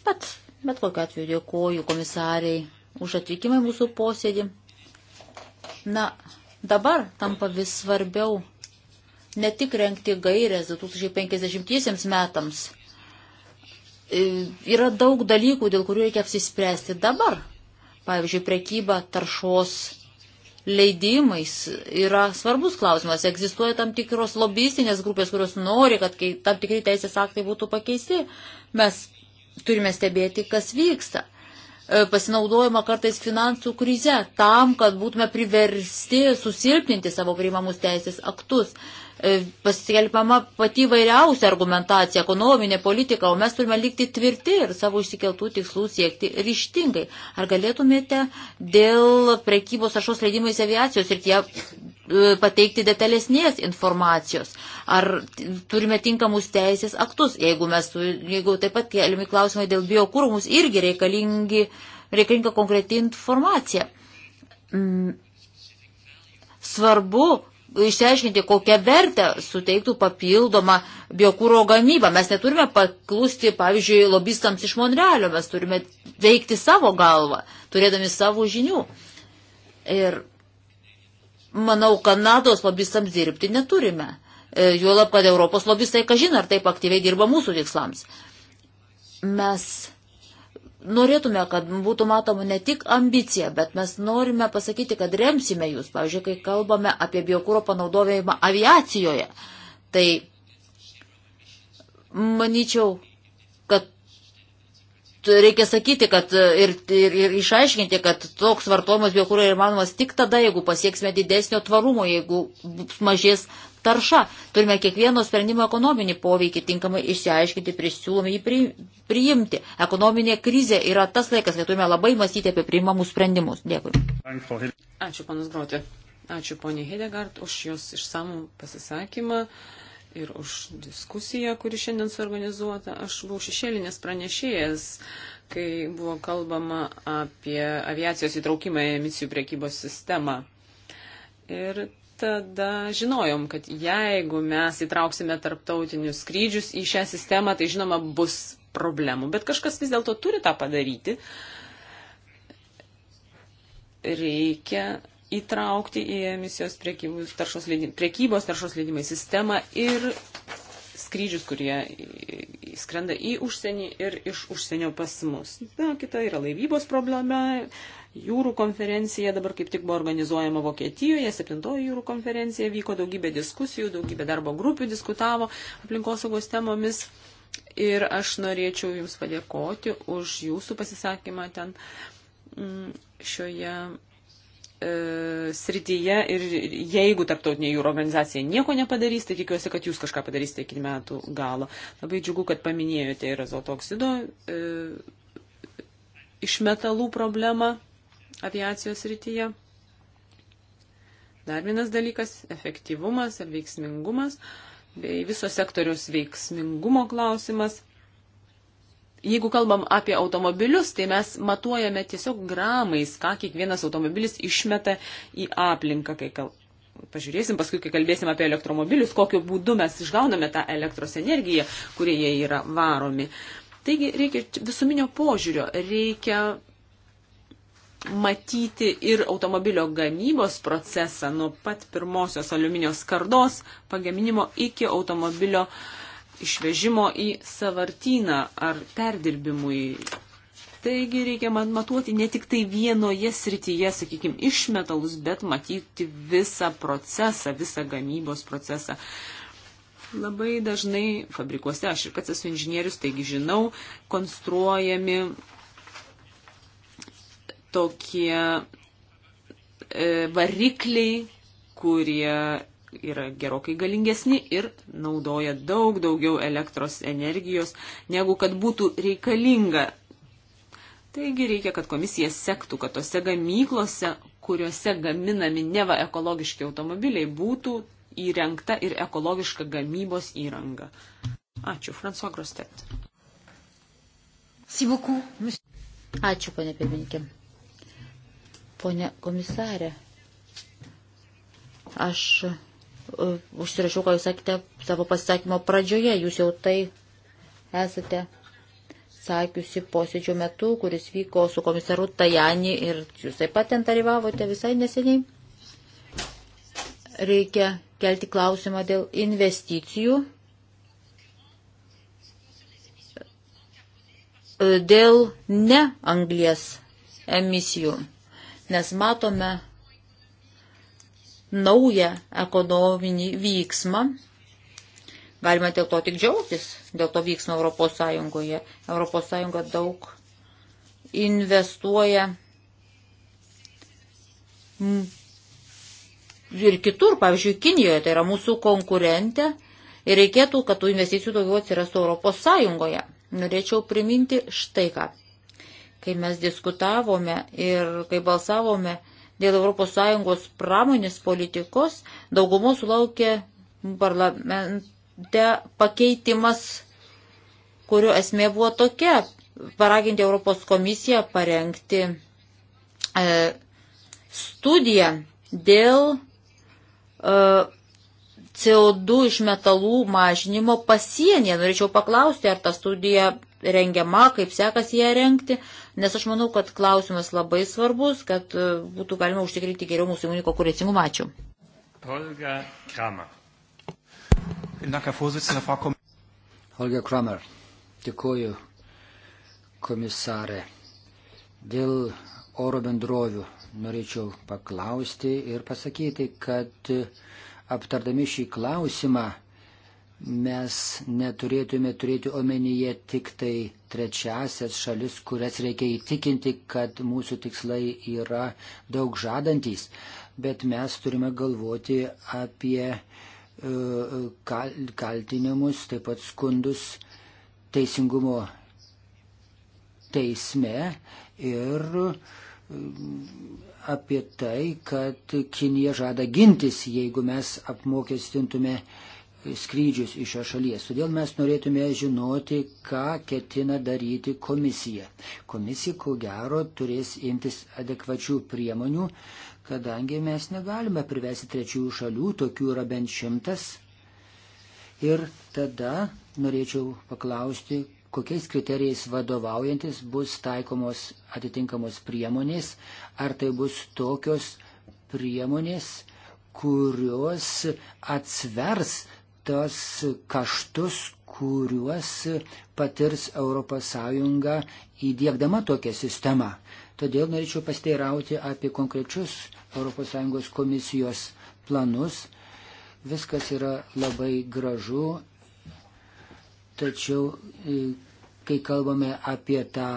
bet, bet kokiu atveju dėkoju komisariai už atvykimą į mūsų posėdį. Na, dabar tampa vis svarbiau ne tik renkti gairės 2050 metams. E, yra daug dalykų, dėl kurių reikia apsispręsti dabar. Pavyzdžiui, prekyba taršos leidimais yra svarbus klausimas. Egzistuoja tam tikros lobistinės grupės, kurios nori, kad tam tikri teisės aktai būtų pakeisti. Mes turime stebėti, kas vyksta. E, pasinaudojama kartais finansų krize tam, kad būtume priversti susilpninti savo priimamus teisės aktus. E, paskelbama pati vairiausia argumentacija, ekonominė politika, o mes turime likti tvirti ir savo išsikeltų tikslų siekti ryštingai. Ar galėtumėte dėl prekybos ašos leidimais aviacijos ir tie e, pateikti detalesnės informacijos? Ar turime tinkamus teisės aktus? Jeigu, mes, jeigu taip pat keliami klausimai dėl biokūrų, mums irgi reikalingi, reikalinga konkreti informacija. Mm. Svarbu išsiaiškinti, kokią vertę suteiktų papildomą biokūro gamybą. Mes neturime paklusti, pavyzdžiui, lobistams iš Monrealio, mes turime veikti savo galvą, turėdami savo žinių. Ir manau, Kanados lobistams dirbti neturime. E, juolab, kad Europos lobistai, kažin, ar taip aktyviai dirba mūsų tikslams. Mes norėtume, kad būtų matoma ne tik ambicija, bet mes norime pasakyti, kad remsime jūs. Pavyzdžiui, kai kalbame apie biokūro panaudojimą aviacijoje, tai manyčiau, kad reikia sakyti, kad e, ir, ir, ir išaiškinti, kad toks vartojimas biokūro yra įmanomas tik tada, jeigu pasieksime didesnio tvarumo, jeigu mažės tarša. Turime kiekvieno sprendimo ekonominį poveikį tinkamai išsiaiškinti, prisiūlome jį pri, priimti. Ekonominė krizė yra tas laikas, kai turime labai mąstyti apie priimamus sprendimus. Dėkui. Ačiū, panas Grotė. Ačiū, ponė Hedegard, už jos išsamų pasisakymą ir už diskusiją, kuri šiandien suorganizuota. Aš buvau šešėlinės pranešėjas, kai buvo kalbama apie aviacijos įtraukimą į emisijų priekybos sistemą. Ir tada žinojom, kad jeigu mes įtrauksime tarptautinius skrydžius į šią sistemą, tai žinoma bus problemų. Bet kažkas vis dėlto turi tą padaryti. Reikia įtraukti į emisijos priekybos taršos, leidim, priekybos taršos leidimai sistemą ir skrydžius, kurie skrenda į užsienį ir iš užsienio pas mus. Na, kita yra laivybos problema. Jūrų konferencija dabar kaip tik buvo organizuojama Vokietijoje, septintoji jūrų konferencija vyko daugybė diskusijų, daugybė darbo grupių diskutavo aplinkosaugos temomis. Ir aš norėčiau Jums padėkoti už Jūsų pasisakymą ten mm, šioje E, srityje ir jeigu tarptautinė jūro organizacija nieko nepadarys, tai tikiuosi, kad jūs kažką padarysite iki metų galo. Labai džiugu, kad paminėjote ir azoto oksido e, išmetalų problemą aviacijos srityje. Dar vienas dalykas - efektyvumas ir veiksmingumas bei viso sektoriaus veiksmingumo klausimas jeigu kalbam apie automobilius, tai mes matuojame tiesiog gramais, ką kiekvienas automobilis išmeta į aplinką, kai kal... pažiūrėsim paskui, kai kalbėsim apie elektromobilius, kokiu būdu mes išgauname tą elektros energiją, kurie jie yra varomi. Taigi reikia visuminio požiūrio, reikia matyti ir automobilio gamybos procesą nuo pat pirmosios aliuminio skardos pagaminimo iki automobilio uh, išvežimo į savartyną ar perdirbimui. Taigi reikia man matuoti ne tik tai vienoje srityje, sakykime, išmetalus, bet matyti visą procesą, visą gamybos procesą. Labai dažnai fabrikuose, aš ir pats esu inžinierius, taigi žinau, konstruojami tokie e, varikliai, kurie yra gerokai galingesni ir naudoja daug daugiau elektros energijos, negu kad būtų reikalinga. Taigi reikia, kad komisija sektų, kad tose gamyklose, kuriuose gaminami neva ekologiški automobiliai, būtų įrengta ir ekologiška gamybos įranga. Ačiū, François Grostet. Ačiū, ponė pirmininkė. Pone komisarė, aš Uh, užsirašiau, ką jūs sakėte savo pasisakymo pradžioje. Jūs jau tai esate sakiusi posėdžio metu, kuris vyko su komisaru Tajani ir jūs taip pat ten dalyvavote visai neseniai. Reikia kelti klausimą dėl investicijų, uh, dėl ne anglies emisijų, nes matome naują ekonominį vyksmą. Galima dėl to tik džiaugtis, dėl to vyksmo Europos Sąjungoje. Europos Sąjunga daug investuoja ir kitur, pavyzdžiui, Kinijoje, tai yra mūsų konkurentė ir reikėtų, kad tų investicijų daugiau atsirastų Europos Sąjungoje. Norėčiau priminti štai ką. Kai mes diskutavome ir kai balsavome, dėl ES pramonės politikos daugumos sulaukė parlamente pakeitimas, kurio esmė buvo tokia - paraginti Europos komisiją parengti e, studiją dėl e, CO2 iš metalų mažinimo pasienyje. Norėčiau paklausti, ar ta studija rengiama, kaip sekasi ją rengti nes aš manau, kad klausimas labai svarbus, kad e, būtų galima užtikrinti geriau mūsų įmonių konkurencingumą. Ačiū. Holger Kramer. Holger Kramer. Dėkuoju, komisarė. Dėl oro bendrovių norėčiau paklausti ir pasakyti, kad aptardami šį klausimą mes neturėtume turėti omenyje tik tai trečiasias šalis, kurias reikia įtikinti, kad mūsų tikslai yra daug žadantys, bet mes turime galvoti apie e, kaltinimus, taip pat skundus teisingumo teisme ir e, apie tai, kad Kinija žada gintis, jeigu mes apmokestintume uh, skrydžius iš šios šalies. Todėl mes norėtume žinoti, ką ketina daryti komisija. Komisija, ko gero, turės imtis adekvačių priemonių, kadangi mes negalime privesti trečiųjų šalių, tokių yra bent šimtas. Ir tada norėčiau paklausti, kokiais kriterijais vadovaujantis bus taikomos atitinkamos priemonės, ar tai bus tokios priemonės, kurios atsvers tos kaštus, kuriuos patirs ES įdėkdama tokią sistemą. Todėl norėčiau pasteirauti apie konkrečius ES komisijos planus. Viskas yra labai gražu, tačiau e, kai kalbame apie tą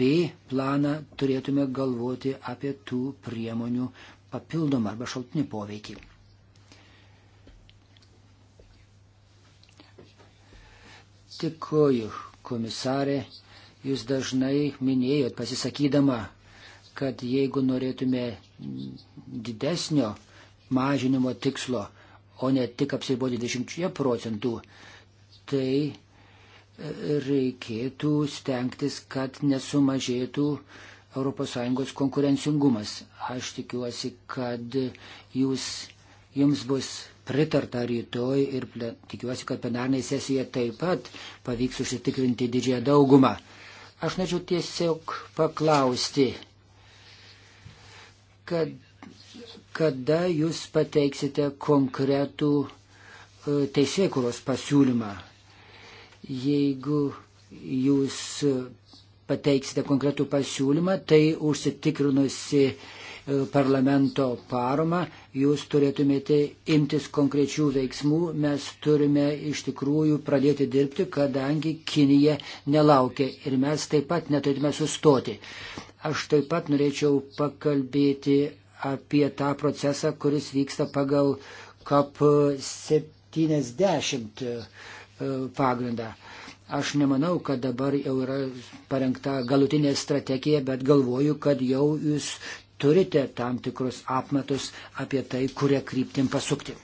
B planą, turėtume galvoti apie tų priemonių papildomą arba šaltinį poveikį. Tikoju, komisarė, jūs dažnai minėjot pasisakydama, kad jeigu norėtume didesnio mažinimo tikslo, o ne tik apsiriboti 10 procentų, tai e, reikėtų stengtis, kad nesumažėtų ES konkurencingumas. Aš tikiuosi, kad jūs, jums bus pritarta rytoj ir tikiuosi, kad plenarnai sesijoje taip pat pavyks užsitikrinti didžiąją daugumą. Aš norėčiau tiesiog paklausti, kad, kada jūs pateiksite konkretų e, teisėkuros pasiūlymą. Jeigu jūs pateiksite konkretų pasiūlymą, tai užsitikrinusi uh, parlamento paromą, jūs turėtumėte imtis konkrečių veiksmų, mes turime iš tikrųjų pradėti dirbti, kadangi Kinija nelaukia ir mes taip pat neturėtume sustoti. Aš taip pat norėčiau pakalbėti apie tą procesą, kuris vyksta pagal COP 70 e, pagrindą. Aš nemanau, kad dabar jau yra parengta galutinė strategija, bet galvoju, kad jau jūs turite tam tikrus apmatus apie tai, kurią kryptim pasukti.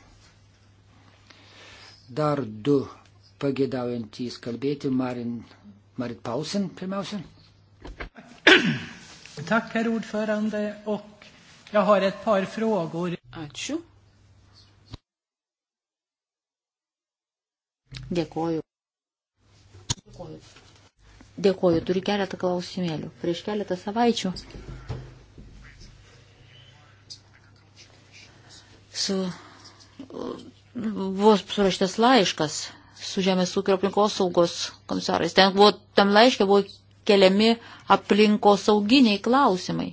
Dar du pagėdaujantys kalbėti, Marin, Marit Paulsen pirmiausia. Tack, herr ordförande, och jag har ett par frågor. Ačiū. Dėkoju. Dėkoju. Dėkoju, turiu keletą klausimėlių. Prieš keletą savaičių su, buvo surašytas laiškas su Žemės ūkio aplinkos saugos komisarais. Ten buvo, tam laiškė buvo keliami aplinkos sauginiai klausimai.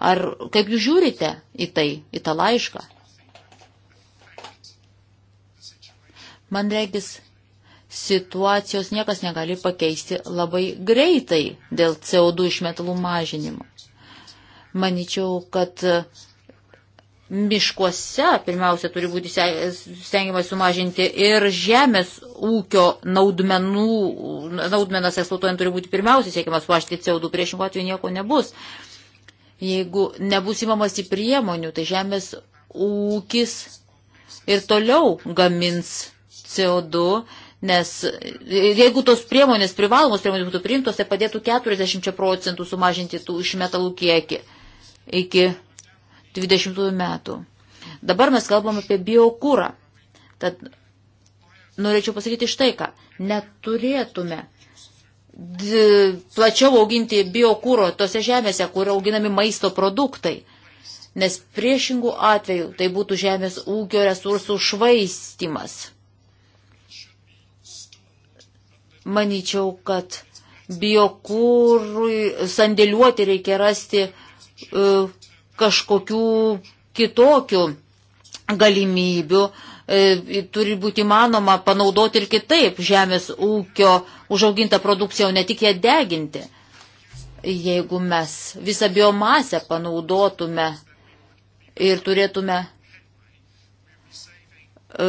Ar kaip jūs žiūrite į tai, į tą laišką? Man reikis, situacijos niekas negali pakeisti labai greitai dėl CO2 išmetalų mažinimo. Maničiau, kad miškuose pirmiausia turi būti stengiama sumažinti ir žemės ūkio naudmenų, naudmenas eksploatuojant turi būti pirmiausia siekiama sumažinti CO2, priešingų atveju nieko nebus. Jeigu nebus įmamasi priemonių, tai žemės ūkis ir toliau gamins CO2, nes jeigu tos priemonės, privalomos priemonės būtų priimtos, tai padėtų 40 procentų sumažinti tų išmetalų kiekį iki 20 metų. Dabar mes kalbam apie biokūrą. Tad norėčiau pasakyti štai ką. Neturėtume plačiau auginti biokūro tose žemėse, kur auginami maisto produktai. Nes priešingų atveju tai būtų žemės ūkio resursų švaistimas. Manyčiau, kad biokūrui sandėliuoti reikia rasti uh, kažkokių kitokių galimybių, e, turi būti manoma panaudoti ir kitaip žemės ūkio užaugintą produkciją, o ne tik ją deginti. Jeigu mes visą biomasę panaudotume ir turėtume e,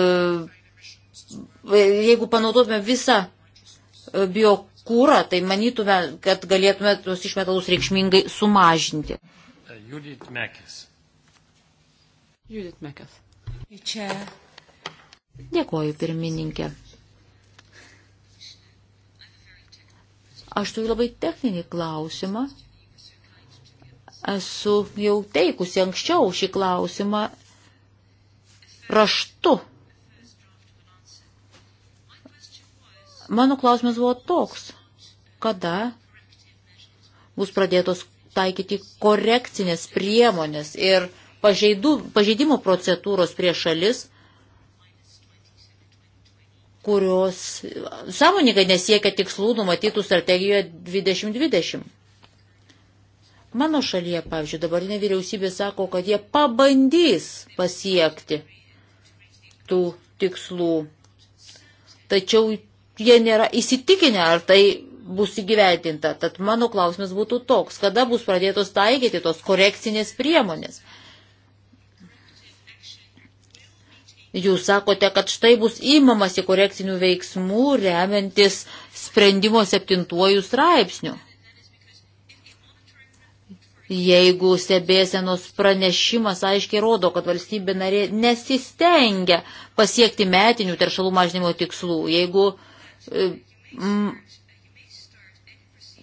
jeigu panaudotume visą e, biokūrą, tai manytume, kad galėtume tuos išmetalus reikšmingai sumažinti. Judith Mekis. Judith Mekis. Čia. Dėkoju, pirmininkė. Aš turiu labai techninį klausimą. Esu jau teikusi anksčiau šį klausimą raštu. Mano klausimas buvo toks, kada bus pradėtos taikyti korekcinės priemonės ir pažeidų, pažeidimo procedūros prieš šalis, kurios sąmoningai nesiekia tikslų numatytų strategijoje 2020. Mano šalyje, pavyzdžiui, dabartinė vyriausybė sako, kad jie pabandys pasiekti tų tikslų, tačiau jie nėra įsitikinę, ar tai bus įgyvendinta. Tad mano klausimas būtų toks, kada bus pradėtos taikyti tos korekcinės priemonės. Jūs sakote, kad štai bus įmamasi korekcinių veiksmų remiantis sprendimo septintuoju straipsniu. Jeigu stebėsenos pranešimas aiškiai rodo, kad valstybė narė nesistengia pasiekti metinių teršalų mažinimo tikslų, jeigu mm,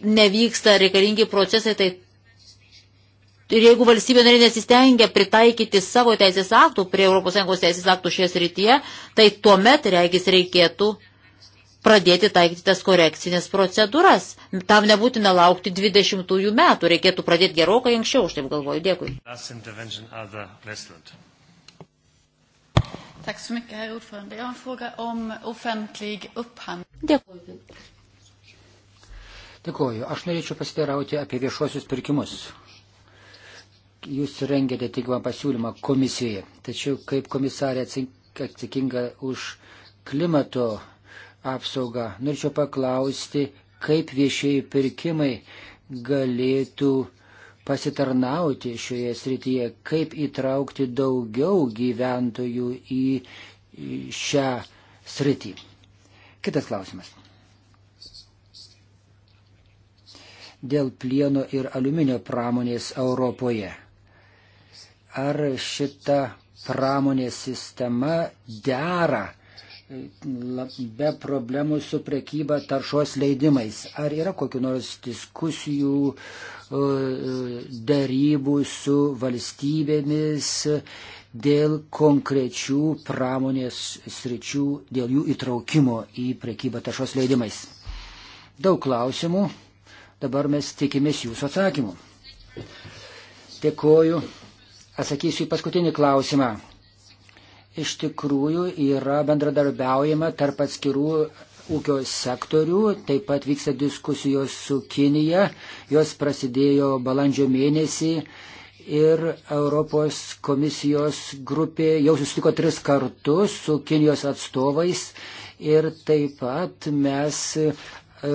nevyksta reikalingi procesai, tai ir jeigu valstybė narė nesistengia pritaikyti savo teisės aktų prie ES teisės aktų šioje srityje, tai tuomet reikis reikėtų pradėti taikyti tas korekcinės procedūras. Tam nebūtina laukti 20 metų, reikėtų pradėti gerokai anksčiau, aš taip galvoju. Dėkui. Tack så mycket, herr ordförande. Jag har en fråga om offentlig upphandling. Dėkui. Dėkuoju. Aš norėčiau pasiteirauti apie viešuosius pirkimus. Jūs rengėte teigiamą pasiūlymą komisijoje, tačiau kaip komisarė atsakinga už klimato apsaugą, norėčiau paklausti, kaip viešieji pirkimai galėtų pasitarnauti šioje srityje, kaip įtraukti daugiau gyventojų į šią sritį. Kitas klausimas. dėl plieno ir aliuminio pramonės Europoje. Ar šita pramonės sistema dera be problemų su prekyba taršos leidimais? Ar yra kokiu nors diskusijų, darybų su valstybėmis? dėl konkrečių pramonės sričių, dėl jų įtraukimo į prekybą taršos leidimais. Daug klausimų. Dabar mes tikimės jūsų atsakymų. Dėkoju. Atsakysiu į paskutinį klausimą. Iš tikrųjų yra bendradarbiaujama tarp atskirų ūkio sektorių, taip pat vyksta diskusijos su Kinija, jos prasidėjo balandžio mėnesį ir Europos komisijos grupė jau susitiko tris kartus su Kinijos atstovais ir taip pat mes E,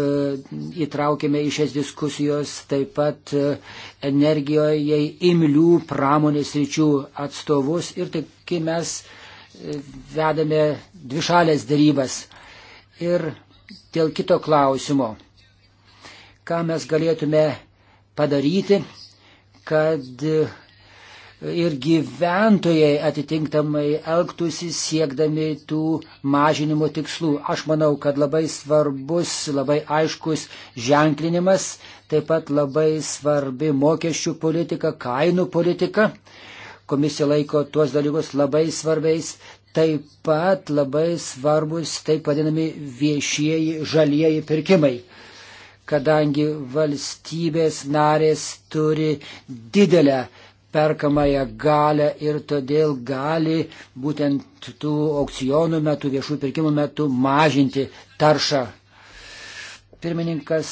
įtraukėme į šias diskusijos taip pat e, energijoje imlių pramonės ryčių atstovus ir taip, kai mes e, vedame dvišalės darybas. Ir dėl kito klausimo, ką mes galėtume padaryti, kad ir gyventojai atitinkamai elgtųsi siekdami tų mažinimo tikslų. Aš manau, kad labai svarbus, labai aiškus ženklinimas, taip pat labai svarbi mokesčių politika, kainų politika. Komisija laiko tuos dalykus labai svarbiais. Taip pat labai svarbus taip vadinami viešieji žalieji pirkimai kadangi valstybės narės turi didelę perkamąją galę ir todėl gali būtent tų aukcionų metu, viešų pirkimų metu mažinti taršą. Pirmininkas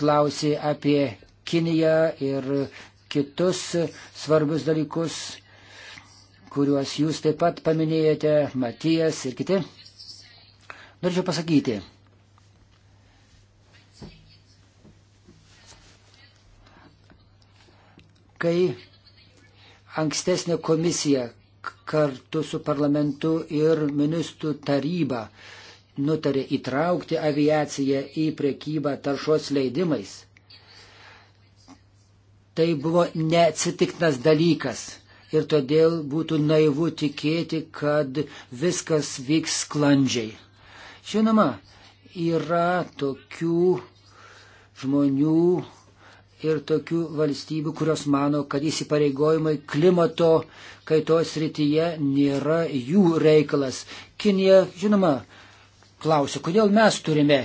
klausė apie Kiniją ir kitus svarbius dalykus, kuriuos jūs taip pat paminėjote, Matijas ir kiti. Norėčiau pasakyti, kai ankstesnė komisija kartu su parlamentu ir ministrų taryba nutarė įtraukti aviaciją į prekybą taršos leidimais. Tai buvo neatsitiktinas dalykas ir todėl būtų naivu tikėti, kad viskas vyks sklandžiai. Žinoma, yra tokių žmonių, ir tokių valstybių, kurios mano, kad įsipareigojimai klimato kaitos rytyje nėra jų reikalas. Kinija, žinoma, klausia, kodėl mes turime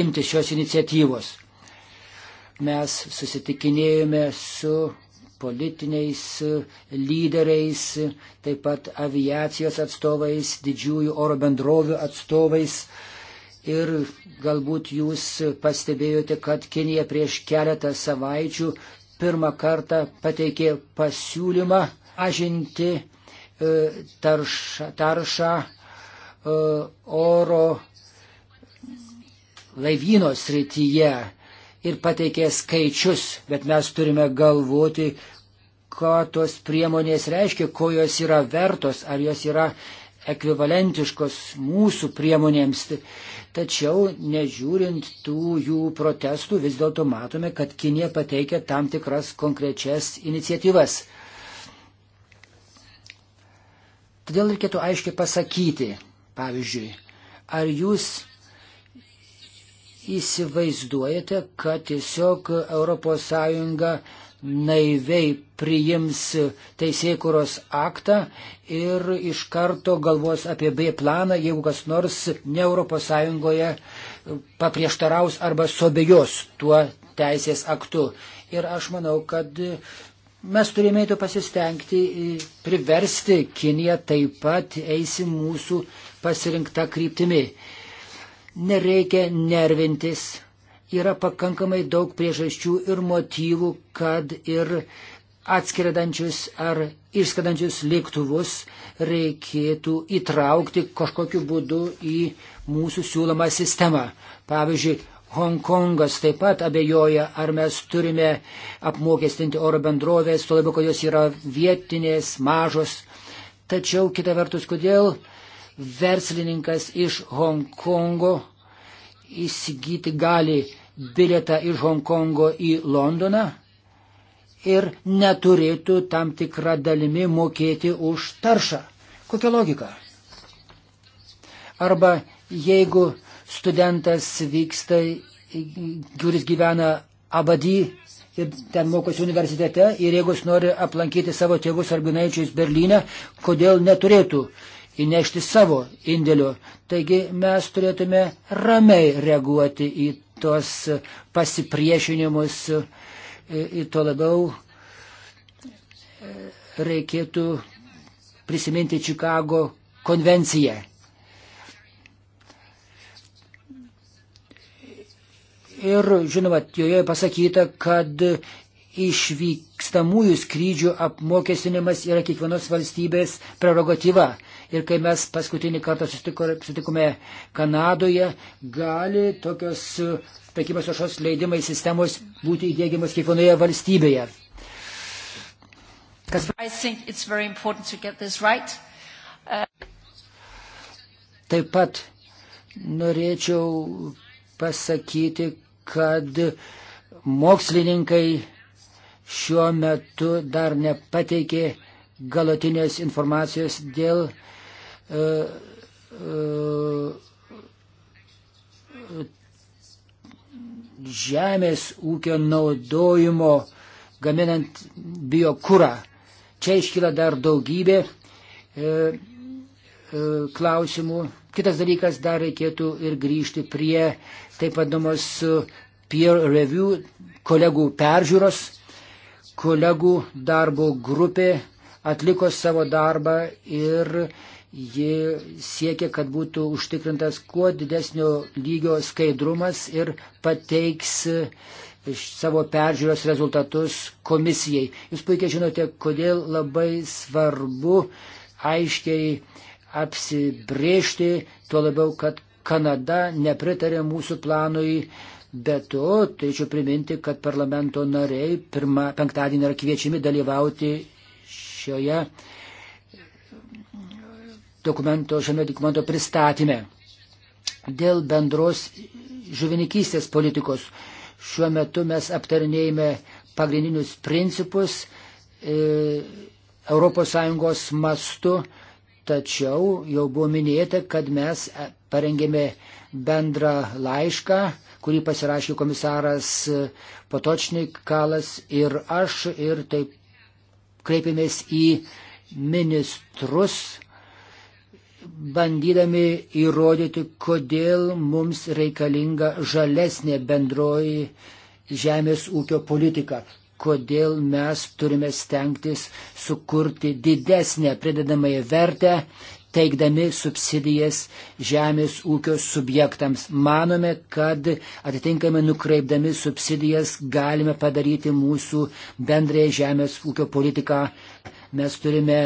imti šios iniciatyvos. Mes susitikinėjome su politiniais lyderiais, taip pat aviacijos atstovais, didžiųjų oro bendrovių atstovais. Ir galbūt jūs pastebėjote, kad Kinija prieš keletą savaičių pirmą kartą pateikė pasiūlymą mažinti e, taršą, taršą e, oro laivyno srityje ir pateikė skaičius, bet mes turime galvoti, ką tos priemonės reiškia, ko jos yra vertos, ar jos yra ekvivalentiškos mūsų priemonėms. Tačiau, nežiūrint tų jų protestų, vis dėlto matome, kad Kinė pateikia tam tikras konkrečias iniciatyvas. Todėl reikėtų aiškiai pasakyti, pavyzdžiui, ar jūs įsivaizduojate, kad tiesiog ES naiviai priims teisėkuros aktą ir iš karto galvos apie B planą, jeigu kas nors ne ES paprieštaraus arba sobejos tuo teisės aktu. Ir aš manau, kad mes turėmėtų tai pasistengti priversti Kiniją taip pat eisi mūsų pasirinktą kryptimį. Nereikia nervintis, yra pakankamai daug priežasčių ir motyvų, kad ir atskiriančius ar išskrendančius lėktuvus reikėtų įtraukti kažkokiu būdu į mūsų siūlomą sistemą. Pavyzdžiui, Hongkongas taip pat abejoja, ar mes turime apmokestinti oro bendrovės, tuo labiau, kad jos yra vietinės, mažos. Tačiau kita vertus, kodėl verslininkas iš Hongkongo įsigyti gali bilietą iš Hongkongo į Londoną ir neturėtų tam tikrą dalimi mokėti už taršą. Kokia logika? Arba jeigu studentas vyksta, kuris gyvena Abadi ir ten mokosi universitete ir jeigu jis nori aplankyti savo tėvus ar ginaičius Berlyne, kodėl neturėtų įnešti savo indėlio. Taigi mes turėtume ramiai reaguoti į tuos pasipriešinimus, e, e, tuo labiau e, reikėtų prisiminti Čikago konvenciją. Ir, žinoma, joje pasakyta, kad išvykstamųjų skrydžių apmokestinimas yra kiekvienos valstybės prerogatyva ir kai mes paskutinį kartą sutikome Kanadoje, gali tokios e, prekybos viešos leidimai sistemos būti įdėgiamas kiekvienoje valstybėje. Kas... Right. Uh... Taip pat norėčiau pasakyti, kad mokslininkai šiuo metu dar nepateikė galutinės informacijos dėl E, e, žemės ūkio naudojimo gaminant biokūrą. Čia iškyla dar daugybė e, e, klausimų. Kitas dalykas, dar reikėtų ir grįžti prie taip vadinamos peer review kolegų peržiūros. Kolegų darbo grupė atliko savo darbą ir Ji siekia, kad būtų užtikrintas kuo didesnio lygio skaidrumas ir pateiks e, savo peržiūros rezultatus komisijai. Jūs puikiai žinote, kodėl labai svarbu aiškiai apsibriežti, tuo labiau, kad Kanada nepritarė mūsų planui Be to, turėčiau priminti, kad parlamento nariai pirmą penktadienį yra kviečiami dalyvauti šioje dokumento, šiame dokumento pristatyme. Dėl bendros žuvininkystės politikos šiuo metu mes aptarinėjame pagrindinius principus e, ES mastu, tačiau jau buvo minėta, kad mes e, parengėme bendrą laišką, kurį pasirašė komisaras e, Potočnik, Kalas ir aš, ir taip kreipėmės į ministrus bandydami įrodyti, kodėl mums reikalinga žalesnė bendroji žemės ūkio politika, kodėl mes turime stengtis sukurti didesnę pridedamąją vertę, teikdami subsidijas žemės ūkio subjektams. Manome, kad atitinkamai nukreipdami subsidijas galime padaryti mūsų bendrąją žemės ūkio politiką. Mes turime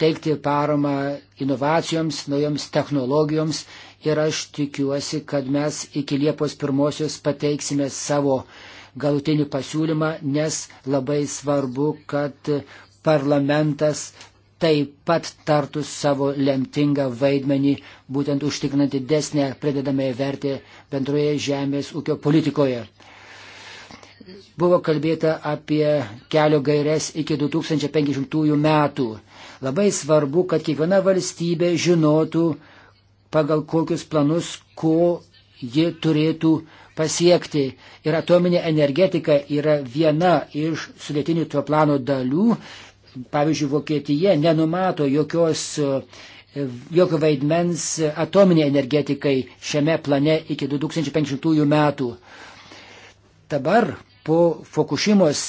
teikti paramą inovacijoms, naujoms technologijoms ir aš tikiuosi, kad mes iki Liepos pirmosios pateiksime savo galutinį pasiūlymą, nes labai svarbu, kad parlamentas taip pat tartų savo lemtingą vaidmenį, būtent užtikrinant didesnę pridedamąją vertę bendroje žemės ūkio politikoje. Buvo kalbėta apie kelio gairias iki 2050 metų. Labai svarbu, kad kiekviena valstybė žinotų, pagal kokius planus, ko ji turėtų pasiekti. Ir atominė energetika yra viena iš sudėtinių to plano dalių. Pavyzdžiui, Vokietija nenumato jokios, e, jokio vaidmens atominė energetikai šiame plane iki 2050 metų. Dabar po Fukushimos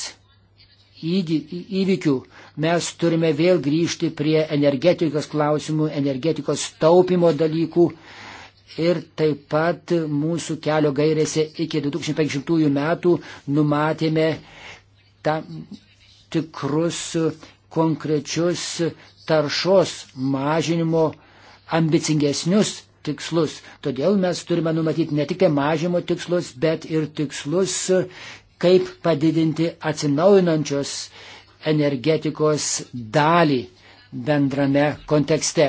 įvykių mes turime vėl grįžti prie energetikos klausimų, energetikos taupimo dalykų ir taip pat mūsų kelio gairėse iki 2050 metų numatėme tam tikrus konkrečius taršos mažinimo ambicingesnius tikslus. Todėl mes turime numatyti ne tik tai mažimo tikslus, bet ir tikslus, kaip padidinti atsinaujinančios uh, energetikos dalį bendrame kontekste.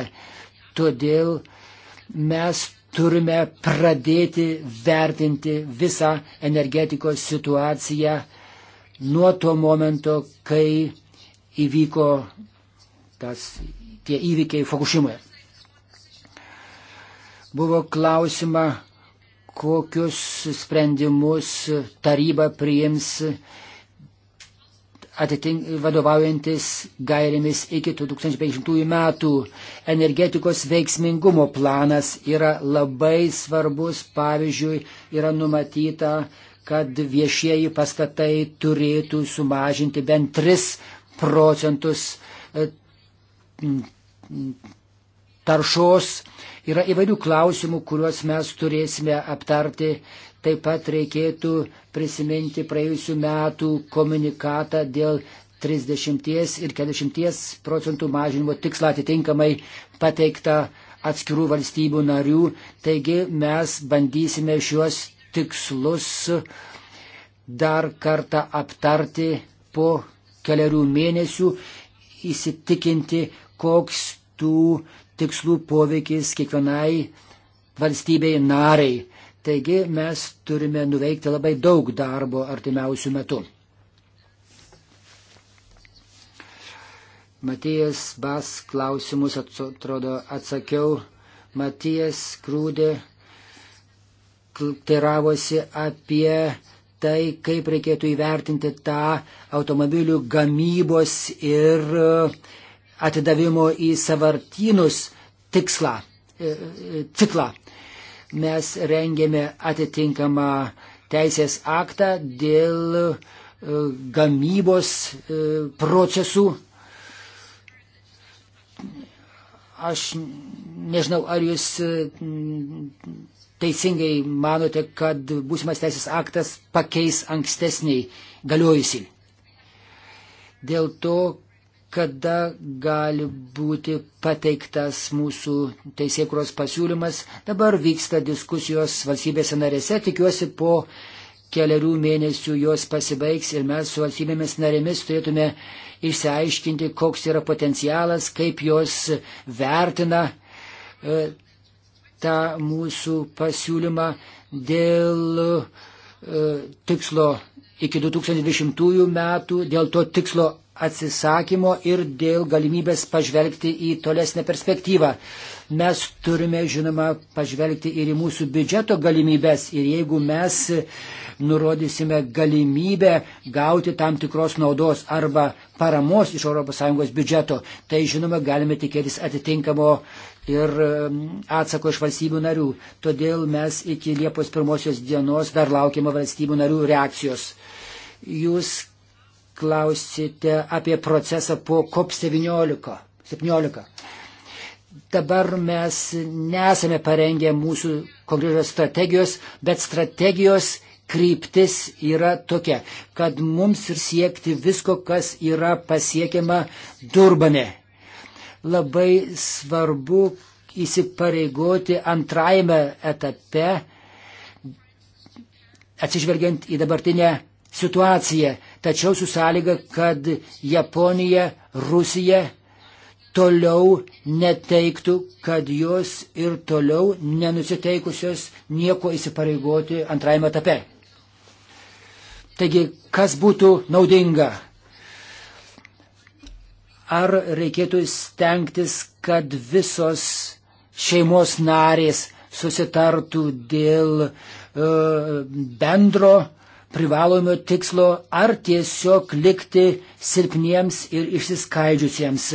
Todėl mes turime pradėti vertinti visą energetikos situaciją nuo to momento, kai įvyko tas, tie įvykiai Fukushimoje. Buvo klausima, kokius sprendimus taryba priims atitink, vadovaujantis gairėmis iki 2050 metų. Energetikos veiksmingumo planas yra labai svarbus, pavyzdžiui, yra numatyta, kad viešieji pastatai turėtų sumažinti bent 3 procentus e, taršos. Yra įvairių klausimų, kuriuos mes turėsime aptarti Taip pat reikėtų prisiminti praėjusių metų komunikatą dėl 30 ir 40 procentų mažinimo tikslą atitinkamai pateiktą atskirų valstybių narių. Taigi mes bandysime šiuos tikslus dar kartą aptarti po keliarių mėnesių, įsitikinti, koks tų tikslų poveikis kiekvienai valstybei nariai. Taigi mes turime nuveikti labai daug darbo artimiausių metų. Matijas Bas klausimus atrodo atsakiau. Matijas Krūdė teravosi apie tai, kaip reikėtų įvertinti tą automobilių gamybos ir e, atidavimo į savartynus tikslą, e, e, ciklą mes rengėme atitinkamą teisės aktą dėl e, gamybos e, procesų. Aš nežinau, ar jūs e, teisingai manote, kad būsimas teisės aktas pakeis ankstesniai galiojusi. Dėl to, kada gali būti pateiktas mūsų teisėkros pasiūlymas. Dabar vyksta diskusijos valstybėse narėse, tikiuosi po keliarių mėnesių jos pasibaigs ir mes su valstybėmis narėmis turėtume išsiaiškinti, koks yra potencialas, kaip jos vertina e, tą mūsų pasiūlymą dėl e, tikslo iki 2020 metų, dėl to tikslo atsisakymo ir dėl galimybės pažvelgti į tolesnę perspektyvą. Mes turime, žinoma, pažvelgti ir į mūsų biudžeto galimybės ir jeigu mes nurodysime galimybę gauti tam tikros naudos arba paramos iš ES biudžeto, tai, žinoma, galime tikėtis atitinkamo ir atsako iš valstybių narių. Todėl mes iki Liepos pirmosios dienos dar laukiame valstybių narių reakcijos. Jūs klausite apie procesą po COP17. 17. Dabar mes nesame parengę mūsų konkrečios strategijos, bet strategijos kryptis yra tokia, kad mums ir siekti visko, kas yra pasiekiama durbame. Labai svarbu įsipareigoti antrajame etape, atsižvelgiant į dabartinę situaciją, tačiau su sąlyga, kad Japonija, Rusija toliau neteiktų, kad jos ir toliau nenusiteikusios nieko įsipareigoti antrajame etape. Taigi, kas būtų naudinga? Ar reikėtų stengtis, kad visos šeimos narės susitartų dėl e, bendro privalomio tikslo ar tiesiog likti silpniems ir išsiskaidžiusiems.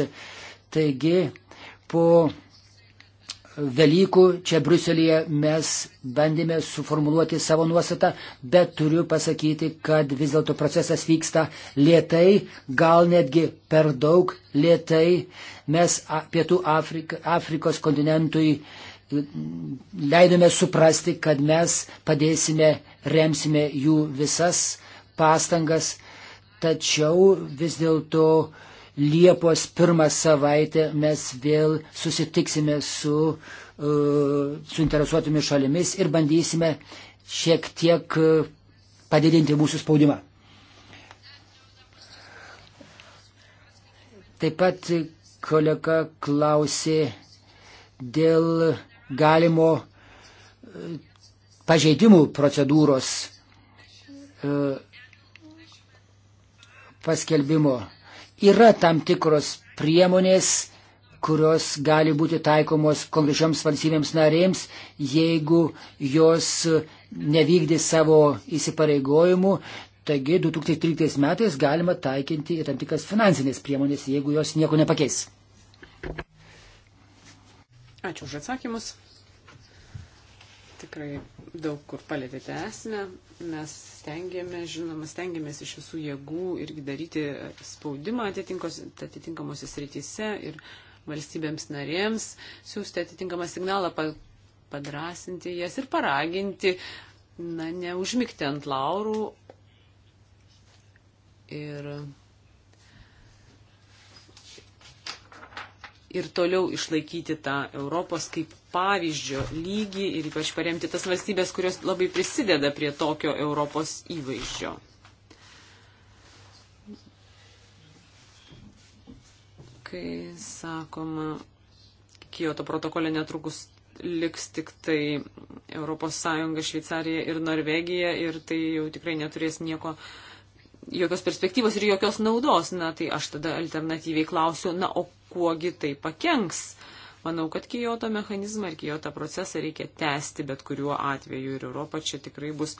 Taigi po Velykų čia Bruselėje mes bandėme suformuluoti savo nuostatą, bet turiu pasakyti, kad vis dėlto procesas vyksta lietai, gal netgi per daug lietai. Mes Pietų Afrika, Afrikos kontinentui leidome suprasti, kad mes padėsime remsime jų visas pastangas, tačiau vis dėlto Liepos pirmą savaitę mes vėl susitiksime su uh, e, suinteresuotomis šalimis ir bandysime šiek tiek e, padidinti mūsų spaudimą. Taip pat kolega klausė dėl galimo pažeidimų procedūros e, paskelbimo. Yra tam tikros priemonės, kurios gali būti taikomos konkrečioms valstybėms narėms, jeigu jos nevykdė savo įsipareigojimų. Taigi 2013 metais galima taikinti ir tam tikras finansinės priemonės, jeigu jos nieko nepakeis. Ačiū už atsakymus tikrai daug kur palėtėte esmę. Mes stengiamės, žinoma, stengiamės iš visų jėgų irgi daryti spaudimą atitinkamosios srityse ir valstybėms narėms, siūsti atitinkamą signalą, padrasinti jas ir paraginti, na, neužmigti ant laurų ir ir toliau išlaikyti tą Europos kaip pavyzdžio lygį ir ypač paremti tas valstybės, kurios labai prisideda prie tokio Europos įvaizdžio. Kai sakoma, Kijoto protokole netrukus liks tik tai ES, Šveicarija ir Norvegija ir tai jau tikrai neturės nieko uh, jokios perspektyvos ir jokios naudos. Na, tai aš tada alternatyviai klausiu, na, o kuogi tai pakenks? Manau, kad Kijoto mechanizmą ir Kijoto procesą reikia tęsti bet kuriuo atveju ir Europa čia tikrai bus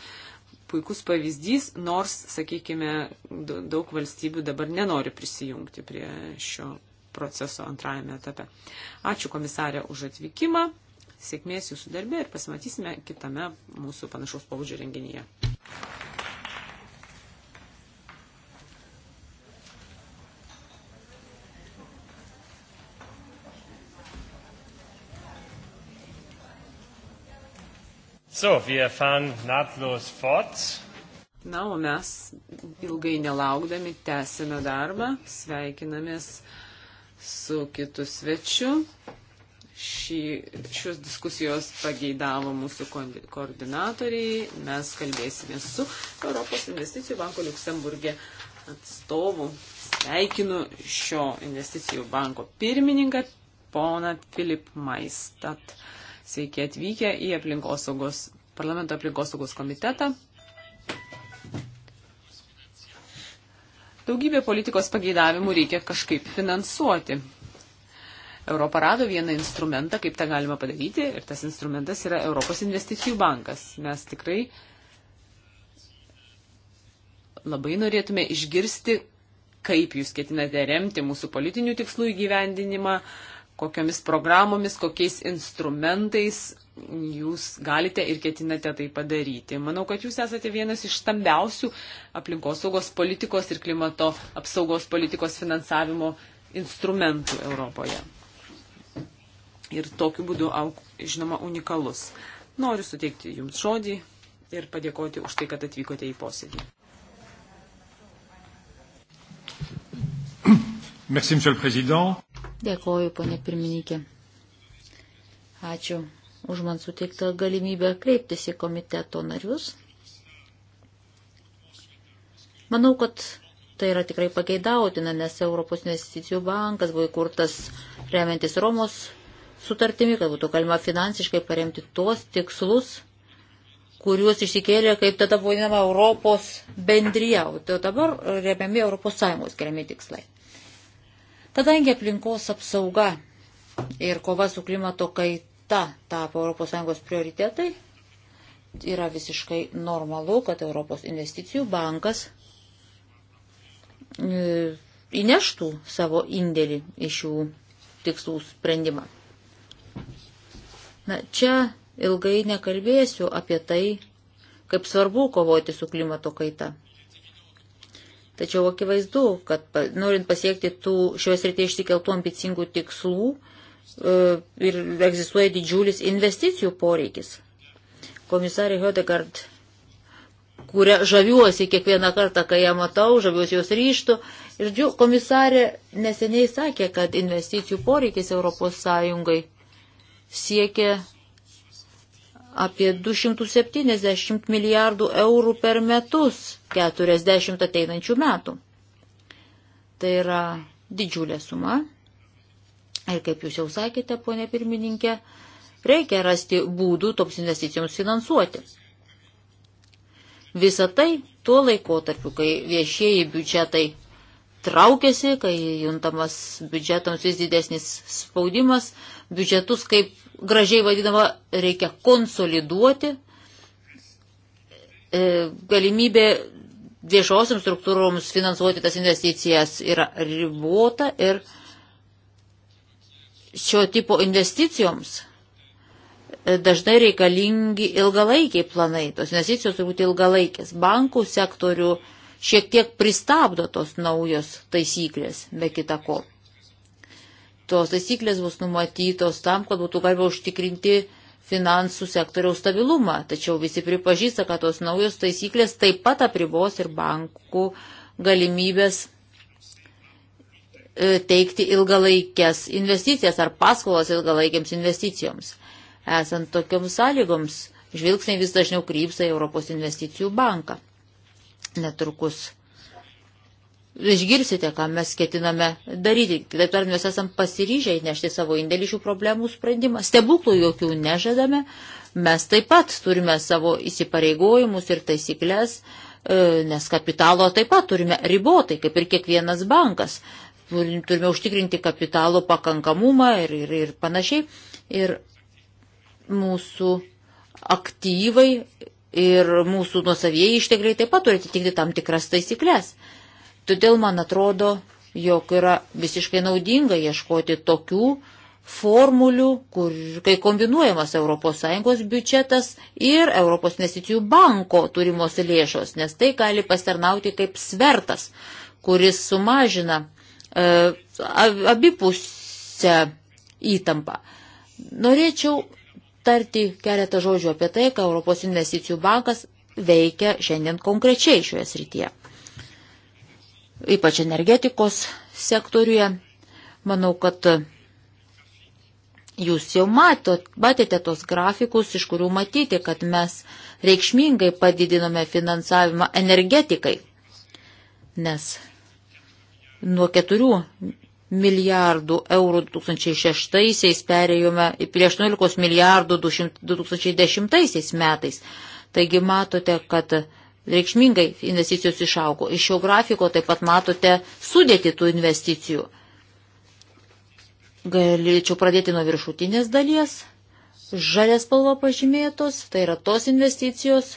puikus pavyzdys, nors, sakykime, daug valstybių dabar nenori prisijungti prie šio proceso antrajame etape. Ačiū komisarė už atvykimą, sėkmės jūsų darbė ir pasimatysime kitame mūsų panašaus pobūdžio renginyje. So, wir fahren nahtlos fort. Na, o mes ilgai nelaukdami tęsime darbą, sveikinamės su kitu svečiu. Šį, šios diskusijos pageidavo mūsų koordinatoriai. Mes kalbėsime su Europos investicijų banko Luksemburgė atstovu. Sveikinu šio investicijų banko pirmininką, poną Filip Maistat. Sveiki atvykę į aplinkosaugos parlamento aplinkosaugos komitetą. Daugybė politikos pageidavimų reikia kažkaip finansuoti. Europą rado vieną instrumentą, kaip tą galima padaryti, ir tas instrumentas yra Europos investicijų bankas. Mes tikrai labai norėtume išgirsti, kaip jūs ketinate remti mūsų politinių tikslų įgyvendinimą, uh, kokiomis programomis, kokiais instrumentais jūs galite ir ketinate tai padaryti. Manau, kad jūs esate vienas iš stambiausių aplinkosaugos politikos ir klimato apsaugos politikos finansavimo instrumentų Europoje. Ir tokiu būdu, žinoma, unikalus. Noriu suteikti Jums žodį ir padėkoti už tai, kad atvykote į posėdį. Merci, Monsieur le Président. Dėkoju, ponė pirmininkė. Ačiū už man suteiktą galimybę kreiptis į komiteto narius. Manau, kad tai yra tikrai pageidautina, nes Europos investicijų bankas buvo įkurtas remiantis Romos sutartimi, kad būtų galima finansiškai paremti tuos tikslus, kuriuos išsikėlė, kaip tada vadinama, Europos bendryje, o dabar remiami Europos Sąjungos keliami tikslai. Kadangi aplinkos apsauga ir kova su klimato kaita tapo ES prioritetai, yra visiškai normalu, kad Europos investicijų bankas e, įneštų savo indėlį iš šių tikslų sprendimą. Na, čia ilgai nekalbėsiu apie tai, kaip svarbu kovoti su klimato kaita. Tačiau akivaizdu, kad norint pasiekti tų šios rytėje išsikeltų ambicingų tikslų e, ir egzistuoja didžiulis investicijų poreikis. Komisarė Hodegard, kurią žaviuosi kiekvieną kartą, kai ją matau, žaviuosi jos ryštų. Ir džiu, komisarė neseniai sakė, kad investicijų poreikis ES siekia apie 270 milijardų eurų per metus 40 ateinančių metų. Tai yra didžiulė suma. Ir kaip jūs jau sakėte, ponė pirmininkė, reikia rasti būdų toms investicijoms finansuoti. Visą tai tuo laikotarpiu, kai viešieji biudžetai traukiasi, kai juntamas biudžetams vis didesnis spaudimas, biudžetus kaip gražiai vadinama, reikia konsoliduoti e, galimybė viešosiams struktūroms finansuoti tas investicijas yra ribota ir šio tipo investicijoms e, dažnai reikalingi ilgalaikiai planai. Tos investicijos turbūt ilgalaikės. Bankų sektorių šiek tiek pristabdo tos naujos taisyklės, be kita ko. Tos taisyklės bus numatytos tam, kad būtų galima užtikrinti finansų sektoriaus stabilumą. Tačiau visi pripažįsta, kad tos naujos taisyklės taip pat apribos ir bankų galimybės e, teikti ilgalaikės investicijas ar paskolas ilgalaikėms investicijoms. Esant tokioms sąlygoms, žvilgsniai vis dažniau krypsta į Europos investicijų banką. Netrukus išgirsite, ką mes ketiname daryti. Kitaip tariant, mes esam pasiryžę įnešti savo indėlį šių problemų sprendimą. Stebuklų jokių nežadame. Mes taip pat turime savo įsipareigojimus ir taisyklės, e, nes kapitalo taip pat turime ribotai, kaip ir kiekvienas bankas. Turime užtikrinti kapitalo pakankamumą ir, ir, ir panašiai. Ir mūsų aktyvai ir mūsų nuosavieji ištekliai taip pat turi atitikti tam tikras taisyklės. Todėl man atrodo, jog yra visiškai naudinga ieškoti tokių formulių, kur, kai kombinuojamas ES biudžetas ir ES investicijų banko turimos lėšos, nes tai gali pastarnauti kaip svertas, kuris sumažina e, abipusę įtampą. Norėčiau tarti keletą žodžių apie tai, ką Europos investicijų bankas veikia šiandien konkrečiai šioje srityje ypač energetikos sektoriuje. Manau, kad jūs jau matot, matėte tos grafikus, iš kurių matyti, kad mes reikšmingai padidinome finansavimą energetikai. Nes nuo 4 milijardų eurų 2006-aisiais perėjome prie 18 milijardų 2010 metais. Taigi matote, kad reikšmingai investicijos išaugo. Iš šio grafiko taip pat matote sudėti tų investicijų. Galėčiau pradėti nuo viršutinės dalies. Žalės spalva pažymėtos, tai yra tos investicijos,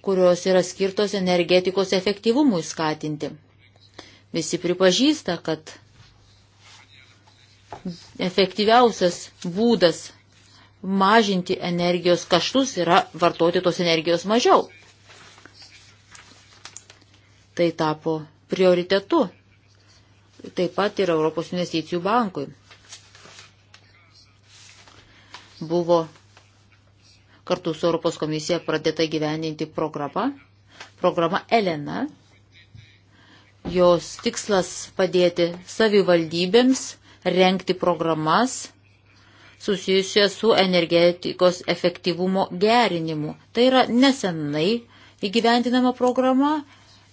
kurios yra skirtos energetikos efektyvumui skatinti. Visi pripažįsta, kad efektyviausias būdas mažinti energijos kaštus yra vartoti tos energijos mažiau. Tai tapo prioritetu taip pat ir Europos investicijų bankui. Buvo kartu su Europos komisija pradėta gyveninti programa, programa Elena. Jos tikslas padėti savivaldybėms renkti programas susijusias su energetikos efektyvumo gerinimu. Tai yra nesenai įgyvendinama programa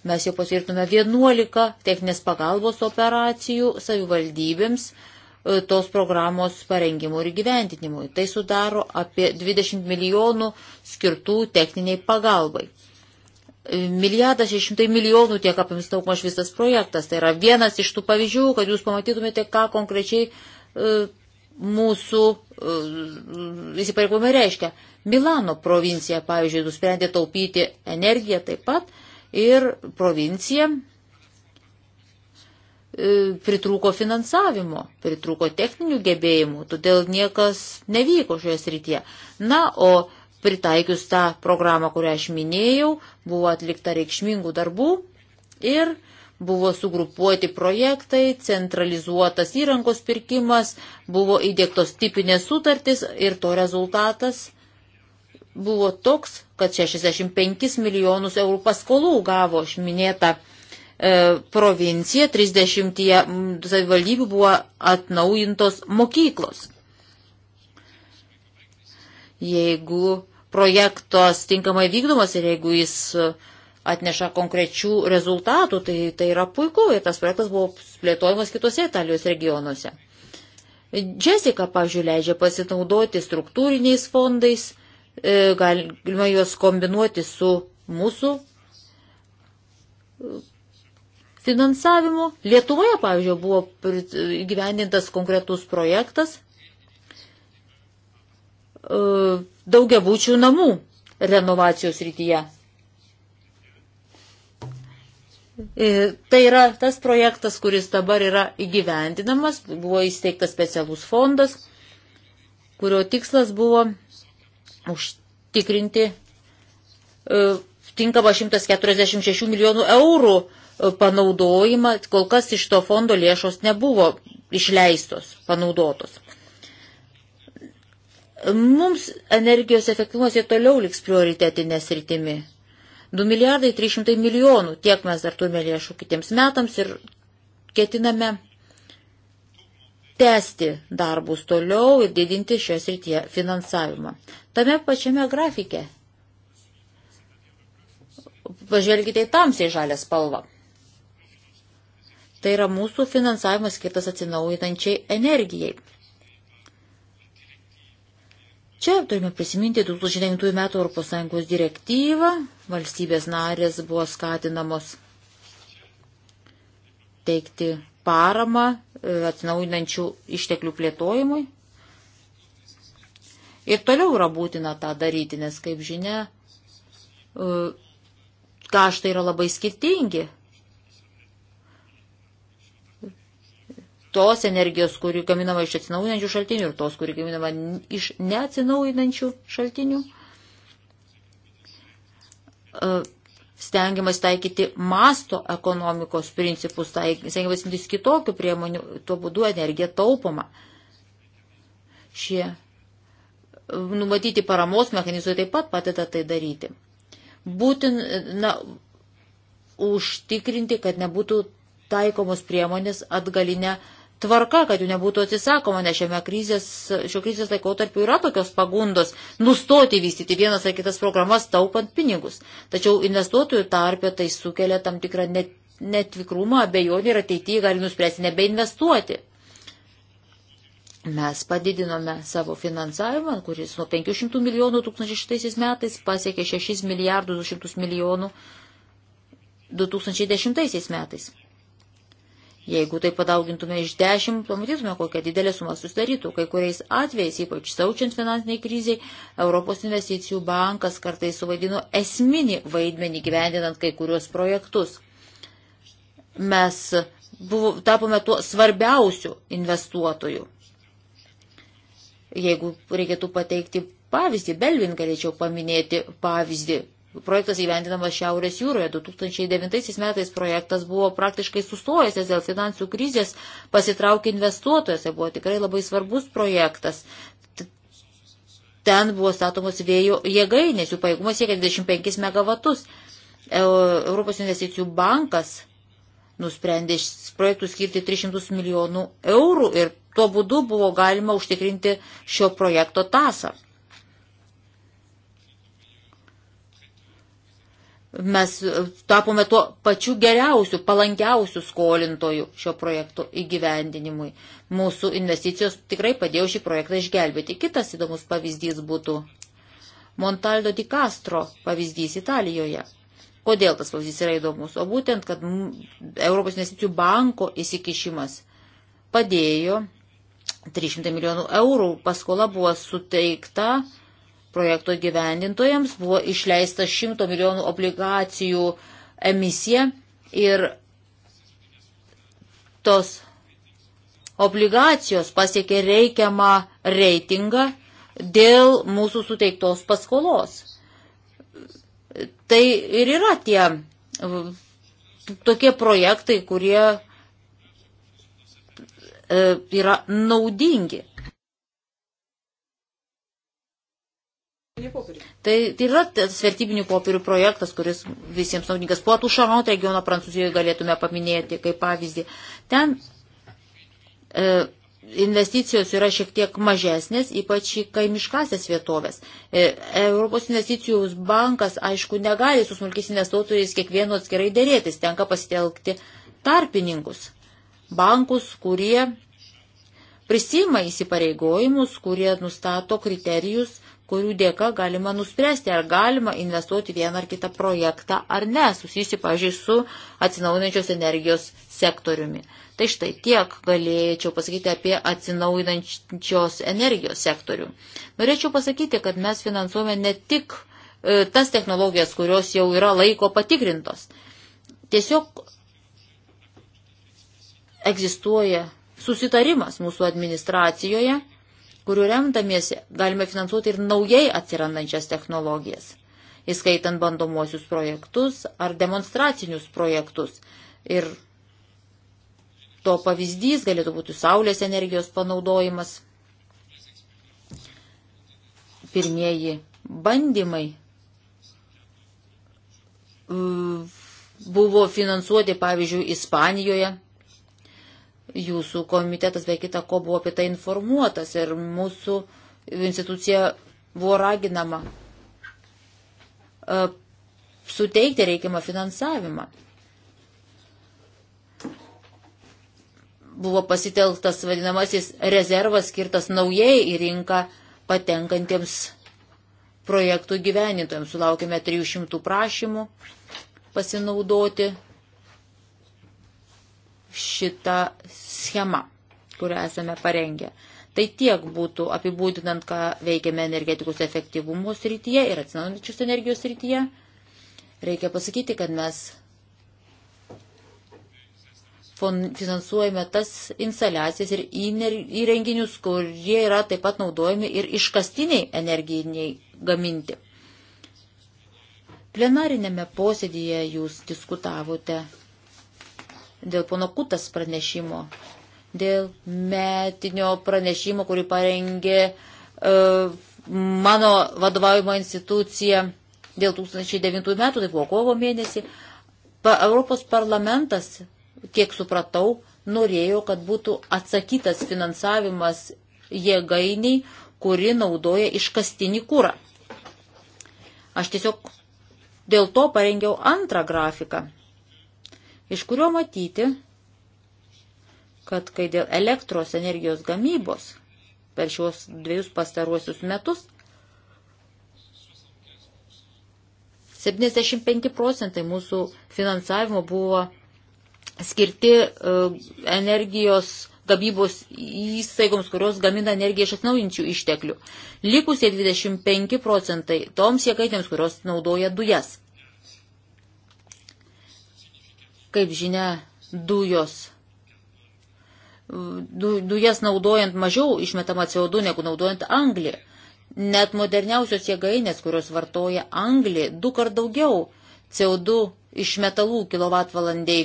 Mes jau patvirtume 11 techninės pagalbos operacijų savivaldybėms e, tos programos parengimui ir gyventinimui. Tai sudaro apie 20 milijonų skirtų techniniai pagalbai. E, milijardas 600 milijonų tiek apims daugmaž visas projektas. Tai yra vienas iš tų pavyzdžių, kad jūs pamatytumėte, ką konkrečiai e, mūsų įsipareigojimai reiškia. Milano provincija, pavyzdžiui, nusprendė taupyti energiją taip pat ir provincija e, pritrūko finansavimo, pritrūko techninių gebėjimų, todėl niekas nevyko šioje srityje. Na, o pritaikius tą programą, kurią aš minėjau, buvo atlikta reikšmingų darbų ir buvo sugrupuoti projektai, centralizuotas įrangos pirkimas, buvo įdėktos tipinės sutartys ir to rezultatas buvo toks, kad 65 milijonus eurų paskolų gavo minėta e, provincija, 30 savivaldybių buvo atnaujintos mokyklos. Jeigu projektas tinkamai vykdomas ir jeigu jis atneša konkrečių rezultatų, tai tai yra puiku ir tas projektas buvo plėtojamas kitose Italijos regionuose. Jessica, pavyzdžiui, leidžia pasinaudoti struktūriniais fondais E, galima juos kombinuoti su mūsų e, finansavimu. Lietuvoje, pavyzdžiui, buvo gyvenintas konkretus projektas e, daugiabučių namų renovacijos rytyje. Tai yra tas projektas, kuris dabar yra įgyvendinamas, buvo įsteigtas specialus fondas, kurio tikslas buvo užtikrinti e, tinkamą 146 milijonų eurų e, panaudojimą, kol kas iš to fondo lėšos nebuvo išleistos, panaudotos. Mums energijos efektyvumas ir toliau liks prioritetinė sritimi. 2 milijardai 300 milijonų, tiek mes dar turime lėšų kitiems metams ir ketiname tęsti darbus toliau ir didinti šios rytie finansavimą. Tame pačiame grafike. Pažvelkite į tamsiai žalę spalvą. Tai yra mūsų finansavimas skirtas atsinaujinančiai energijai. Čia turime prisiminti 2009 m. ES direktyvą, valstybės narės buvo skatinamos teikti paramą e, atsinaujinančių išteklių plėtojimui. Ir toliau yra būtina tą daryti, nes, kaip žinia, e, kaštai yra labai skirtingi. Tos energijos, kuri gaminama iš atsinaujinančių šaltinių ir tos, kuri gaminama iš neatsinaujinančių šaltinių e, stengiamas taikyti masto ekonomikos principus, taik, stengiamas imtis kitokių priemonių, tuo būdu energija taupoma. Šie numatyti paramos mechanizmai taip pat padeda tai daryti. Būtina užtikrinti, kad nebūtų taikomos priemonės atgalinę tvarka, kad jų nebūtų atsisakoma, nes šiame krizės, šio krizės laikotarpiu yra tokios pagundos nustoti vystyti vienas ar kitas programas taupant pinigus. Tačiau investuotojų tarpė tai sukelia tam tikrą net, netvikrumą, abejonį ir ateityje gali nuspręsti nebeinvestuoti. Mes padidinome savo finansavimą, kuris nuo 500 milijonų 2006 metais pasiekė 6 milijardus 200 milijonų 2010 metais. Jeigu tai padaugintume iš dešimt, pamatytume, kokia didelė suma susidarytų. Kai kuriais atvejais, ypač saučiant finansiniai kriziai, Europos investicijų bankas kartais suvaidino esminį vaidmenį gyvendinant kai kuriuos projektus. Mes buvo, tapome tuo svarbiausių investuotojų. Jeigu reikėtų pateikti pavyzdį, Belvin galėčiau paminėti pavyzdį Projektas įvendinamas Šiaurės jūroje. 2009 metais projektas buvo praktiškai sustojęs dėl finansų krizės, pasitraukė investuotojose, tai buvo tikrai labai svarbus projektas. Ten buvo statomos vėjo jėgainės, jų pajėgumas siekia 25 megavatus. E, Europos investicijų bankas nusprendė projektų skirti 300 milijonų eurų ir tuo būdu buvo galima užtikrinti šio projekto tasą. Mes e, tapome tuo pačiu geriausiu, palankiausiu skolintoju šio projekto įgyvendinimui. Mūsų investicijos tikrai padėjo šį projektą išgelbėti. Kitas įdomus pavyzdys būtų Montaldo di Castro pavyzdys Italijoje. Kodėl tas pavyzdys yra įdomus? O būtent, kad Europos investicijų banko įsikišimas padėjo 300 milijonų eurų paskola buvo suteikta projekto gyvendintojams buvo išleista 100 milijonų obligacijų emisija ir tos obligacijos pasiekė reikiamą reitingą dėl mūsų suteiktos paskolos. Tai ir yra tie tokie projektai, kurie e, yra naudingi. Tai, tai yra tas vertybinių popierių projektas, kuris visiems naudingas. Puotų Šarant regioną Prancūzijoje galėtume paminėti kaip pavyzdį. Ten e, investicijos yra šiek tiek mažesnės, ypač į kaimiškasias vietovės. E, Europos investicijų bankas, aišku, negali su smulkis investuotojais kiekvienu atskirai dėrėtis, tenka pasitelkti tarpininkus, bankus, kurie prisima įsipareigojimus, kurie nustato kriterijus, kurių dėka galima nuspręsti, ar galima investuoti vieną ar kitą projektą ar ne, susijusi, pažiūrėjau, su atsinaujinančios energijos sektoriumi. Tai štai tiek galėčiau pasakyti apie atsinaujinančios energijos sektorių. Norėčiau pasakyti, kad mes finansuojame ne tik e, tas technologijas, kurios jau yra laiko patikrintos. Tiesiog egzistuoja susitarimas mūsų administracijoje kuriuo remdamiesi galime finansuoti ir naujai atsirandančias technologijas, įskaitant bandomuosius projektus ar demonstracinius projektus. Ir to pavyzdys galėtų būti saulės energijos panaudojimas. Pirmieji bandymai mm, buvo finansuoti, pavyzdžiui, Ispanijoje Jūsų komitetas be kita ko buvo apie tai informuotas ir mūsų institucija buvo raginama e, suteikti reikiamą finansavimą. Buvo pasitelktas vadinamasis rezervas skirtas naujai į rinką patenkantiems projektų gyvenintojams. Sulaukime 300 prašymų pasinaudoti šitą schemą, kurią esame parengę. Tai tiek būtų apibūdinant, ką veikiame energetikos efektyvumo srityje ir atsinaujančios energijos srityje. Reikia pasakyti, kad mes finansuojame tas instaliacijas ir įrenginius, kurie yra taip pat naudojami ir iškastiniai energijai gaminti. Plenarinėme posėdėje jūs diskutavote dėl pono Kutas pranešimo, dėl metinio pranešimo, kurį parengė uh, mano vadovaujimo institucija dėl 2009 metų, tai buvo kovo mėnesį. Pa, Europos parlamentas, kiek supratau, norėjo, kad būtų atsakytas finansavimas jėgainiai, kuri naudoja iškastinį kūrą. Aš tiesiog dėl to parengiau antrą grafiką iš kurio matyti, kad kai dėl elektros energijos gamybos per šios dviejus pastaruosius metus 75 procentai mūsų finansavimo buvo skirti e, energijos gabybos įstaigoms, kurios gamina energiją iš atnaujinčių išteklių. Likusie 25 procentai toms jėgaitėms, kurios naudoja dujas. Kaip žinia, dujos. Du, dujas naudojant mažiau išmetama CO2 negu naudojant anglį. Net moderniausios jėgainės, kurios vartoja anglį, du kart daugiau CO2 iš metalų kilovatvalandai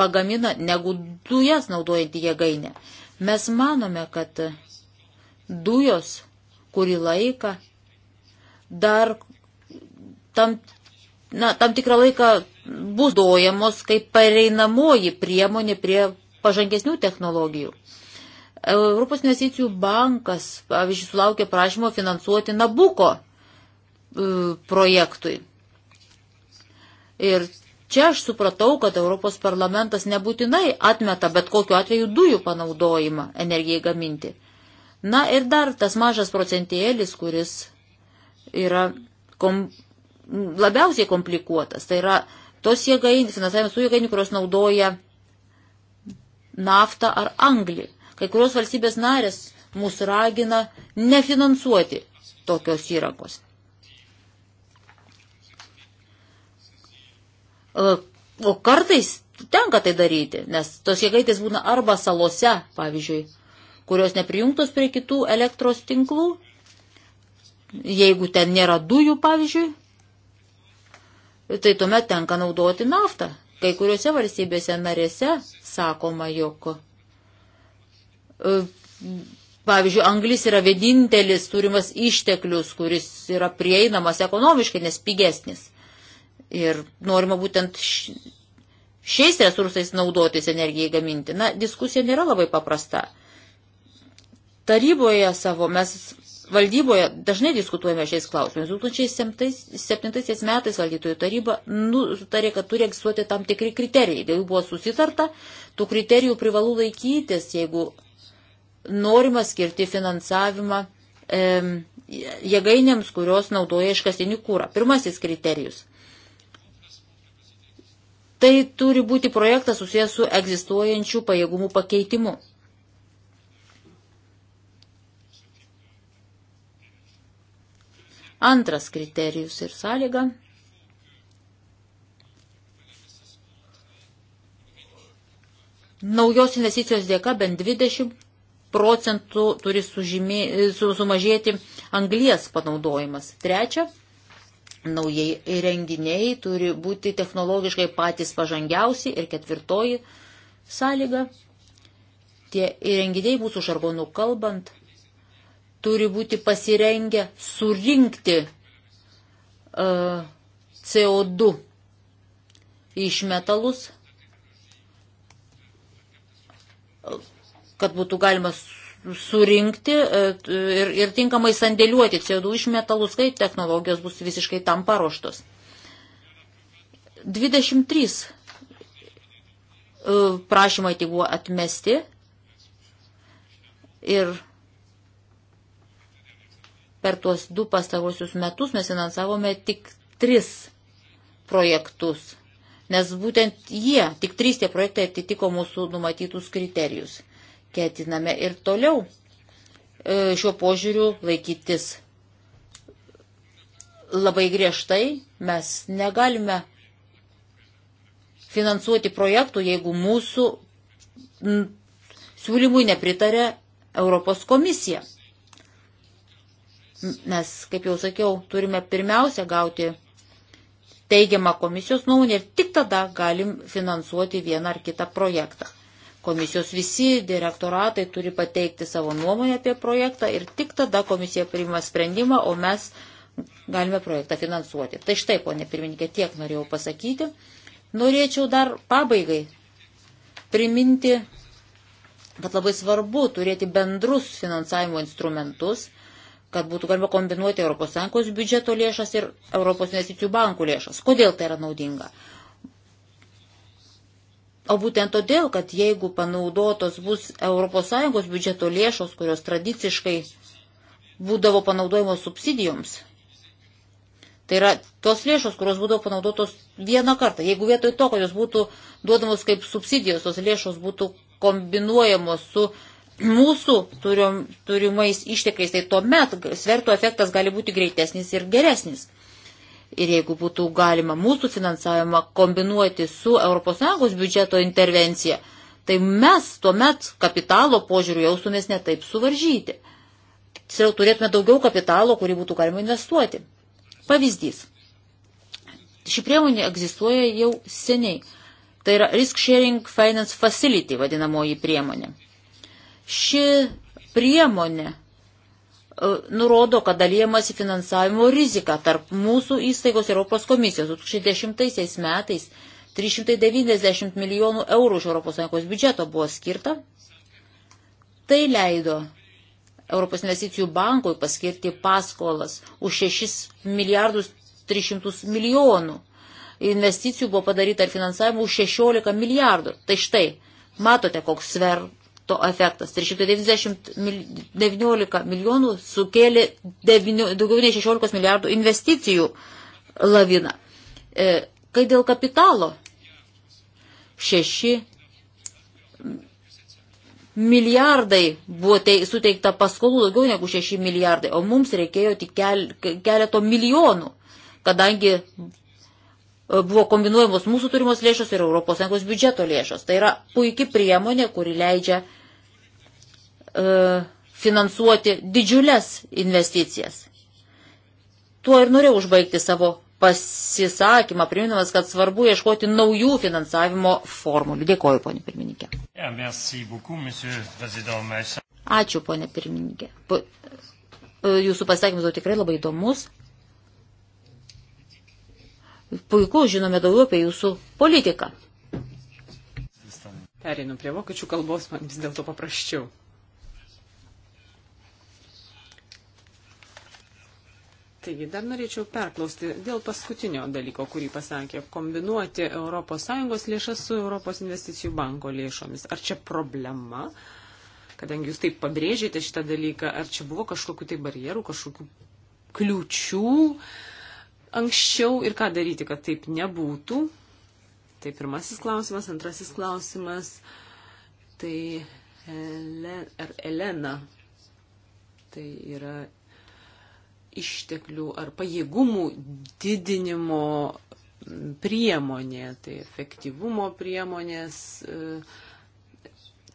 pagamina negu dujas naudojantį jėgainę. Mes manome, kad dujos kurį laiką dar tam, na, tam tikrą laiką bus dojamos kaip pareinamoji priemonė prie pažangesnių technologijų. Europos investicijų bankas, pavyzdžiui, sulaukė prašymo finansuoti Nabuko e, projektui. Ir čia aš supratau, kad Europos parlamentas nebūtinai atmeta bet kokiu atveju dujų panaudojimą energijai gaminti. Na ir dar tas mažas procentėlis, kuris yra kom, labiausiai komplikuotas, tai yra Tos jėgainės, finansavimas tų jėgainių, kurios naudoja naftą ar anglį. Kai kurios valstybės narės mūsų ragina nefinansuoti tokios įrangos. E, o kartais tenka tai daryti, nes tos jėgaitės būna arba salose, pavyzdžiui, kurios neprijungtos prie kitų elektros tinklų, jeigu ten nėra dujų, pavyzdžiui, tai tuomet tenka naudoti naftą. Kai kuriuose valstybėse narėse sakoma, jog e, Pavyzdžiui, anglis yra vienintelis turimas išteklius, kuris yra prieinamas ekonomiškai, nes pigesnis. Ir norima būtent šiais resursais naudotis energijai gaminti. Na, diskusija nėra labai paprasta. Taryboje savo mes valdyboje dažnai diskutuojame šiais klausimais. 2007 metais valdytojų taryba nutarė, kad turi egzistuoti tam tikri kriterijai. Dėl jų buvo susitarta, tų kriterijų privalu laikytis, jeigu norima skirti finansavimą e, jėgainėms, kurios naudoja iškastinį kūrą. Pirmasis kriterijus. Tai turi būti projektas susijęs su egzistuojančių pajėgumų pakeitimu. Antras kriterijus ir sąlyga. Naujos investicijos dėka bent 20 procentų turi sužymė, su, sumažėti anglies panaudojimas. Trečia, naujai įrenginiai turi būti technologiškai patys pažangiausi. Ir ketvirtoji sąlyga, tie įrenginiai mūsų žargonų kalbant turi būti pasirengę surinkti uh, e, CO2 išmetalus, kad būtų galima surinkti e, ir, ir tinkamai sandėliuoti CO2 išmetalus, kai technologijos bus visiškai tam paruoštos. 23 e, prašymai tik buvo atmesti ir Per tuos du pastaruosius metus mes finansavome tik tris projektus, nes būtent jie, tik trys tie projektai atitiko mūsų numatytus kriterijus. Ketiname ir toliau e, šiuo požiūriu laikytis labai griežtai. Mes negalime finansuoti projektų, jeigu mūsų siūlymui nepritarė Europos komisija. Nes, kaip jau sakiau, turime pirmiausia gauti teigiamą komisijos nuomonę ir tik tada galim finansuoti vieną ar kitą projektą. Komisijos visi direktoratai turi pateikti savo nuomonę apie projektą ir tik tada komisija priima sprendimą, o mes galime projektą finansuoti. Tai štai, ponė pirmininkė, tiek norėjau pasakyti. Norėčiau dar pabaigai priminti, kad labai svarbu turėti bendrus finansavimo instrumentus kad būtų galima kombinuoti ES biudžeto lėšas ir Europos investicijų bankų lėšas. Kodėl tai yra naudinga? O būtent todėl, kad jeigu panaudotos bus ES biudžeto lėšos, kurios tradiciškai būdavo panaudojamos subsidijoms, tai yra tos lėšos, kurios būdavo panaudotos vieną kartą. Jeigu vietoj to, kad jos būtų duodamos kaip subsidijos, tos lėšos būtų kombinuojamos su mūsų turim, turimais ištekliais, tai tuomet svertų efektas gali būti greitesnis ir geresnis. Ir jeigu būtų galima mūsų finansavimą kombinuoti su ES biudžeto intervencija, tai mes tuomet kapitalo požiūrių jaustumės netaip suvaržyti. Tiksliau turėtume daugiau kapitalo, kurį būtų galima investuoti. Pavyzdys. Ši priemonė egzistuoja jau seniai. Tai yra Risk Sharing Finance Facility vadinamoji priemonė. Ši priemonė e, nurodo, kad dalyjamasi finansavimo rizika tarp mūsų įstaigos Europos komisijos 2010 metais 390 milijonų eurų iš ES biudžeto buvo skirta. Tai leido Europos investicijų bankui paskirti paskolas už 6 milijardus 300 milijonų. Investicijų buvo padaryta ir finansavimo už 16 milijardų. Tai štai, matote, koks sver, to efektas. 319 tai milijonų sukėlė 9, daugiau nei 16 milijardų investicijų lavina. E, kai dėl kapitalo 6 milijardai buvo te, suteikta paskolų daugiau negu 6 milijardai, o mums reikėjo tik kel, keleto milijonų, kadangi E, buvo kombinuojamos mūsų turimos lėšos ir ES biudžeto lėšos. Tai yra puikia priemonė, kuri leidžia uh, finansuoti didžiulės investicijas. Tuo ir norėjau užbaigti savo pasisakymą, priminamas, kad svarbu ieškoti naujų finansavimo formulių. Dėkoju, ponė pirmininkė. Ačiū, ponė pirmininkė. E, jūsų pasakymas buvo tikrai labai įdomus puiku, žinome daugiau apie jūsų politiką. Perinu prie vokiečių kalbos, man vis dėlto paprasčiau. Taigi, dar norėčiau perklausti dėl paskutinio dalyko, kurį pasakė, kombinuoti ES lėšas su ES investicijų banko lėšomis. Ar čia problema, kadangi jūs taip pabrėžėte šitą dalyką, ar čia buvo kažkokiu tai barjerų, kažkokiu kliučių, uh, anksčiau ir ką daryti, kad taip nebūtų. Tai pirmasis klausimas, antrasis klausimas. Tai Helen, ar Elena, tai yra išteklių ar pajėgumų didinimo priemonė, tai efektyvumo priemonės e,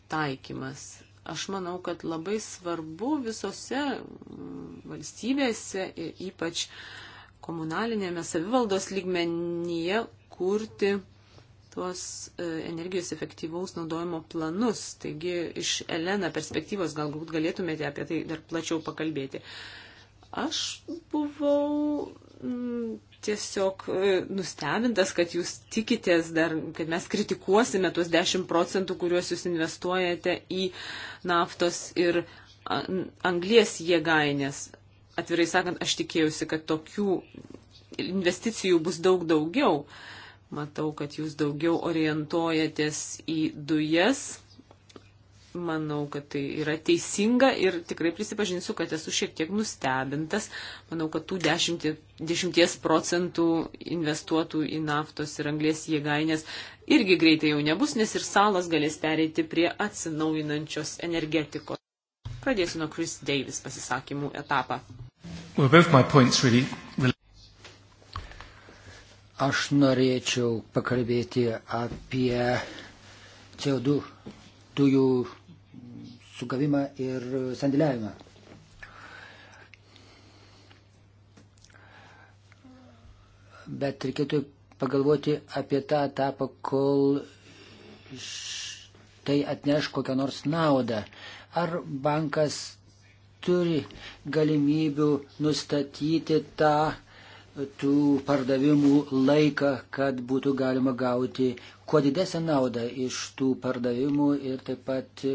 taikymas. Aš manau, kad labai svarbu visose valstybėse ir ypač uh, komunalinėme savivaldos lygmenyje kurti tuos e, energijos efektyvaus naudojimo planus. Taigi iš Elena perspektyvos galbūt galėtumėte apie tai dar plačiau pakalbėti. Aš buvau mm, tiesiog e, nustebintas, kad jūs tikitės dar, kad mes kritikuosime tuos 10 procentų, kuriuos jūs investuojate į naftos ir anglies jėgainės atvirai sakant, aš tikėjausi, kad tokių investicijų bus daug daugiau. Matau, kad jūs daugiau orientuojatės į dujas. Manau, kad tai yra teisinga ir tikrai prisipažinsiu, kad esu šiek tiek nustebintas. Manau, kad tų 10, 10 procentų investuotų į naftos ir anglės jėgainės irgi greitai jau nebus, nes ir salas galės pereiti prie atsinaujinančios energetikos. Pradėsiu nuo Chris Davis pasisakymų etapą. Well, really... Aš norėčiau pakalbėti apie CO2 dujų sugavimą ir sandėliavimą. Bet reikėtų pagalvoti apie tą etapą, kol tai atneš kokią nors naudą. Ar bankas turi galimybių nustatyti tą tų pardavimų laiką, kad būtų galima gauti kuo didesnę naudą iš tų pardavimų ir taip pat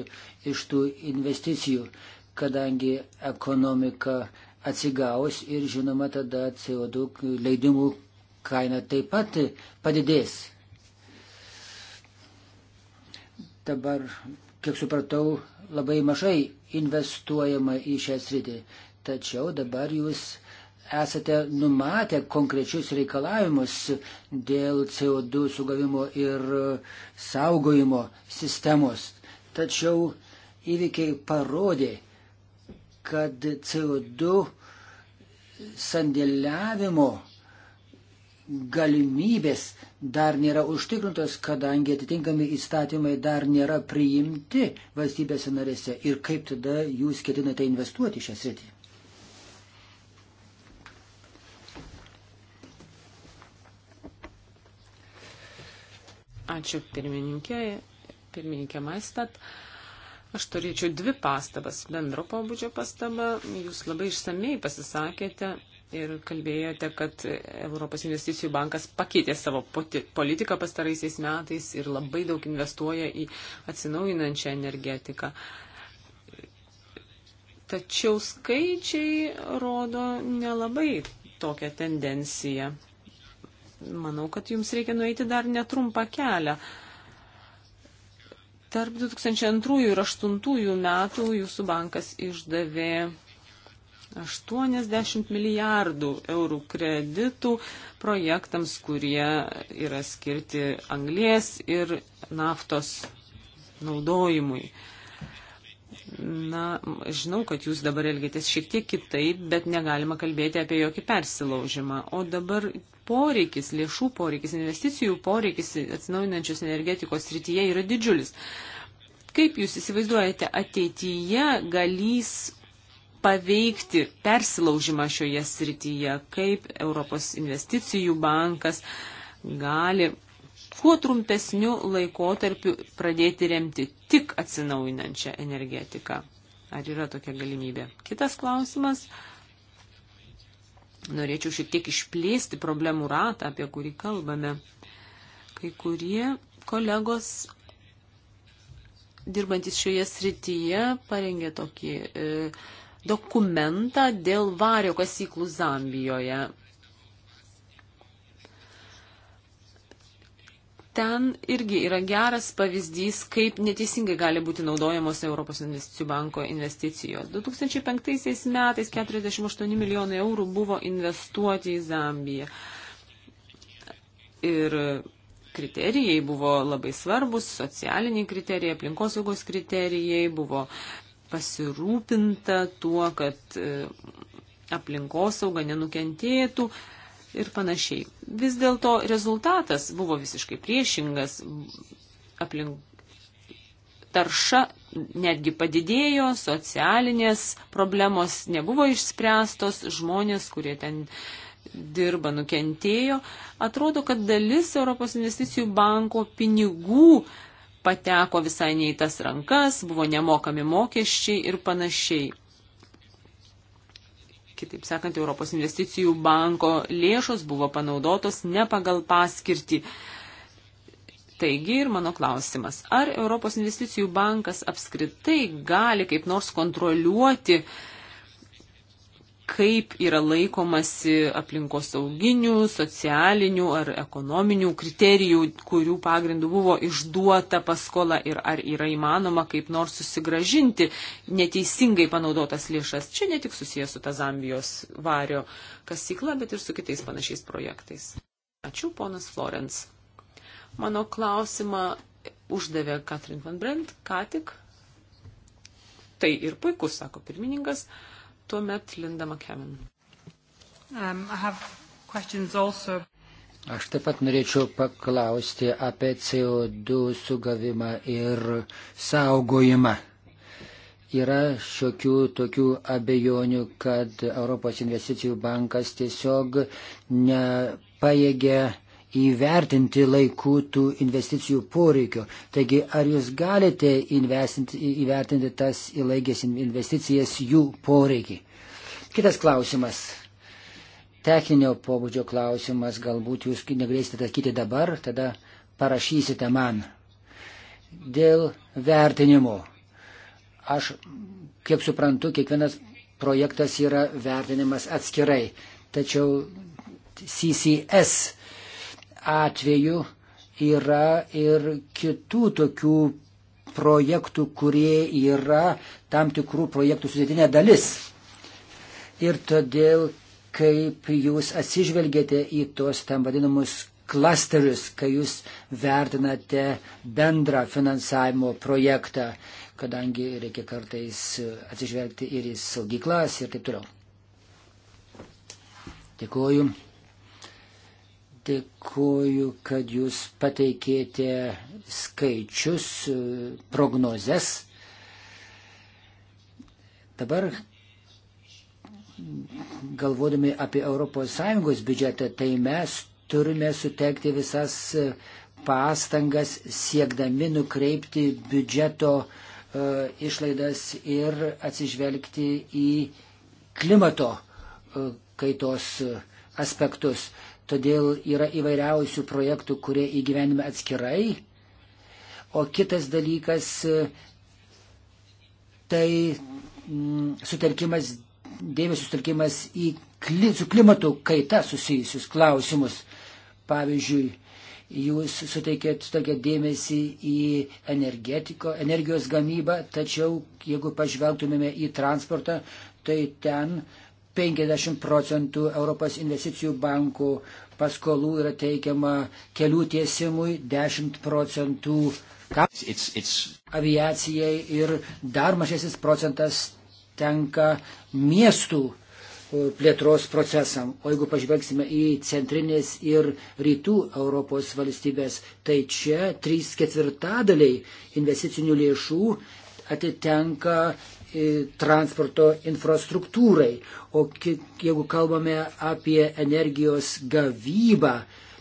iš tų investicijų, kadangi ekonomika atsigaus ir žinoma tada CO2 leidimų kaina taip pat padidės. Dabar kiek supratau, labai mažai investuojama į šią sritį. Tačiau dabar jūs esate numatę konkrečius reikalavimus dėl CO2 sugavimo ir saugojimo sistemos. Tačiau įvykiai parodė, kad CO2 sandėliavimo galimybės dar nėra užtikrintos, kadangi atitinkami įstatymai dar nėra priimti valstybėse narėse. Ir kaip tada jūs ketinate investuoti šią sritį? Ačiū pirmininkė, pirmininkė Maistat. Aš turėčiau dvi pastabas. Bendro pobūdžio pastaba. Jūs labai išsamei pasisakėte ir kalbėjote, kad Europos investicijų bankas pakeitė savo politiką pastaraisiais metais ir labai daug investuoja į atsinaujinančią energetiką. Tačiau skaičiai rodo nelabai tokią tendenciją. Manau, kad jums reikia nueiti dar netrumpą kelią. Tarp 2002 ir 2008 metų jūsų bankas išdavė 80 milijardų eurų kreditų projektams, kurie yra skirti anglės ir naftos naudojimui. Na, žinau, kad jūs dabar elgėtės šiek tiek kitaip, bet negalima kalbėti apie jokį persilaužimą. O dabar poreikis, lėšų poreikis, investicijų poreikis atsinaujinančios energetikos srityje yra didžiulis. Kaip jūs įsivaizduojate, ateityje galys paveikti persilaužimą šioje srityje, kaip Europos investicijų bankas gali kuo trumpesniu laikotarpiu pradėti remti tik atsinaujinančią energetiką. Ar yra tokia galimybė? Kitas klausimas. Norėčiau šiek tiek išplėsti problemų ratą, apie kurį kalbame. Kai kurie kolegos dirbantis šioje srityje parengė tokį e, dokumentą dėl vario kasyklų Zambijoje. Ten irgi yra geras pavyzdys, kaip neteisingai gali būti naudojamos Europos investicijų banko investicijos. 2005 metais 48 milijonai eurų buvo investuoti į Zambiją. Ir kriterijai buvo labai svarbus, socialiniai kriterijai, aplinkosaugos kriterijai, buvo pasirūpinta tuo, kad e, aplinkosauga nenukentėtų ir panašiai. Vis dėlto rezultatas buvo visiškai priešingas. Aplink... Tarša netgi padidėjo, socialinės problemos nebuvo išspręstos, žmonės, kurie ten dirba, nukentėjo. Atrodo, kad dalis Europos investicijų banko pinigų uh, pateko visai nei tas rankas, buvo nemokami mokesčiai ir panašiai. Kitaip sakant, Europos investicijų banko lėšos buvo panaudotos ne pagal paskirtį. Taigi ir mano klausimas, ar Europos investicijų bankas apskritai gali kaip nors kontroliuoti uh, kaip yra laikomasi aplinkos sauginių, socialinių ar ekonominių kriterijų, kurių pagrindų buvo išduota paskola ir ar yra įmanoma kaip nors susigražinti neteisingai panaudotas lėšas. Čia ne tik susijęs su ta Zambijos vario kasykla, bet ir su kitais panašiais projektais. Ačiū, ponas Florens. Mano klausimą uždavė Katrin Van Brent ką tik. Tai ir puikus, sako pirmininkas. Uh, Tuomet Linda McKevin. Um, Aš taip pat norėčiau paklausti apie CO2 sugavimą ir saugojimą. Yra šiokių tokių abejonių, kad Europos investicijų bankas tiesiog nepaėgė įvertinti laikų tų investicijų poreikio. Taigi, ar jūs galite įvertinti tas įlaigės investicijas jų poreikį? Kitas klausimas. Techninio pobūdžio klausimas, galbūt jūs negalėsite atsakyti dabar, tada parašysite man. Dėl vertinimo. Aš, kiek suprantu, kiekvienas projektas yra vertinimas atskirai. Tačiau CCS atveju yra ir kitų tokių projektų, kurie yra tam tikrų projektų sudėtinė dalis. Ir todėl, kaip jūs atsižvelgėte į tos tam vadinamus klasterius, kai jūs vertinate bendrą finansavimo projektą, kadangi reikia kartais atsižvelgti ir į saugyklas ir taip toliau. Dėkuoju. Dėkuoju, kad jūs pateikėte skaičius, prognozes. Dabar galvodami apie ES biudžetą, tai mes turime sutekti visas pastangas siekdami nukreipti biudžeto uh, išlaidas ir atsižvelgti į klimato uh, kaitos aspektus. Todėl yra įvairiausių projektų, kurie įgyvenime atskirai. O kitas dalykas tai mm, sutelkimas, dėmesio sutelkimas į kli, su klimato kaita susijusius klausimus. Pavyzdžiui, jūs suteikėt tokią dėmesį į energetiko, energijos gamybą, tačiau jeigu pažvelgtumėme į transportą, tai ten uh, 50 procentų Europos investicijų bankų paskolų yra teikiama kelių tiesimui, 10 procentų it's, it's... aviacijai ir dar mažesnis procentas tenka miestų plėtros procesam. O jeigu pažvelgsime į centrinės ir rytų Europos valstybės, tai čia trys ketvirtadaliai investicinių lėšų atitenka transporto infrastruktūrai. O kiek, jeigu kalbame apie energijos gavybą,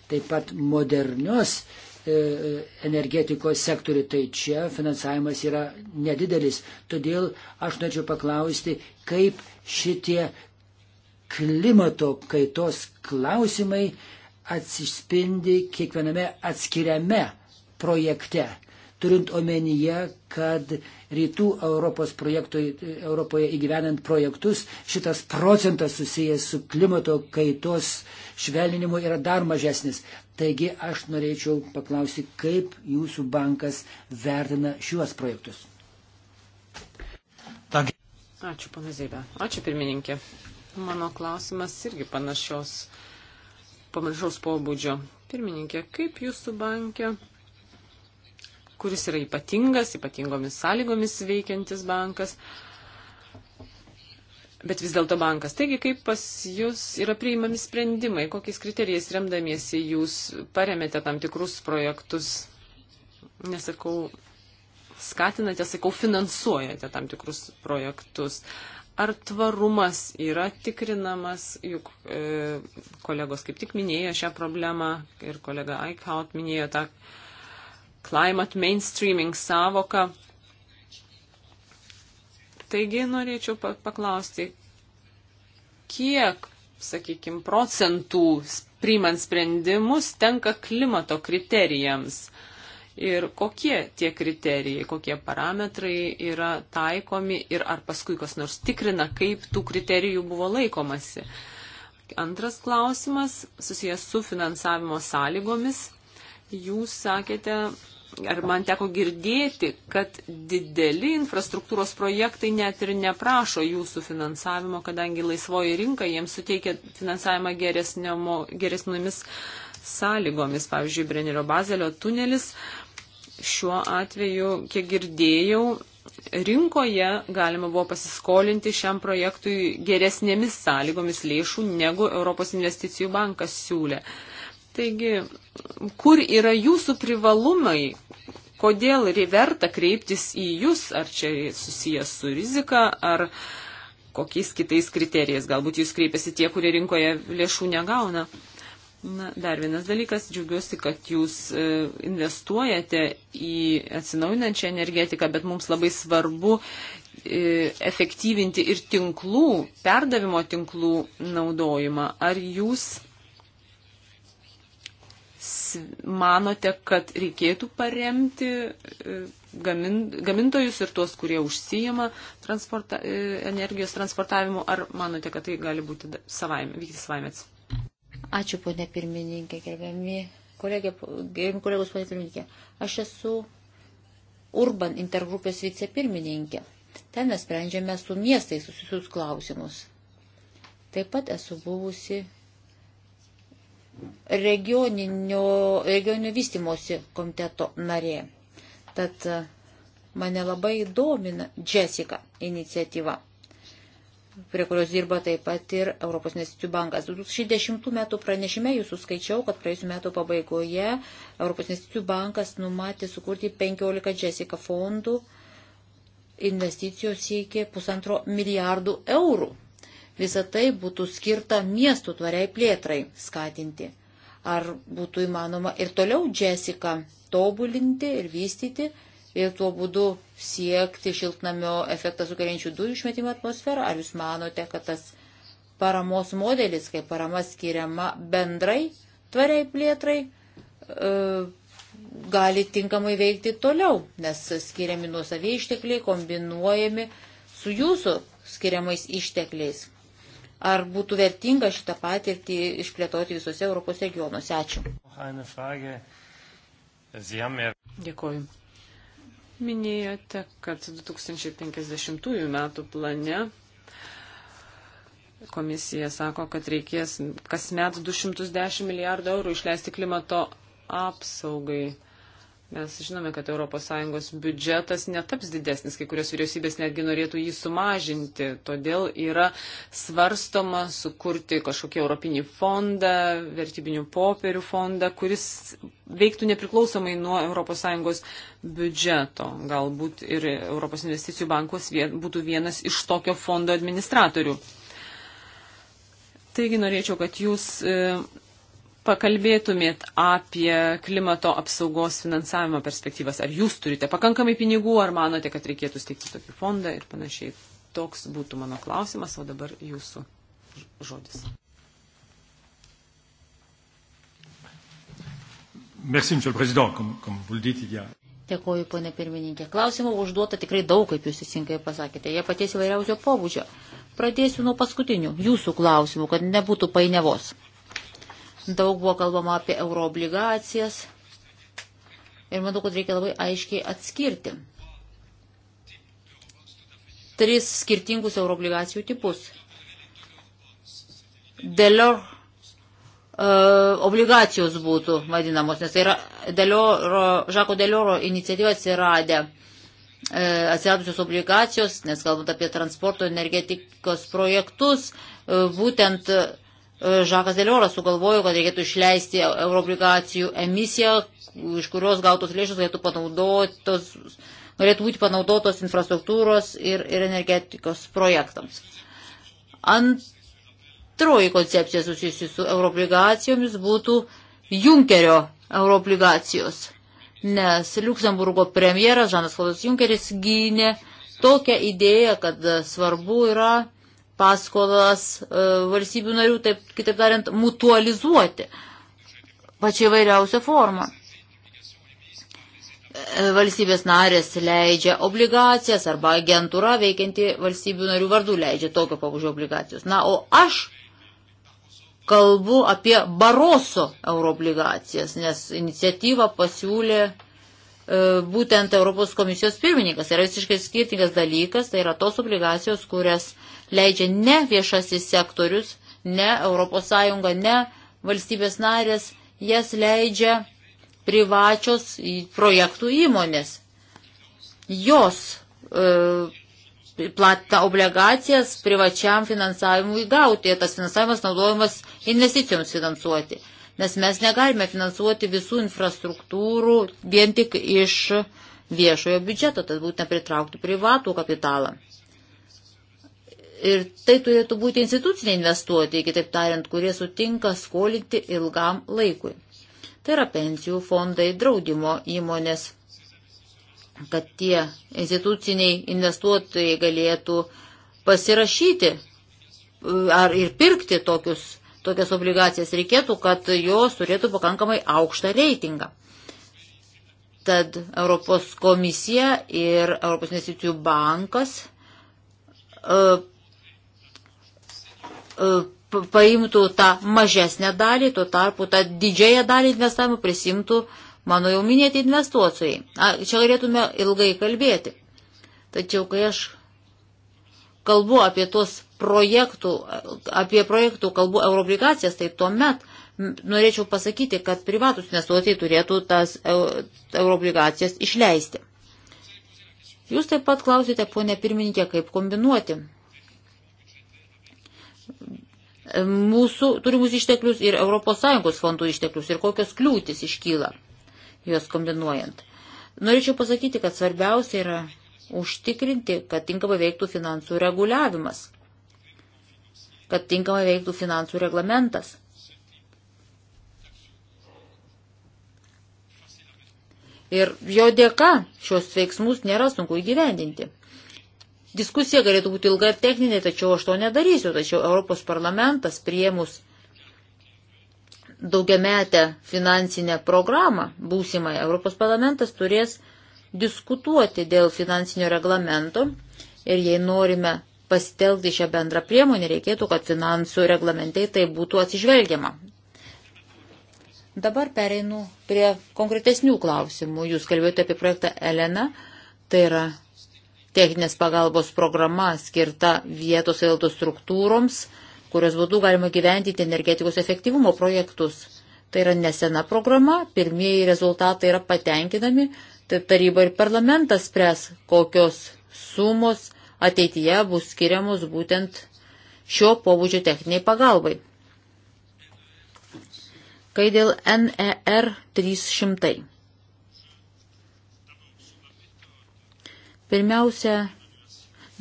taip pat modernios e, energetikos sektorių, tai čia finansavimas yra nedidelis. Todėl aš norėčiau paklausti, kaip šitie klimato kaitos klausimai atsispindi kiekviename atskiriame projekte turint omenyje, kad rytų Europos Europoje įgyvenant projektus šitas procentas susijęs su klimato kaitos švelninimu yra dar mažesnis. Taigi aš norėčiau paklausti, kaip jūsų bankas vertina šiuos projektus. Ačiū, pana Zėbė. Ačiū, pirmininkė. Mano klausimas irgi panašios, panašaus pobūdžio. Pirmininkė, kaip jūsų bankė kuris yra ypatingas, ypatingomis sąlygomis veikiantis bankas. Bet vis dėlto bankas. Taigi, kaip pas jūs yra priimami sprendimai, kokiais kriterijais remdamiesi jūs paremėte tam tikrus projektus, nesakau, skatinate, sakau, finansuojate tam tikrus projektus. Ar tvarumas yra tikrinamas, juk e, kolegos kaip tik minėjo šią problemą ir kolega Eichhout minėjo tą. Ta climate mainstreaming savoką. Taigi norėčiau paklausti, kiek, sakykime, procentų priimant sprendimus tenka klimato kriterijams ir kokie tie kriterijai, kokie parametrai yra taikomi ir ar paskui kas nors tikrina, kaip tų kriterijų buvo laikomasi. Antras klausimas susijęs su finansavimo sąlygomis. Jūs sakėte, ar man teko girdėti, kad dideli infrastruktūros projektai net ir neprašo jūsų finansavimo, kadangi laisvoji rinka jiems suteikia finansavimą geresnėmis sąlygomis. Pavyzdžiui, Brenerio bazelio tunelis šiuo atveju, kiek girdėjau, rinkoje galima buvo pasiskolinti šiam projektui geresnėmis sąlygomis lėšų, negu Europos investicijų bankas siūlė. Uh, Taigi, kur yra jūsų privalumai, kodėl verta kreiptis į jūs, ar čia susijęs su rizika, ar kokiais kitais kriterijais, galbūt jūs kreipiasi tie, kurie rinkoje lėšų negauna. Na, dar vienas dalykas, džiaugiuosi, kad jūs e, investuojate į atsinaujinančią energetiką, bet mums labai svarbu e, efektyvinti ir tinklų, perdavimo tinklų naudojimą. Ar jūs manote, kad reikėtų paremti e, gamintojus ir tuos, kurie užsijama transporta, e, energijos transportavimu, ar manote, kad tai gali būti savaime, vykti savaimės? Ačiū, ponė pirmininkė, gerbiami kolegė, gerbiami kolegos, ponė pirmininkė. Aš esu Urban intergrupės vicepirmininkė. Ten mes sprendžiame su miestais susijusius klausimus. Taip pat esu buvusi regioninio, regioninio vystimosi komiteto narė. Tad e, mane labai domina Jessica iniciatyva, prie kurios dirba taip pat ir Europos investicijų bankas. 2010 metų pranešime jūsų skaičiau, kad praėjusiu metu pabaigoje Europos investicijų bankas numatė sukurti 15 Jessica fondų investicijos iki pusantro milijardų eurų visa tai būtų skirta miestų tvariai plėtrai skatinti. Ar būtų įmanoma ir toliau Jessica tobulinti ir vystyti ir tuo būdu siekti šiltnamio efektą sukeliančių dujų išmetimą atmosferą? Ar jūs manote, kad tas paramos modelis, kai parama skiriama bendrai tvariai plėtrai, e, gali tinkamai veikti toliau, nes skiriami nuosaviai ištekliai kombinuojami su jūsų skiriamais ištekliais ar būtų vertinga šitą patirtį išplėtoti visose Europos regionuose. Ačiū. Dėkuoju. Minėjote, kad 2050 metų plane komisija sako, kad reikės kasmet 210 milijardų eurų išleisti klimato apsaugai. Mes žinome, kad ES biudžetas netaps didesnis, kai kurios vyriausybės netgi norėtų jį sumažinti. Todėl yra svarstoma sukurti kažkokį europinį fondą, vertybinių popierių fondą, kuris veiktų nepriklausomai nuo ES biudžeto. Galbūt ir ES bankos būtų vienas iš tokio fondo administratorių. Taigi norėčiau, kad jūs e, pakalbėtumėt apie klimato apsaugos finansavimo perspektyvas? Ar jūs turite pakankamai pinigų, ar manote, kad reikėtų steigti tokį fondą ir panašiai? Toks būtų mano klausimas, o dabar jūsų žodis. Merci, monsieur le président. Comme, comme vous le dites, il y a Dėkoju, ponė pirmininkė. Klausimų užduota tikrai daug, kaip jūs teisingai pasakėte. Jie paties įvairiausio pobūdžio. Pradėsiu nuo paskutinių jūsų klausimų, kad nebūtų painiavos daug buvo kalbama apie euroobligacijas ir manau, kad reikia labai aiškiai atskirti tris skirtingus euroobligacijų tipus. Dėlio uh, e, obligacijos būtų vadinamos, nes tai yra Delioro, Žako Delioro iniciatyva atsiradę e, atsiradusios obligacijos, nes kalbant apie transporto energetikos projektus, e, būtent E, Žakas Delioras sugalvojo, kad reikėtų išleisti euroobligacijų emisiją, iš kurios gautos lėšos galėtų, panaudotos, galėtų būti panaudotos infrastruktūros ir, ir energetikos projektams. Antroji koncepcija susijusi su euroobligacijomis būtų Junkerio euroobligacijos, nes Luksemburgo premjeras Žanas Klaudas Junkeris gynė tokią idėją, kad svarbu yra paskolas e, valstybių narių, taip, kitaip tariant, mutualizuoti pačia įvairiausia forma. E, valstybės narės leidžia obligacijas arba agentūra veikianti valstybių narių vardų leidžia tokio pabudžio obligacijos. Na, o aš kalbu apie Baroso euroobligacijas, nes iniciatyvą pasiūlė E, būtent Europos komisijos pirmininkas. Yra visiškai skirtingas dalykas, tai yra tos obligacijos, kurias leidžia ne viešasis sektorius, ne ES, ne valstybės narės, jas leidžia privačios projektų įmonės. Jos e, platą obligacijas privačiam finansavimui gauti, tas finansavimas naudojamas investicijoms finansuoti nes mes negalime finansuoti visų infrastruktūrų vien tik iš viešojo biudžeto, tad būtent pritraukti privatų kapitalą. Ir tai turėtų būti instituciniai investuotojai, kitaip tariant, kurie sutinka skolinti ilgam laikui. Tai yra pensijų fondai, draudimo įmonės, kad tie instituciniai investuotojai galėtų pasirašyti e, ar ir pirkti tokius tokias obligacijas reikėtų, kad jos turėtų pakankamai aukštą reitingą. Tad Europos komisija ir Europos investicijų bankas uh, uh, paimtų tą mažesnę dalį, tuo tarpu tą didžiąją dalį investavimų prisimtų mano jau minėti investuotojai. A, čia galėtume ilgai kalbėti. Tačiau, kai aš kalbu apie tuos projektų, apie projektų kalbų euroobligacijas, tai tuomet norėčiau pasakyti, kad privatus investuotojai turėtų tas euroobligacijas išleisti. Jūs taip pat klausite, ponė pirmininkė, kaip kombinuoti mūsų turimus išteklius ir ES fondų išteklius ir kokios kliūtis iškyla juos kombinuojant. Norėčiau pasakyti, kad svarbiausia yra užtikrinti, kad tinkamai veiktų finansų reguliavimas kad tinkamai veiktų finansų reglamentas. Ir jo dėka šios veiksmus nėra sunku įgyvendinti. Diskusija galėtų būti ilga ir techninė, tačiau aš to nedarysiu. Tačiau Europos parlamentas prieimus daugiametę finansinę programą būsimą Europos parlamentas turės diskutuoti dėl finansinio reglamento ir jei norime pasitelkti šią bendrą priemonę, reikėtų, kad finansų reglamentai tai būtų atsižvelgiama. Dabar pereinu prie konkretesnių klausimų. Jūs kalbėjote apie projektą Elena, tai yra techninės pagalbos programa skirta vietos valdos struktūroms, kurios būtų galima gyventyti energetikos efektyvumo projektus. Tai yra nesena programa, pirmieji rezultatai yra patenkinami, tai taryba ir parlamentas spres, kokios sumos ateityje bus skiriamos būtent šio pobūdžio techniniai pagalbai. Kai dėl NER 300. Pirmiausia,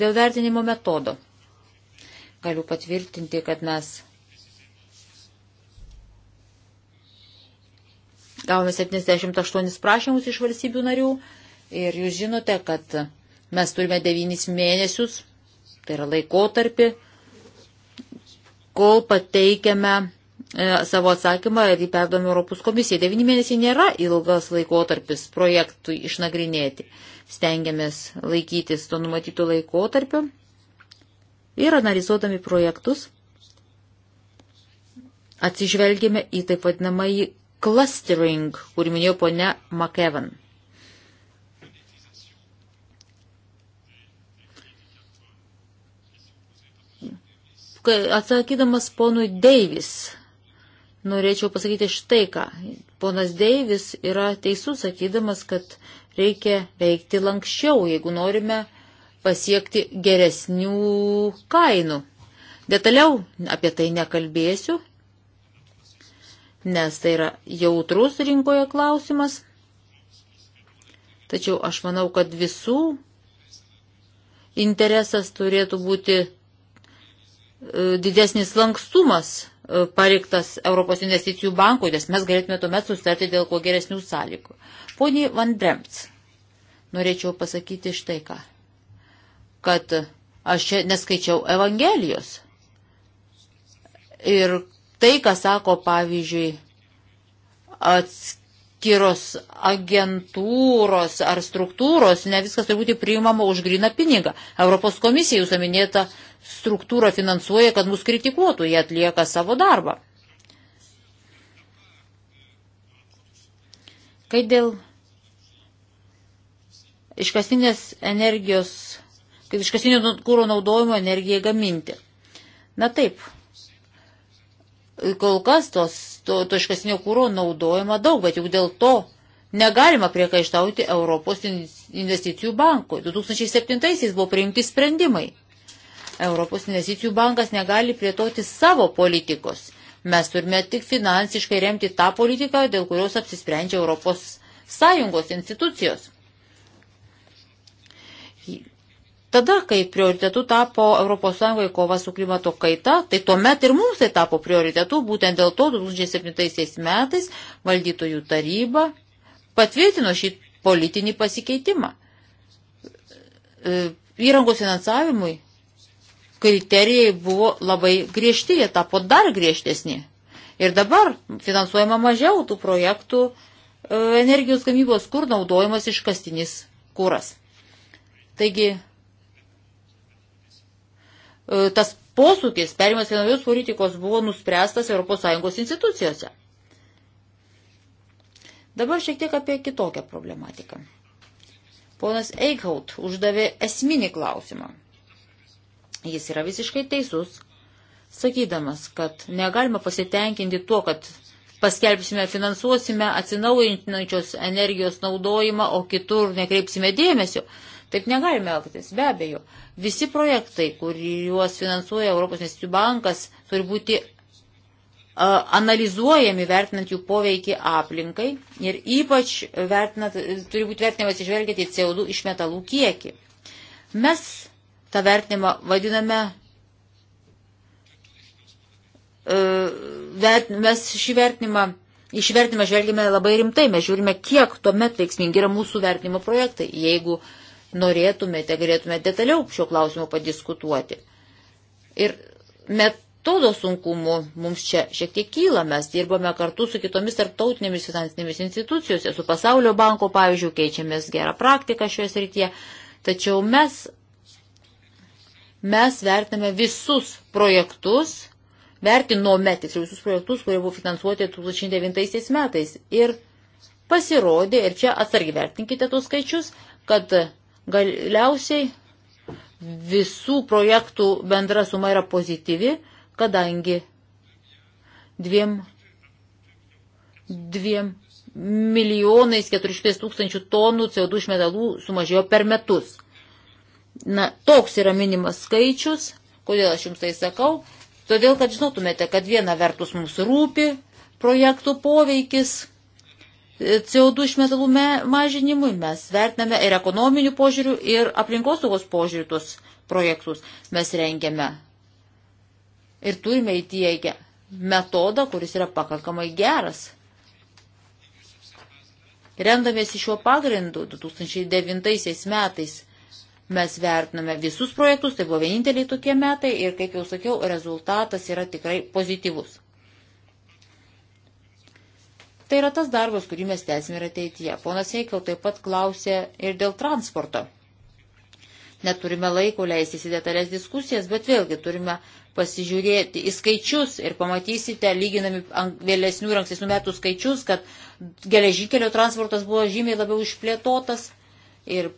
dėl vertinimo metodo. Galiu patvirtinti, kad mes gavome 78 prašymus iš valstybių narių ir jūs žinote, kad Mes turime devynis mėnesius, tai yra laikotarpį, kol pateikiame e, savo atsakymą ir jį perdom Europos komisijai. Devini mėnesiai nėra ilgas laikotarpis projektui išnagrinėti. Stengiamės laikytis to numatyto laikotarpio ir analizuodami projektus atsižvelgėme į taip vadinamąjį clustering, kurį minėjo ponia McEvan. Atsakydamas ponui Deivis, norėčiau pasakyti štai ką. Ponas Deivis yra teisus, sakydamas, kad reikia veikti lankščiau, jeigu norime pasiekti geresnių kainų. Detaliau apie tai nekalbėsiu, nes tai yra jautrus rinkoje klausimas. Tačiau aš manau, kad visų interesas turėtų būti E, didesnis lankstumas e, pareiktas Europos investicijų bankui, nes mes galėtume tuomet sustarti dėl kuo geresnių sąlygų. Pone Van Dremts, norėčiau pasakyti štai ką, kad aš čia neskaičiau Evangelijos. Ir tai, ką sako, pavyzdžiui, atskirti atskiros agentūros ar struktūros, ne viskas turi būti priimama už griną pinigą. Europos komisija jūsų minėta struktūra finansuoja, kad mus kritikuotų, jie atlieka savo darbą. Kai dėl iškasinės energijos, kaip iškasinio kūro naudojimo energijai gaminti. Na taip, Kol kas tos, to toškesnio kūro naudojama daug, bet juk dėl to negalima priekaištauti Europos investicijų bankui. 2007-aisiais buvo priimti sprendimai. Europos investicijų bankas negali plėtoti savo politikos. Mes turime tik finansiškai remti tą politiką, dėl kurios apsisprendžia Europos Sąjungos institucijos. Tada, kai prioritetu tapo ES kova su klimato kaita, tai tuomet ir mums tai tapo prioritetu, būtent dėl to 2007 metais valdytojų taryba patvirtino šį politinį pasikeitimą. E, įrangos finansavimui kriterijai buvo labai griežti, jie tapo dar griežtesni. Ir dabar finansuojama mažiau tų projektų e, energijos gamybos, kur naudojamas iškastinis kūras. Taigi E, tas posūkis, perimas į naujos politikos buvo nuspręstas ES institucijose. Dabar šiek tiek apie kitokią problematiką. Ponas Eichhaut uždavė esminį klausimą. Jis yra visiškai teisus, sakydamas, kad negalima pasitenkinti tuo, kad paskelbsime, finansuosime atsinaujinančios energijos naudojimą, o kitur nekreipsime dėmesio. Taip negalime elgtis, be abejo. Visi projektai, kuriuos finansuoja Europos investicijų bankas, turi būti analizuojami vertinant jų poveikį aplinkai ir ypač vertinant, turi būti vertinamas išvelgiant į CO2 išmetalų kiekį. Mes tą vertinimą vadiname, bet mes šį vertinimą, išvertinimą žvelgime labai rimtai, mes žiūrime, kiek tuomet veiksmingi yra mūsų vertinimo projektai. Jeigu uh, norėtumėte, galėtume detaliau šiuo klausimu padiskutuoti. Ir metodo sunkumu mums čia šiek tiek kyla, mes dirbame kartu su kitomis tarptautinėmis finansinėmis institucijose, su pasaulio banko, pavyzdžiui, keičiamės gerą praktiką šioje srityje, tačiau mes, mes vertiname visus projektus, vertinome tiksliau visus projektus, kurie buvo finansuoti 2009 metais. Ir pasirodė, ir čia atsargiai vertinkite tuos skaičius, kad Galiausiai visų projektų bendra suma yra pozityvi, kadangi dviem, dviem milijonais 400 tūkstančių tonų CO2 išmetalų sumažėjo per metus. Na, toks yra minimas skaičius, kodėl aš jums tai sakau, todėl kad žinotumėte, kad viena vertus mums rūpi projektų poveikis CO2 išmetalų me, mažinimui. Mes vertiname ir ekonominių požiūrių, ir aplinkosaugos požiūrių tuos projektus. Mes rengiame ir turime įtiegę metodą, kuris yra pakankamai geras. Rendamėsi šiuo pagrindu 2009 metais mes vertiname visus projektus, tai buvo vieninteliai tokie metai ir, kaip jau sakiau, rezultatas yra tikrai pozityvus. Tai yra tas darbas, kurį mes tęsime ir ateityje. Ponas Eikel taip pat klausė ir dėl transporto. Neturime laiko leistis į detalės diskusijas, bet vėlgi turime pasižiūrėti į skaičius ir pamatysite, lyginami vėlesnių ir ankstesnių metų skaičius, kad geležinkelio transportas buvo žymiai labiau išplėtotas ir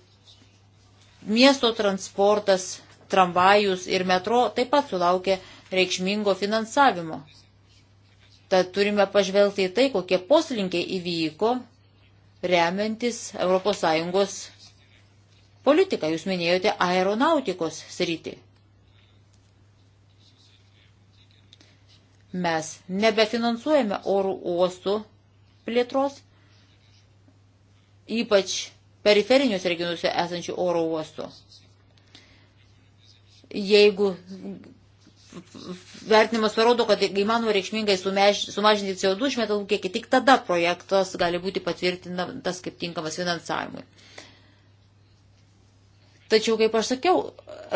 miesto transportas, tramvajus ir metro taip pat sulaukė reikšmingo finansavimo. Tad turime pažvelgti į tai, kokie poslinkiai įvyko remiantis ES politiką. Jūs minėjote aeronautikos sritį. Mes nebefinansuojame oro uostų plėtros, ypač periferiniuose regionuose esančių oro uostų. Jeigu vertinimas parodo, kad įmanoma reikšmingai sumažinti CO2 išmetalų kiekį, tik tada projektas gali būti patvirtintas kaip tinkamas finansavimui. Tačiau, kaip aš sakiau,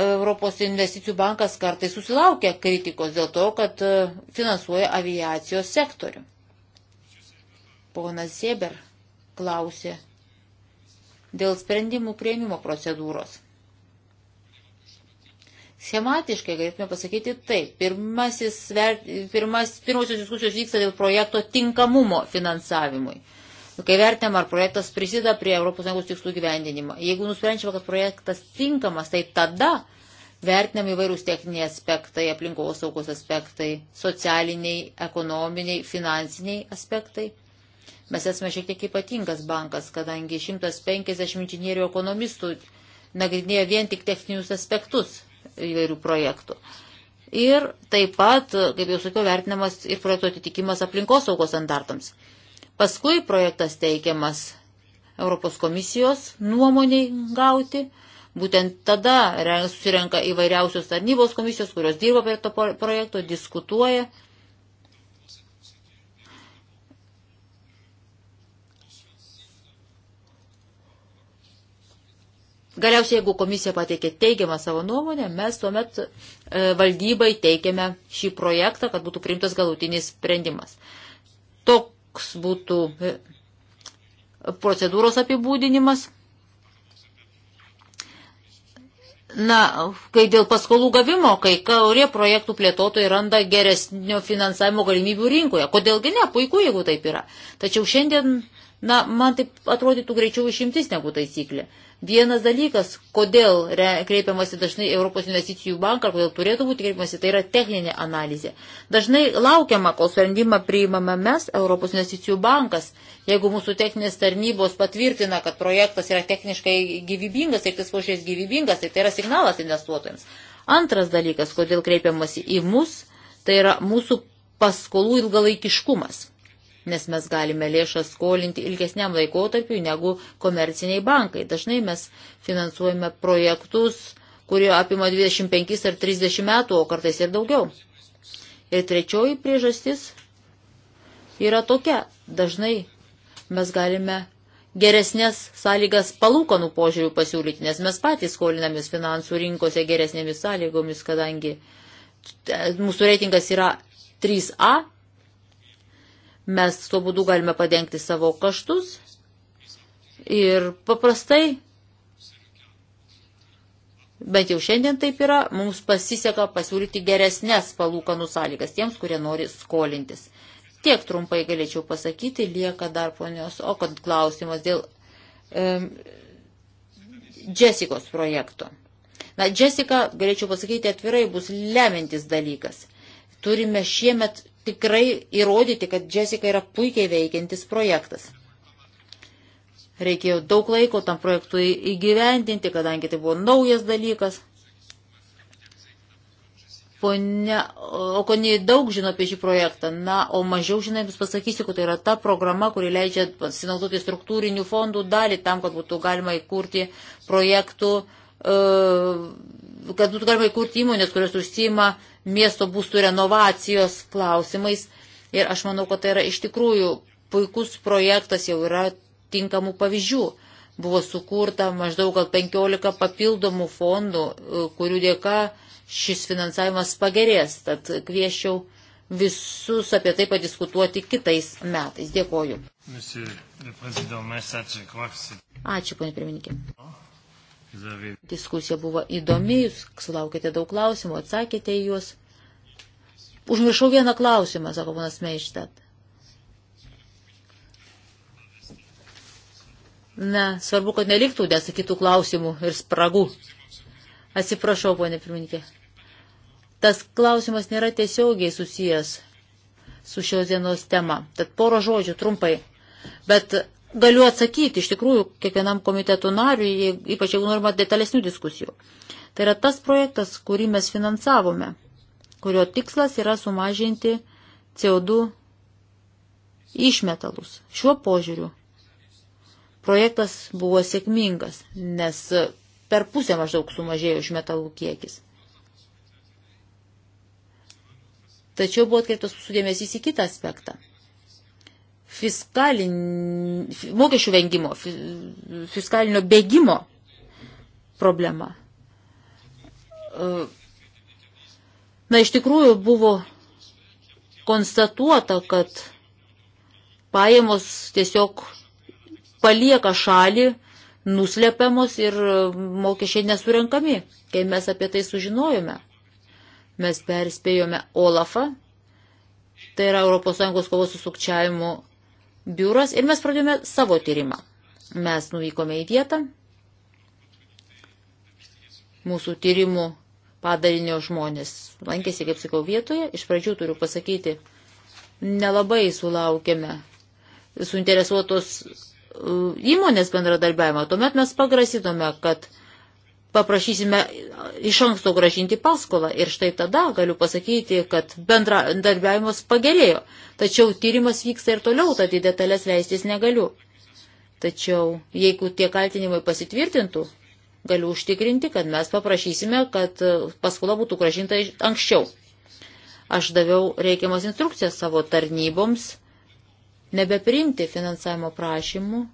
Europos investicijų bankas kartai susilaukia kritikos dėl to, kad e, finansuoja aviacijos sektorių. Ponas Sieber klausė dėl sprendimų prieimimo procedūros. Schematiškai galėtume pasakyti taip. Pirmasis, pirmas, pirmosios diskusijos vyksta dėl projekto tinkamumo finansavimui. Nu, kai vertinam, ar projektas prisideda prie ES tikslų gyvendinimo. Jeigu nusprendžiama, kad projektas tinkamas, tai tada vertinam įvairūs techniniai aspektai, aplinkos saugos aspektai, socialiniai, ekonominiai, finansiniai aspektai. Mes esame šiek tiek ypatingas bankas, kadangi 150 inžinierių ekonomistų nagrinėja vien tik techninius aspektus įvairių projektų. Ir taip pat, kaip jau sakiau, vertinamas ir projekto atitikimas aplinkos saugos standartams. Paskui projektas teikiamas Europos komisijos nuomoniai gauti. Būtent tada susirenka įvairiausios tarnybos komisijos, kurios dirba prie to projekto, diskutuoja Galiausiai, jeigu komisija pateikė teigiamą savo nuomonę, mes tuomet e, valdybai teikiame šį projektą, kad būtų priimtas galutinis sprendimas. Toks būtų e, procedūros apibūdinimas. Na, kai dėl paskolų gavimo, kai kurie projektų plėtotojai randa geresnio finansavimo galimybių rinkoje. Kodėlgi ne, puiku, jeigu taip yra. Tačiau šiandien, na, man taip atrodytų greičiau išimtis negu taisyklė. E, Vienas dalykas, kodėl kreipiamasi dažnai Europos investicijų banką, ar kodėl turėtų būti kreipiamasi, tai yra techninė analizė. Dažnai laukiama, kol sprendimą priimame mes, Europos investicijų bankas, jeigu mūsų techninės tarnybos patvirtina, kad projektas yra techniškai gyvybingas ir tai tas pošės gyvybingas, tai tai yra signalas investuotojams. Antras dalykas, kodėl kreipiamasi į mus, tai yra mūsų paskolų ilgalaikiškumas nes mes galime lėšas skolinti ilgesniam laikotarpiu negu komerciniai bankai. Dažnai mes finansuojame projektus, kurie apima 25 ar 30 metų, o kartais ir daugiau. Ir trečioji priežastis yra tokia. Dažnai mes galime geresnės sąlygas palūkanų požiūrių pasiūlyti, nes mes patys skolinamės finansų rinkose geresnėmis sąlygomis, kadangi mūsų reitingas yra 3A Mes tuo būdu galime padengti savo kaštus ir paprastai, bent jau šiandien taip yra, mums pasiseka pasiūlyti geresnės palūkanų sąlygas tiems, kurie nori skolintis. Tiek trumpai galėčiau pasakyti, lieka dar ponios Okant klausimas dėl um, Jessicos projekto. Na, Jessica, galėčiau pasakyti atvirai, bus lemintis dalykas. Turime šiemet tikrai įrodyti, kad Jessica yra puikiai veikiantis projektas. Reikėjo daug laiko tam projektui įgyvendinti, kadangi tai buvo naujas dalykas. Pone Okonė daug žino apie šį projektą, na, o mažiau žinai, jums pasakysiu, kad tai yra ta programa, kuri leidžia pasinaudoti struktūrinių fondų dalį tam, kad būtų galima įkurti projektų uh, kad būtų galima įkurti įmonės, kurios užsima miesto būstų renovacijos klausimais. Ir aš manau, kad tai yra iš tikrųjų puikus projektas, jau yra tinkamų pavyzdžių. Buvo sukurta maždaug gal 15 papildomų fondų, e, kurių dėka šis finansavimas pagerės. Tad kvieščiau visus apie tai padiskutuoti kitais metais. Dėkoju. Ačiū, ponė pirmininkė. Diskusija buvo įdomi, jūs sulaukėte daug klausimų, atsakėte į juos. Užmiršau vieną klausimą, sako ponas Meištat. Na, svarbu, kad neliktų nesakytų klausimų ir spragų. Atsiprašau, ponė pirmininkė. Tas klausimas nėra tiesiogiai susijęs su šios dienos tema. Tad poro žodžių trumpai. Bet galiu atsakyti iš tikrųjų kiekvienam komitetų nariui, ypač jeigu norima detalesnių diskusijų. Tai yra tas projektas, kurį mes finansavome, kurio tikslas yra sumažinti CO2 išmetalus. Šiuo požiūriu projektas buvo sėkmingas, nes per pusę maždaug sumažėjo išmetalų kiekis. Tačiau buvo atkreiptas sudėmesys į kitą aspektą – fiskalin, mokesčių vengimo, fiskalinio bėgimo problema. E, na, iš tikrųjų buvo konstatuota, kad pajamos tiesiog palieka šalį, nuslepiamos ir mokesčiai nesurenkami. Kai mes apie tai sužinojome, mes perspėjome Olafą, tai yra ES kovos su sukčiavimu biuras ir mes pradėjome savo tyrimą. Mes nuvykome į vietą, mūsų tyrimų padalinio žmonės lankėsi, kaip sakiau, vietoje. Iš pradžių turiu pasakyti, nelabai sulaukėme suinteresuotos uh, įmonės bendradarbiavimo. Tuomet mes pagrasidome, kad paprašysime iš anksto gražinti paskolą. Ir štai tada galiu pasakyti, kad bendradarbiavimas pagerėjo. Tačiau tyrimas vyksta ir toliau, tad į detalės leistis negaliu. Tačiau jeigu tie kaltinimai pasitvirtintų, galiu užtikrinti, kad mes paprašysime, kad paskola būtų gražinta anksčiau. Aš daviau reikiamas instrukcijas savo tarnyboms nebeprimti finansavimo prašymų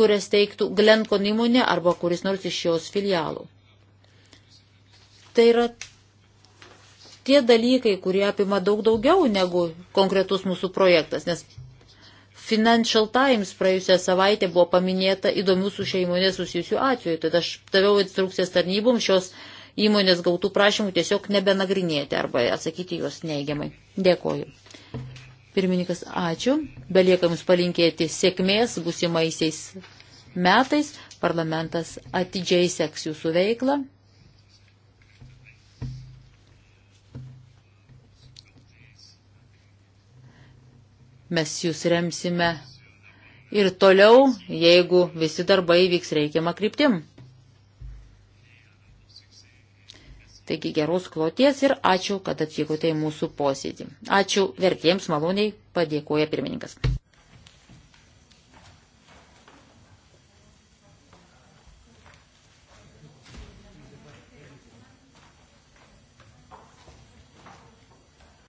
kurias teiktų Glenkon įmonė arba kuris nors iš jos filialų. Tai yra tie dalykai, kurie apima daug daugiau negu konkretus mūsų projektas, nes Financial Times praėjusią savaitę buvo paminėta įdomių su šia įmonė susijusių atvejų, tad aš daviau instrukcijas tarnybom šios įmonės gautų prašymų tiesiog nebenagrinėti arba atsakyti juos neigiamai. Dėkoju. Pirmininkas, ačiū. Belieka Jums palinkėti sėkmės busimaisiais metais. Parlamentas atidžiai seks Jūsų veiklą. Mes Jūs remsime ir toliau, jeigu visi darbai vyks reikiamą kryptim. Taigi geros kloties ir ačiū, kad atvykote į mūsų posėdį. Ačiū vertėjams maloniai, padėkoja pirmininkas.